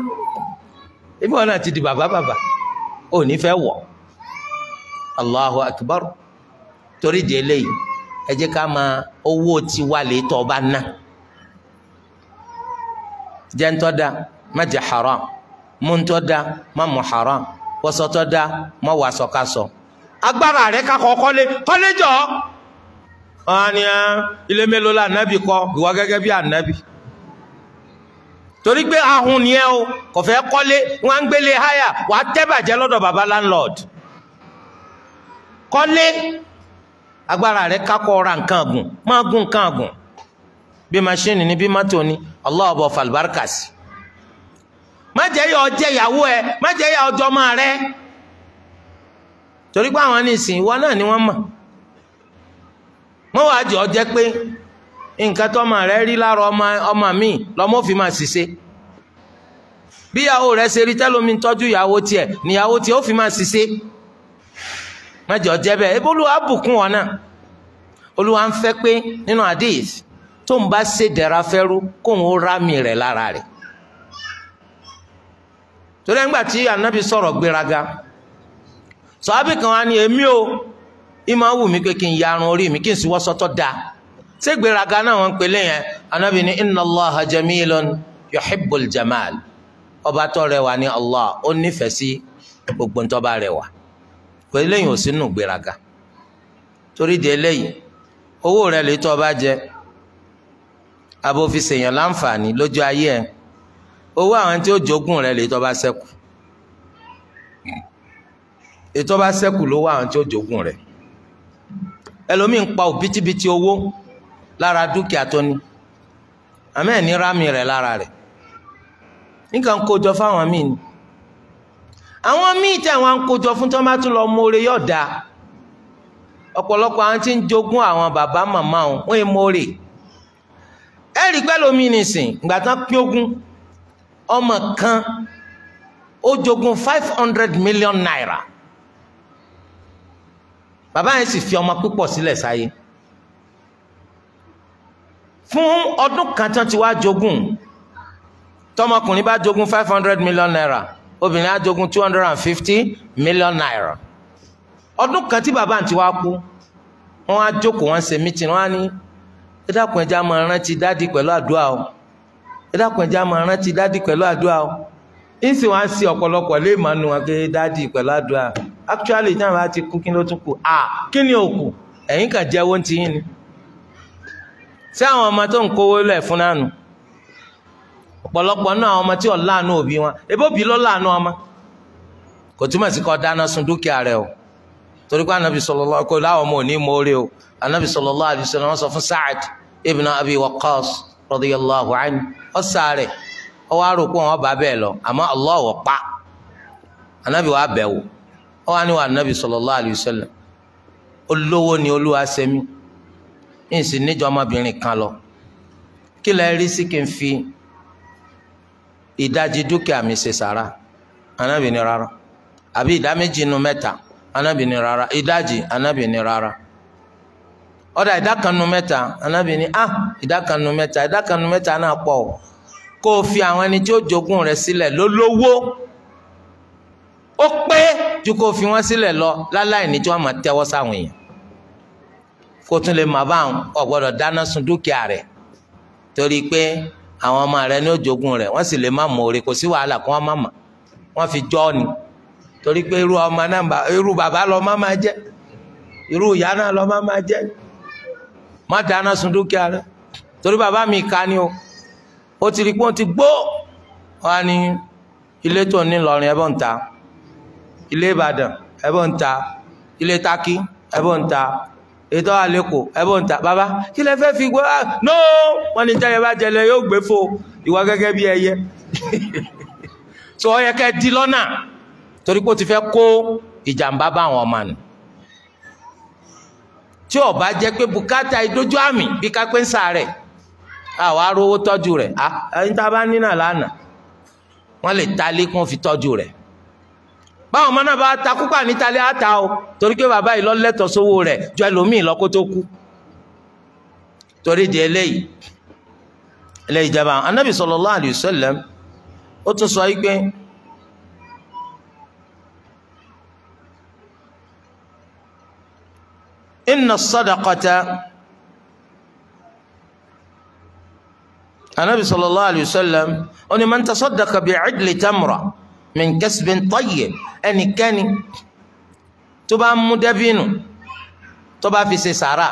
ibi wọn náà ti di bàbá bàbá ò ní fẹ́ wọ̀ Allahu Akbar torí di eléyìí ẹ jẹ́ ká máa owó tiwa lè tọ́ ọba náà jẹ́ntọ́ ma má jẹ haram múntọ́ da má mu haram wọ́sọ́tọ́ da má wà sọ́kasọ. agbára rẹ̀ kakọ kọ́lé kọ́lé jọ. wọ́n ní ilé mélòó la ànábì kọ́ ìwọ gẹ́gẹ́ bí ànábì torí pé ahun ni ẹ o kò fẹ́ kọ́lé gbélé háyà wàá tẹ́bàjẹ́ lọ́dọ̀ baba landlord kọ́lé agbára rẹ̀ kakọ ra nǹkan àgùn máa gùn nǹkan àgùn bí masíìnì ni bí mọ́tò ni Allah ọbọ má jẹ́ yọ ọjẹ́ ìyàwó ẹ má jẹ́ yọ ọjọ́ máa rẹ torí pé àwọn nísìnyí wọn náà ni wọn mọ̀ wọ́n wàá jọ jẹ́ pé nǹkan tó ọmọ rẹ rí lára ọmọ mi fi máa ṣiṣẹ́ bí ìyàwó rẹ ṣe rí tẹ́lómi ìyàwó níyàwó máa má bùkún wọn náà ń pé tó ń bá ṣe fẹ́rú kóun ó rámì rẹ̀ lára rẹ̀ torí ẹgbà tí anabi sọ̀rọ̀ gbéraga sọ́ábì kan wá ní èmi o ìmọ̀ wù mí pé kí n yarun orí mi kí n sì wọ́ sọ́tọ̀ da ṣé gbéraga náà wọ́n ń pè jamal ọba tó rẹwà ní allah ó nífẹ̀ẹ́ sí gbogbo ń rẹwà léyìn ò sínú gbéraga torí di jẹ abófisèyàn láǹfààní lójú ayé ẹ owó àwọn tí ó jogún rẹ lè tó bá ṣẹ́kù ètò bá ṣẹ́kù lówó àwọn tí ó jogún rẹ ẹlòmíì ń pa òbítíbitì owó lára dúkìá tó ní àmọ́ ẹ̀ ní rámì rẹ̀ lára rẹ̀ nǹkan kójọ fáwọn míì ni àwọn míì tí àwọn kójọ fún tí wọ́n bá tún lọ mórè yóò dáa ọ̀pọ̀lọpọ̀ àwọn tí ń jogún àwọn bàbá màmá wọn wọ́n ń mórè ẹ̀rí pẹ́lómi nìsín ìgbà tán pín ogún ọmọ kan ó jogún five hundred million naira bàbá yẹn sì fi ọmọ púpọ̀ sílẹ̀ sáyé fún ọdún kan tán ti wá jogún tọmọkùnrin bá jogún five hundred million naira obìnrin á jogún two hundred and fifty million naira ọdún kan tí bàbá ti wá kú wọn á jókòó wọn ṣe mítìn wọn á ní ẹ ẹja máa rántí dádì pẹ̀lú àdúrà o máa rántí dádì pẹ̀lú àdúrà o ìsìn wá sí ọ̀pọ̀lọpọ̀ lè máa nu àgbẹ̀ dádì pẹ̀lú àdúrà actually táwọn bá ti kú kí ló tún kù à kí ni òkú ẹ̀yìn kan ni àwọn ọmọ tó ń kówó lẹ̀ fún nánu ọ̀pọ̀lọpọ̀ ọmọ tí ò láàánú òbí wọn ló láàánú ọmọ kò túmọ̀ sí dáná sun torí pé anabi sallallahu kò láwọn ọmọ òní mórí o anabi sallallahu alaihi wasallam wọn sọ fún Sa'ad ibn Abi Waqqas radiyallahu anhu ọsàárẹ ọwọ àròkọ wọn bá bẹ́ẹ̀ lọ àmọ́ Allah wọ pa anabi wàá bẹ̀ wò ọwọ àni wà anabi sallallahu alaihi wasallam olówó ni olúwa sẹmi ní ìsìn níjọ ọmọbìnrin kan lọ kí lẹ rí sí kí n fi ìdajì dúkìá mi ṣe sàrà anabi ni rárá àbí ìdá méjì nu mẹ́ta anabi rara rárá ìdajì anabi ní rárá ọ̀dà ìdákanu mẹ́ta anabi ní ah ìdákanu mẹ́ta ìdákanu mẹ́ta náà pọ̀ o kó o fi àwọn ẹni tí ó jogún rẹ sílẹ̀ lólówó ó pé ju kó o fi wọ́n sílẹ̀ lọ láláì ní tí wọ́n máa tẹ́wọ́ sáwọn èèyàn kó o tún lè máa bá àwọn ọ̀gbọ́dọ̀ dáná sun dúkìá rẹ̀ torí pé àwọn ọmọ rẹ ní ó jogún rẹ̀ wọ́n sì lè má mọ òre kò sí wàhálà kó wọ́n má mà wọ́n fi jọ́ ni torí pé irú ọmọ náà irú bàbá lọ́mọ máa jẹ́ irú ìyá náà lọ́mọ máa jẹ́ má dáná sun dúkìá rẹ torí bàbá mi ká ni o ó ti rí pé ó ti gbó wá ní ilé tó ní lọrin ẹbọ ń ilé Ìbàdàn ẹbọ ń ilé Takí ẹbọ ń ètò àlékò ẹbọ ń bàbá kí lẹ fẹ́ fi gbọ́ ah, no wọ́n ní jẹ́yẹ bá jẹlẹ yóò gbé fo ìwà gẹ́gẹ́ bí ẹyẹ tó <laughs> ọ yẹ kẹ́ di lọ́nà torí pé ó ti fẹ́ kó ìjàmbá bá àwọn ọmọ nù tí ó bá jẹ́ pé bùkátà ìdójú àmì bí kápẹ́ ń sàárẹ̀ àwa arówó tọ́jú rẹ̀ ẹni tá a bá nínà lánàá wọ́n lè talé kún fi tọ́jú rẹ̀ báwọn ọmọ náà bá ta kúpà nítalé àtà o torí pé bàbá yìí lọ́lẹ́tọ̀ sówó rẹ̀ ju ẹlòmíì lọ́kó tó kú torí di eléyìí eléyìí jẹba anabi sallallahu alayhi wa sallam ó tún sọ yìí pé. inna sadaqata anabi sallallahu alayhi wa sallam ó ní man tasaddaqa bi'idli tamra min kasbin tayyib ẹnikẹ́ni tó bá mú dàbínù tó bá fi ṣe sàrà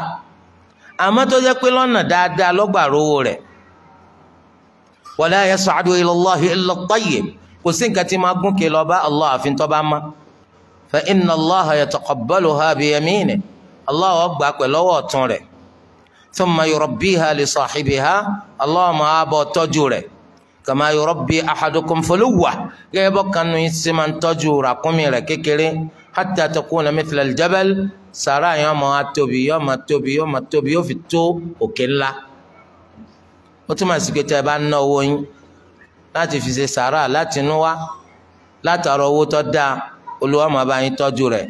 àmọ́ tó jẹ́ pé lọ́nà dáadáa lọ́gbà rówó rẹ̀ wala yas'adu ila Allahi illa at-tayyib kò sí nǹkan tí máa gúnkè lọ bá Allah àfi tó bá má fa inna Allaha yataqabbaluha bi yaminihi Allah ó gbà pẹ̀lú ọwọ́ ọ̀tún rẹ̀ thumma yurabbiha li sahibiha Allah máa bọ̀ tọ́jú rẹ̀ kama yurabbi ahadukum fuluwwa gẹ́gẹ́ bọ́ kanu yìí sì máa ń tọ́jú ràkúnmí rẹ̀ kékeré hatta takuna mithla al-jabal sàrà yóò máa tóbi yóò máa tóbi yóò máa tóbi yóò fi tó òkè ńlá ó túmọ̀ sí pé tẹ́ ẹ bá ná owó yín láti fi ṣe sàrà láti inú wá látàrọ owó tó dáa Olúwa máa bá yín tọ́jú rẹ̀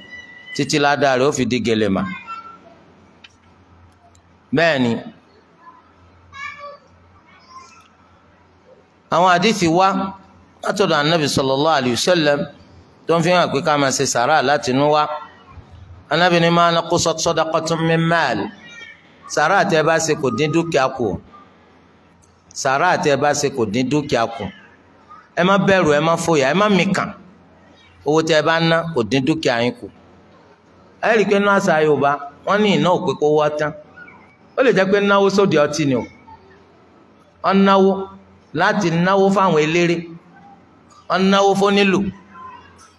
títí ládàá rẹ̀ ó fi di gèlè mà bẹ́ẹ̀ ni àwọn àdìsí wá látọ̀dọ̀ anabi sallallahu alayhi wa sallam tó ń fi hàn pé ká máa ṣe sàrà láti inú wá anabi ni ma naqusat sadaqatun min mal sàrà àti ẹ bá ṣe kò dín dúkìá kù sàrà àti ẹ bá ṣe kò dín dúkìá kù ẹ má bẹ̀rù ẹ má fòyà ẹ má mìkàn owó tẹ bá ná kò dín dúkìá yín kù ẹ rí i pé náà ṣá Yorùbá wọn ní iná òpè wọ́ tán ó lè jẹ́ pé náwó di ọtí ni o ó náwó láti náwó fáwọn eléré ó náwó fónílù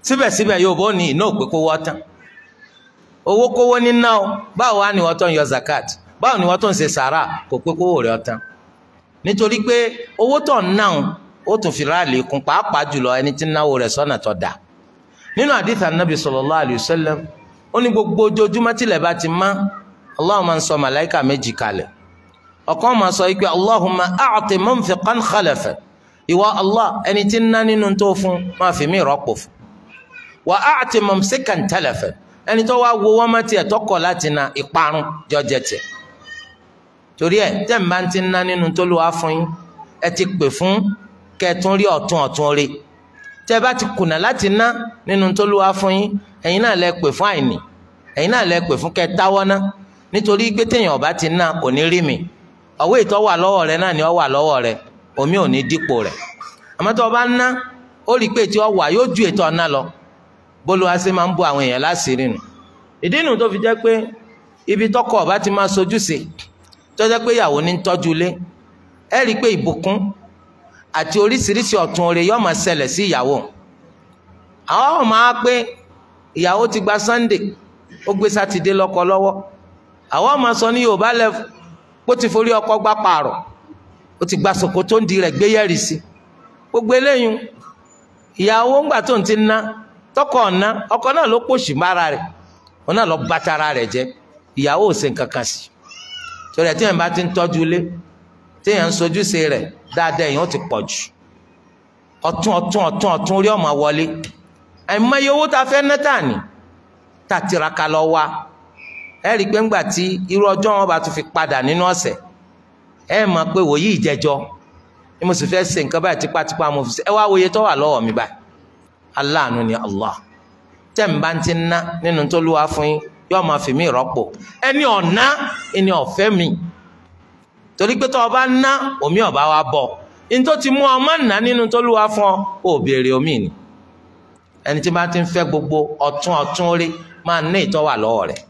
síbẹ̀síbẹ̀ yóò bó ní iná òpè kówó ọtán owó kówó níná o báwo wá ni wọ́n tó ń yọ zakat báwo ni wọ́n tó ń ṣe sàrà kò pé kówó rẹ̀ ọtán nítorí pé owó tó ń ó tún fi ráàlì kún pàápàá jùlọ ẹni tí náwó rẹ̀ sọ́nà tó nínú gbogbo ojoojúmọ́ tilẹ̀ bá Allah máa ń sọ màláìkà méjì kalẹ̀ ọ̀kan máa sọ pé Allahumma a'ti munfiqan khalafa ìwọ Allah ẹni tí ń ná nínú tó fún máa fi mí rọ́pò fún wa a'ti mumsikan talafa ẹni tó wá wo wọ́n má tiẹ̀ tọkọ̀ láti na ìparun jọjẹ tiẹ̀ torí ẹ tẹ́ ti ń ná nínú tó lù wá fún yín ẹ ti pè fún kẹtún rí ọ̀tún ọ̀tún rí tẹ́ bá ti kùnà láti ná nínú tó lù wá fún yín ẹ̀yin náà lẹ pè fún àìní ẹ̀yin náà lẹ pè nítorí pé téèyàn ọba ti ná kò ní rí mi ọwọ́ ìtọ́ wà lọ́wọ́ rẹ náà ni ọ wà lọ́wọ́ rẹ omi ò ní dípò rẹ àmọ́ tó ná ó rí i pé tí ọ wà yóò ju ètò ọ̀nà lọ bólú wa ṣe máa ń bo àwọn èèyàn láṣìírí nù ìdí nù tó fi jẹ́ pé ibi tọkọ ọba ti máa sojú sí tó jẹ́ pé ìyàwó ní tọ́jú ilé ẹ rí i pé ìbùkún àti oríṣiríṣi ọ̀tún oore yóò máa ṣẹlẹ̀ sí ìyàwó àwọn ọmọ á pé ìyàwó ti gba Sunday ó gbé sátidé lọ́kọ lọ́wọ́ àwọn ọmọ sọ ní yorùbá lẹ́fù pó ti forí ọkọ gbá pààrọ̀ ó ti gba sòkò tó ń di rẹ̀ gbé yẹ̀rì sí gbogbo eléyìí ìyàwó ńgbà tó ń ti ná tọkọ ọ̀nà ọkọ náà ló pòṣì mára rẹ̀ òun náà lọ bàtara rẹ̀ jẹ́ ìyàwó ò ṣe nǹkan sí torí ẹ̀ téèyàn bá ti ń tọ́jú ilé téèyàn ń sojúṣe rẹ̀ dáadáa èèyàn ti pọ̀ jù ọ̀tún ọ̀tún ọ̀tún ọ̀tún rí ọmọ wọlé àìmọye owó tá fẹ́ nẹ́tà ni tá a tiraka lọ wá ẹ rí i pé ńgbà tí irú ọjọ́ wọn bá tún fi padà nínú ọ̀sẹ̀ ẹ mọ̀ pé wòye ìjẹjọ́ ni mo sì fẹ́ ṣe nǹkan báyìí tipátipá mo fi ṣe ẹ wá wòye tó wà lọ́wọ́ mi báyìí aláàánú ni Allah tẹ́ ń bá ti ń ná nínú tó lúwa fún yín yóò máa fi mí rọ́pò ẹni ọ̀nà ẹni ọ̀fẹ́ mi torí pé tó o bá ná omi ọ̀bá wa bọ̀ ní tó ti mú ọmọ nà nínú tó lúwa fún ọ ò béèrè omi ni ẹni tí bá ti ń fẹ́ gbogbo ọ̀tún ọ̀tún rí máa ní ìtọ́wà lọ́wọ́ rẹ̀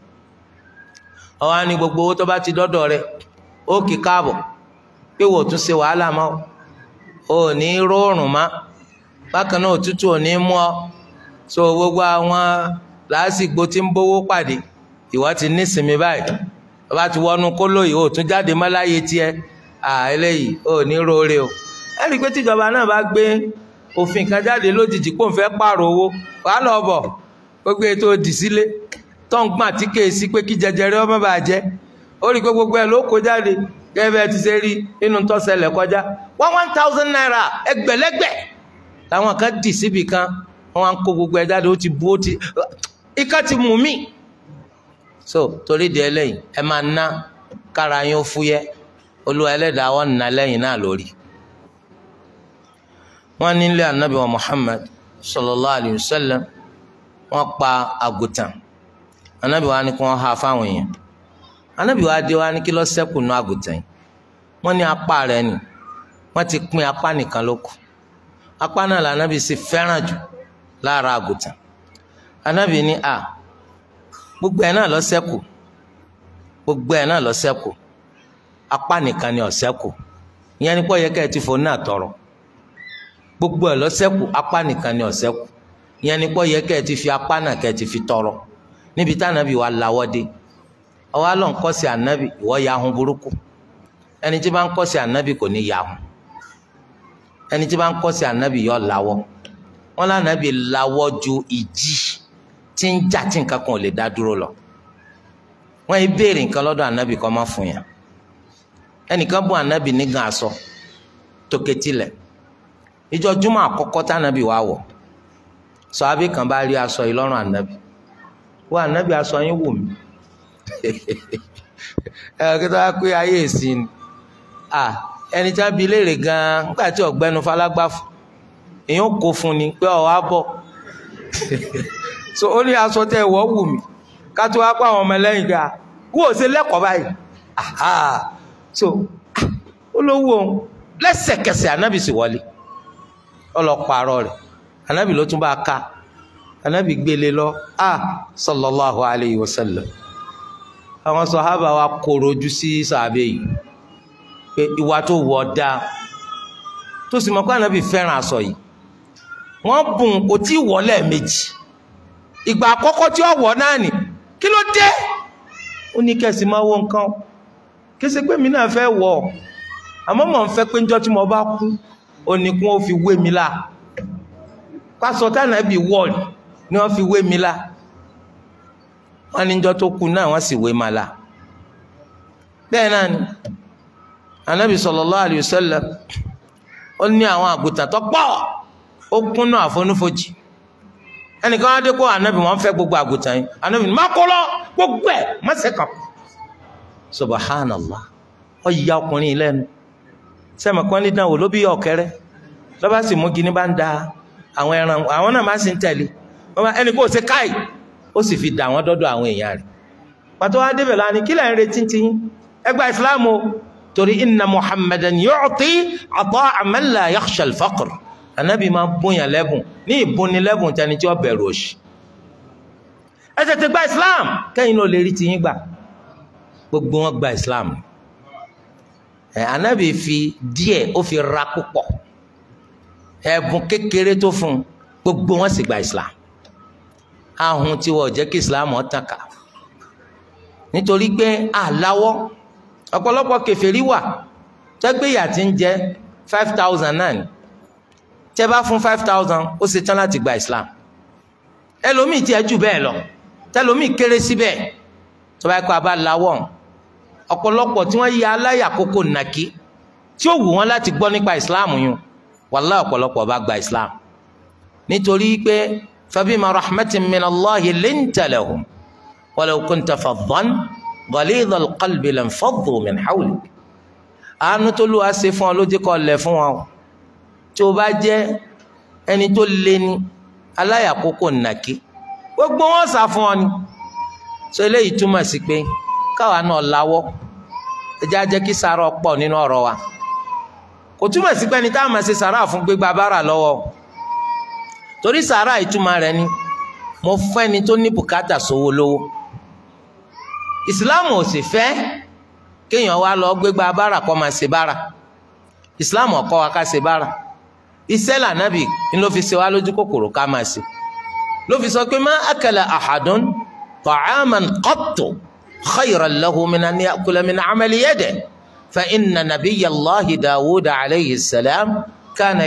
ọwọ́ ni gbogbo owó tó bá ti dọ́dọ̀ rẹ̀ ó kì káàbọ̀ pé wò tún ṣe wàhálà mọ́ ò ní rọrùn má bákan náà òtútù ò ní mú ọ so gbogbo àwọn làásìgbò tí ń bówó pàdé ìwọ ti nísìmí báyìí ọba ti wọnú kóló yìí ò tún jáde mọ́ láyé ò ní o pé tíjọba náà bá gbé òfin kan jáde lójijì pò ń fẹ́ owó lọ gbogbo ètò òdì sílé. tọ́ǹgbọ́n àti kéèsí pé kí jẹjẹrẹ ọmọ bá jẹ́ ó rí pé gbogbo ẹ̀ ló kó jáde gẹ́gẹ́ ti ṣe rí nínú tọ́sẹ̀lẹ̀ kọjá one one thousand naira ẹgbẹ̀lẹ́gbẹ̀ làwọn kan dì síbì kan wọn kó gbogbo ẹ̀ jáde ó ti bu ó ti ikán ti mú mi. so torí di ẹlẹ́yìn ẹ máa ná kára yín ó fúyẹ́ olúwa ẹlẹ́dàá wọn nà lẹ́yìn náà lórí. wọ́n nílé anabi wa muhammad sallallahu alayhi wa sallam wọ́n pa àgùtàn. anabi wa ni kí wọ́n ha fáwọn èèyàn anabi wa dé wa ni kí lọ ṣẹ́kù nù àgùntàn yìí wọ́n ní apá rẹ̀ ni wọ́n ti pín apá nìkan ló apá náà la anabi sì fẹ́ràn jù lára àgùntàn anabi ni a gbogbo ẹ̀ náà lọ ṣẹ́kù gbogbo ẹ̀ náà lọ ṣẹ́kù apá nìkan ni ó ṣẹ́kù ìyẹn ni pọ́ yẹ ká ẹ ti fò náà tọrọ gbogbo ẹ̀ lọ ṣẹ́kù apá nìkan ni ó ìyẹn ni pọ́ yẹ ká ẹ ti fi apá náà ká ẹ ti fi tọrọ níbi tá ànábì wa lawọ́ dé ọwọ́ àlọ́ ń kọ́sí ànábì ìwọ́ yahun burúkú ẹni tí bá ń kọ́sí ànábì kò ní yahun ẹni tí bá ń ànábì yọ lawọ́ wọn lànàbì lawọ́ ju ìjì tí ń jà tí nǹkan kan ò lè dá dúró lọ wọn yìí béèrè nǹkan lọ́dọ̀ ànábì kọ́ má fún yàn ẹnìkan bú ànábì nígan aṣọ tókẹ́tìlẹ̀ ìjọ júmọ̀ àkọ́kọ́ tànàbì wà wọ̀ sọ abẹ́ kan bá rí aṣọ ìlọ́rùn ànábì wọ́n ànábì aṣọ yín wò mí <laughs> ẹ̀rọ kí tó wá pé ayé ìsìn à ẹni tí wọ́n bi léèrè gan-an nígbà tí ọ̀gbẹ́ni falágbáfù èèyàn kò fún ni pé ọ̀ wá bọ̀ <laughs> so ó ní aṣọ tẹ ìwọ́ wù mí ká tó wá pa àwọn ọmọ lẹ́yìn gbà kú ò ṣe lẹ́kọ̀ọ́ báyìí aha so ó ló wù òun lẹ́sẹ̀kẹsẹ̀ ànábì sì wọlé ọlọ́pàá rọ rẹ̀ ànábì ló tún bá a ká anabi gbélé lọ a sallallahu alayhi wa sallam àwọn sọ̀hábà wa kóró ojú sí sàbẹ̀ yìí pé ìwà tó wọ̀ da tó sì mọ̀ pé anabi fẹ́ràn aṣọ yìí wọ́n bùn kò tí ì wọ̀ lẹ́ẹ̀mejì ìgbà àkọ́kọ́ tí ó wọ̀ náà nì kí ló dé ó ní kẹ́sì máa wọ nǹkan kése pé mi náà fẹ́ wọ̀ àmọ́ mọ̀ ń fẹ́ pé njọ́ tí mo bá kú ó ó fi wé mi láà pásọ tánàbí wọ̀ ni ni wọ́n fi wé mi la wọ́n ní njọ́ tó kú náà wọ́n sì wé ma la bẹ́ẹ̀ náà ni anabi sallallahu alayhi wa sallam ó ní àwọn àgùntàn tó pọ̀ ó kúnnà àfonúfojì ẹnìkan á dé kó anabi wọ́n fẹ́ gbogbo àgùntàn yìí anabi má kó lọ gbogbo ẹ má ṣe kàn subhanallah ó yà ọkùnrin lẹ́nu sẹ́mi kan ní dáwọ́ ló bí ọ̀kẹ́rẹ́ lọ́ba sì mú gíní bá ń da àwọn ẹran àwọn náà má sì ń tẹ̀lé ẹni kò ṣe káì ó sì fi dà wọ́n dọ́dọ̀ àwọn èèyàn rẹ̀ pàtó wá débẹ̀ lánìí kí lẹ́yìn retí ti ẹgbà ìsìláàmù torí inna muhammadan yu'ti ata'a man la yakhsha al-faqr anabi máa bóyàn lẹ́bùn ní ìbúni lẹ́bùn tẹni tí ó bẹ̀rù òṣì ẹ tètè gba islam kẹ́yìn náà lè rí tiyín gbà gbogbo wọn gba islam ẹ anabi fi díẹ̀ ó fi ra púpọ̀ ẹ̀bùn kékeré tó fún gbogbo wọn sì gba islam ahun tí wọ́n jẹ́ kí islam tàn ká nítorí pé àláwọ́ ọ̀pọ̀lọpọ̀ kèfèrí wà tẹ́gbéyà ti ń jẹ́ five thousand náà ni tẹ́ bá fún five thousand ó ṣe tán láti gba islam ẹlòmíì tiẹ̀ jù bẹ́ẹ̀ lọ tẹlòmíì kéré síbẹ̀ tó bá yẹ kó a bá láwọ́ ọ̀pọ̀lọpọ̀ tí wọ́n ya aláyàkókò nàkí tí ó wù wọ́n láti gbọ́ nípa islam yun wàhálà ọ̀pọ̀lọpọ̀ bá gba islam nítorí pé فبما رحمة من الله لنت لهم ولو كنت فظا غليظ القلب لانفضوا من حولك àánú tó lù wá ṣe fún ọ ló jẹ́ kó lẹ̀ fún wa o tí o bá jẹ́ ẹni tó lé ní aláyàkókò nàkí gbogbo wọn sá fún ọ ni so eléyìí túmọ̀ sí pé káwa náà láwọ́ ẹjẹ́ ajẹ́ kí sàárọ̀ pọ̀ nínú ọ̀rọ̀ wa kò túmọ̀ sí pé ẹni tá a máa ṣe sàárà fún gbégbá bára lọ́wọ́ o torí sàárà ìtumọ̀ rẹ̀ ni mo fún ẹni tó ní bùkátà sówó lówó ìsìláàmù ò sì fẹ́ kéèyàn wá lọ gbégbá bára kọ́ máa ṣe bára ìsìláàmù ò kọ́ wa ká ṣe bára iṣẹ́ lànàbì ni ló fi ṣe wá lójú kòkòrò ká máa ṣe ló fi sọ pé má akala ahadun ta'aman qattu khayran lahu min an ya'kula min 'amali yadihi fa inna nabiyyallahi Dawuda alayhi salam kana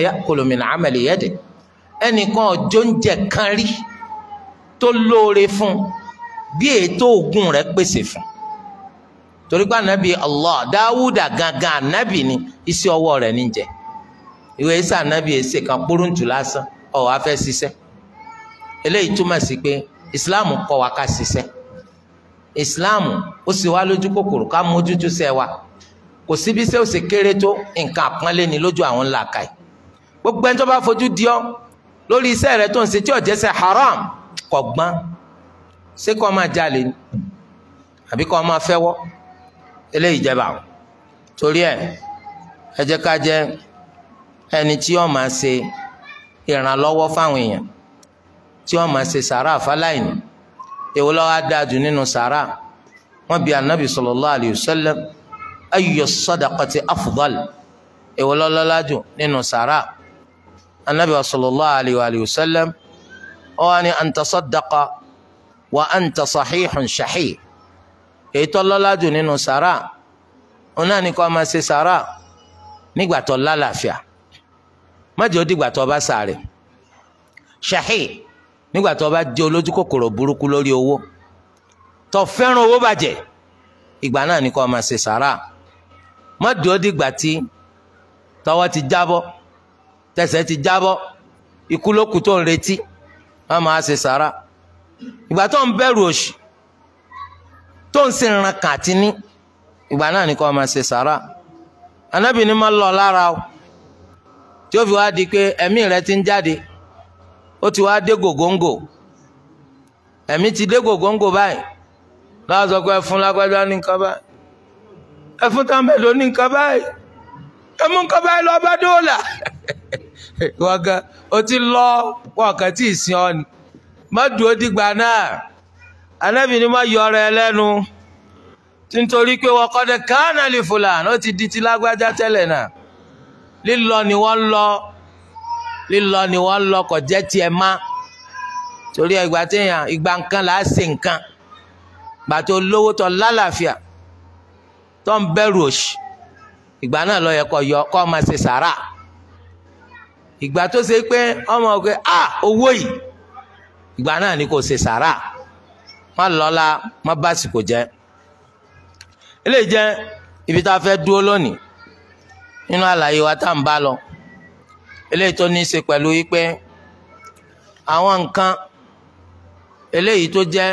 ẹnìkan ọjọ́ ń jẹ kan rí tó lóore fún bí ètò oògùn rẹ̀ pèsè fún torí pé anabi Allah Dáwúdà gangan anabi ni iṣẹ́ ọwọ́ rẹ̀ ní jẹ ìwé isa anabi ẹsẹ kan kpóròntù lásán ó wá fẹ́ ṣiṣẹ́ eléyìí túmọ̀ sí pé ìsìláàmù kọ́ wa ká ṣiṣẹ́ ìsìláàmù ó sì wá lójú kòkòrò ká mójútó ṣẹ́ wa kò síbi iṣẹ́ ó sì kéré tó nǹkan àpọ́nlé ni lójú àwọn ńlá ka yìí gbogbo ẹni tó bá fojú di ọ́ lórí iṣẹ́ rẹ tó ń ṣe tí ọ̀jẹ̀ ṣe haram kò gbọ́n ṣé kó máa jalè ni àbí kó máa fẹ́wọ́ eléyìí jẹba o torí ẹ ẹ jẹ́ ká jẹ́ ẹni tí ó máa ṣe ìrànlọ́wọ́ fáwọn èèyàn tí ó máa ṣe sàrà àfáláìní èwo ló wà dáa jù nínú sàrà wọ́n bi anabi sallallahu alayhi wa sallam ayyu sadaqati afdal èwo ló lọ́lá jù nínú sàrà anabi sallallahu alayhi wa alayhi wa sallam ó wá ní anta sadaqa wa anta sahihun shahih èyí tó lọ́lá jù nínú sàrà òun náà ní kó máa ṣe sàrà nígbà tó lálàáfíà má jẹ́ ó dìgbà tó bá sàárè shahih nígbà tó bá jẹ́ olójú kòkòrò burúkú lórí owó tó fẹ́ràn owó bàjẹ́ ìgbà náà ní kó máa ṣe sàrà má dúró dìgbà tí tọwọ́ ti jábọ́ tẹsẹ̀ ti jábọ ikú ló kù tó ń retí wọ́n máa ṣe sàrà ìgbà tó ń bẹrù òṣì tó ń sin ran ní ìgbà náà ni kò máa ṣe sàrà lọ lára o tí ó fi wá di pé ẹ̀mí rẹ ti ń jáde ó ti wá dé gògóńgò ẹ̀mí ti dé gògóńgò báyìí láwọn sọ pé ẹfun lágbájá ní nǹkan báyìí ẹfun táwọn ní nǹkan <laughs> <laughs> wọ́n gan o ti lọ wọn kàn tí ì sin ọ ni má dúró dìgbà náà anábì ni má yọ ọ̀rọ̀ ẹ lẹ́nu nítorí pé wọ́n kọ́ de kánà lè fòlàn ó ti di ti lágbájá tẹ́lẹ̀ náà lílọ ni wọ́n lọ lílọ ni wọ́n lọ kò jẹ́ tiẹ̀ má torí ìgbà téèyàn ìgbà nǹkan là á ṣe nǹkan gbàtó lówó tó lálàáfíà tó ń bẹ̀rù òṣì ìgbà náà lọ yẹ kó yọ kó máa ṣe sàrà. ìgbà tó ṣe pé ọmọ ọ̀gbẹ́ à owó yìí ìgbà náà ni kò ṣe sàrà má lọ́la má básìkò jẹ́ jẹ́ ibi tá a fẹ́ dúró lónìí nínú àlàyé wa tá à ń bá lọ eléyìí tó ní í ṣe pẹ̀lú wípé àwọn nǹkan eléyìí tó jẹ́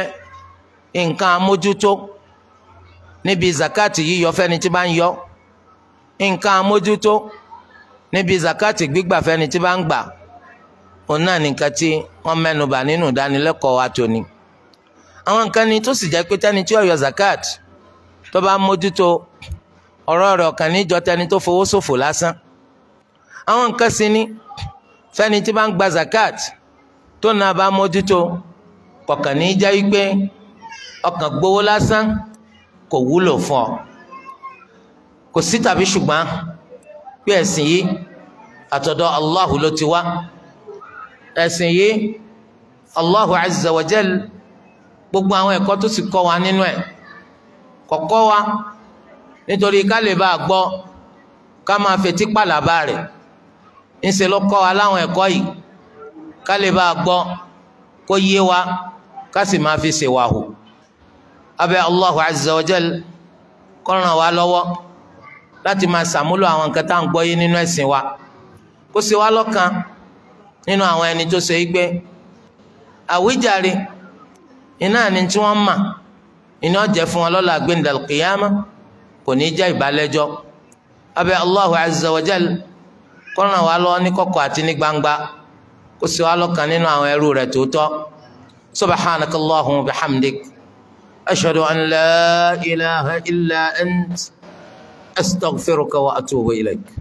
zakati yíyọ fẹ́ni tí bá yọ nǹkan amójútó. níbi zakati gbígbà fẹ́ni tí bá ń gbà òun náà nìkan tí wọ́n mẹ́nubà nínú ìdánilẹ́kọ̀ọ́ wa tòní. àwọn nǹkan ni tó sì jẹ́ pé tẹ́ni tí ó yọ zakat tó bá mójútó ọ̀rọ̀ rẹ̀ ọ̀kan níjọ tẹ́ni tó fowó ṣòfò lásán. àwọn nǹkan sì ni fẹ́ni tí bá ń gba zakat tó náà bá mójútó kọ̀kan ní wípé ọkàn gbowó lásán kò wúlò fún ọ kò sí tàbí ṣùgbọ́n pé ẹ̀sìn yìí àtọ̀dọ̀ Allahu ló ti wá ẹ̀sìn yìí Allahu azza wa jal gbogbo àwọn ẹ̀kọ́ tó sì kọ́ wa nínú ẹ̀ kọ̀kọ́ wa nítorí ká lè bá a gbọ́ ká máa fetí pàlàbà rẹ̀ ńṣe ló kọ́ wa láwọn ẹ̀kọ́ yìí ká lè bá a gbọ́ kó yé wa ká sì máa fi ṣèwà hù abẹ́ Allahu azza wa ràn wá lọ́wọ́ láti máa ṣàmúlò àwọn nǹkan tá à ń gbọ́ yé nínú ẹ̀sìn wa kó ṣe wá lọ́kan nínú àwọn ẹni tó ṣe é gbé àwíjàre iná ni tí wọ́n mà iná jẹ́ fún wọn lọ́la gbẹ̀ndàl kìyàmá kò ní jẹ́ ìbálẹ́jọ́ abẹ́ Allahu azza wa jal ní kọ̀kọ̀ àti ní gbangba kó ṣe wá lọ́kan nínú àwọn ẹrú rẹ̀ tòótọ́ subhanakallahumma bihamdik ashhadu an la ilaha illa ant. أستغفرك وأتوب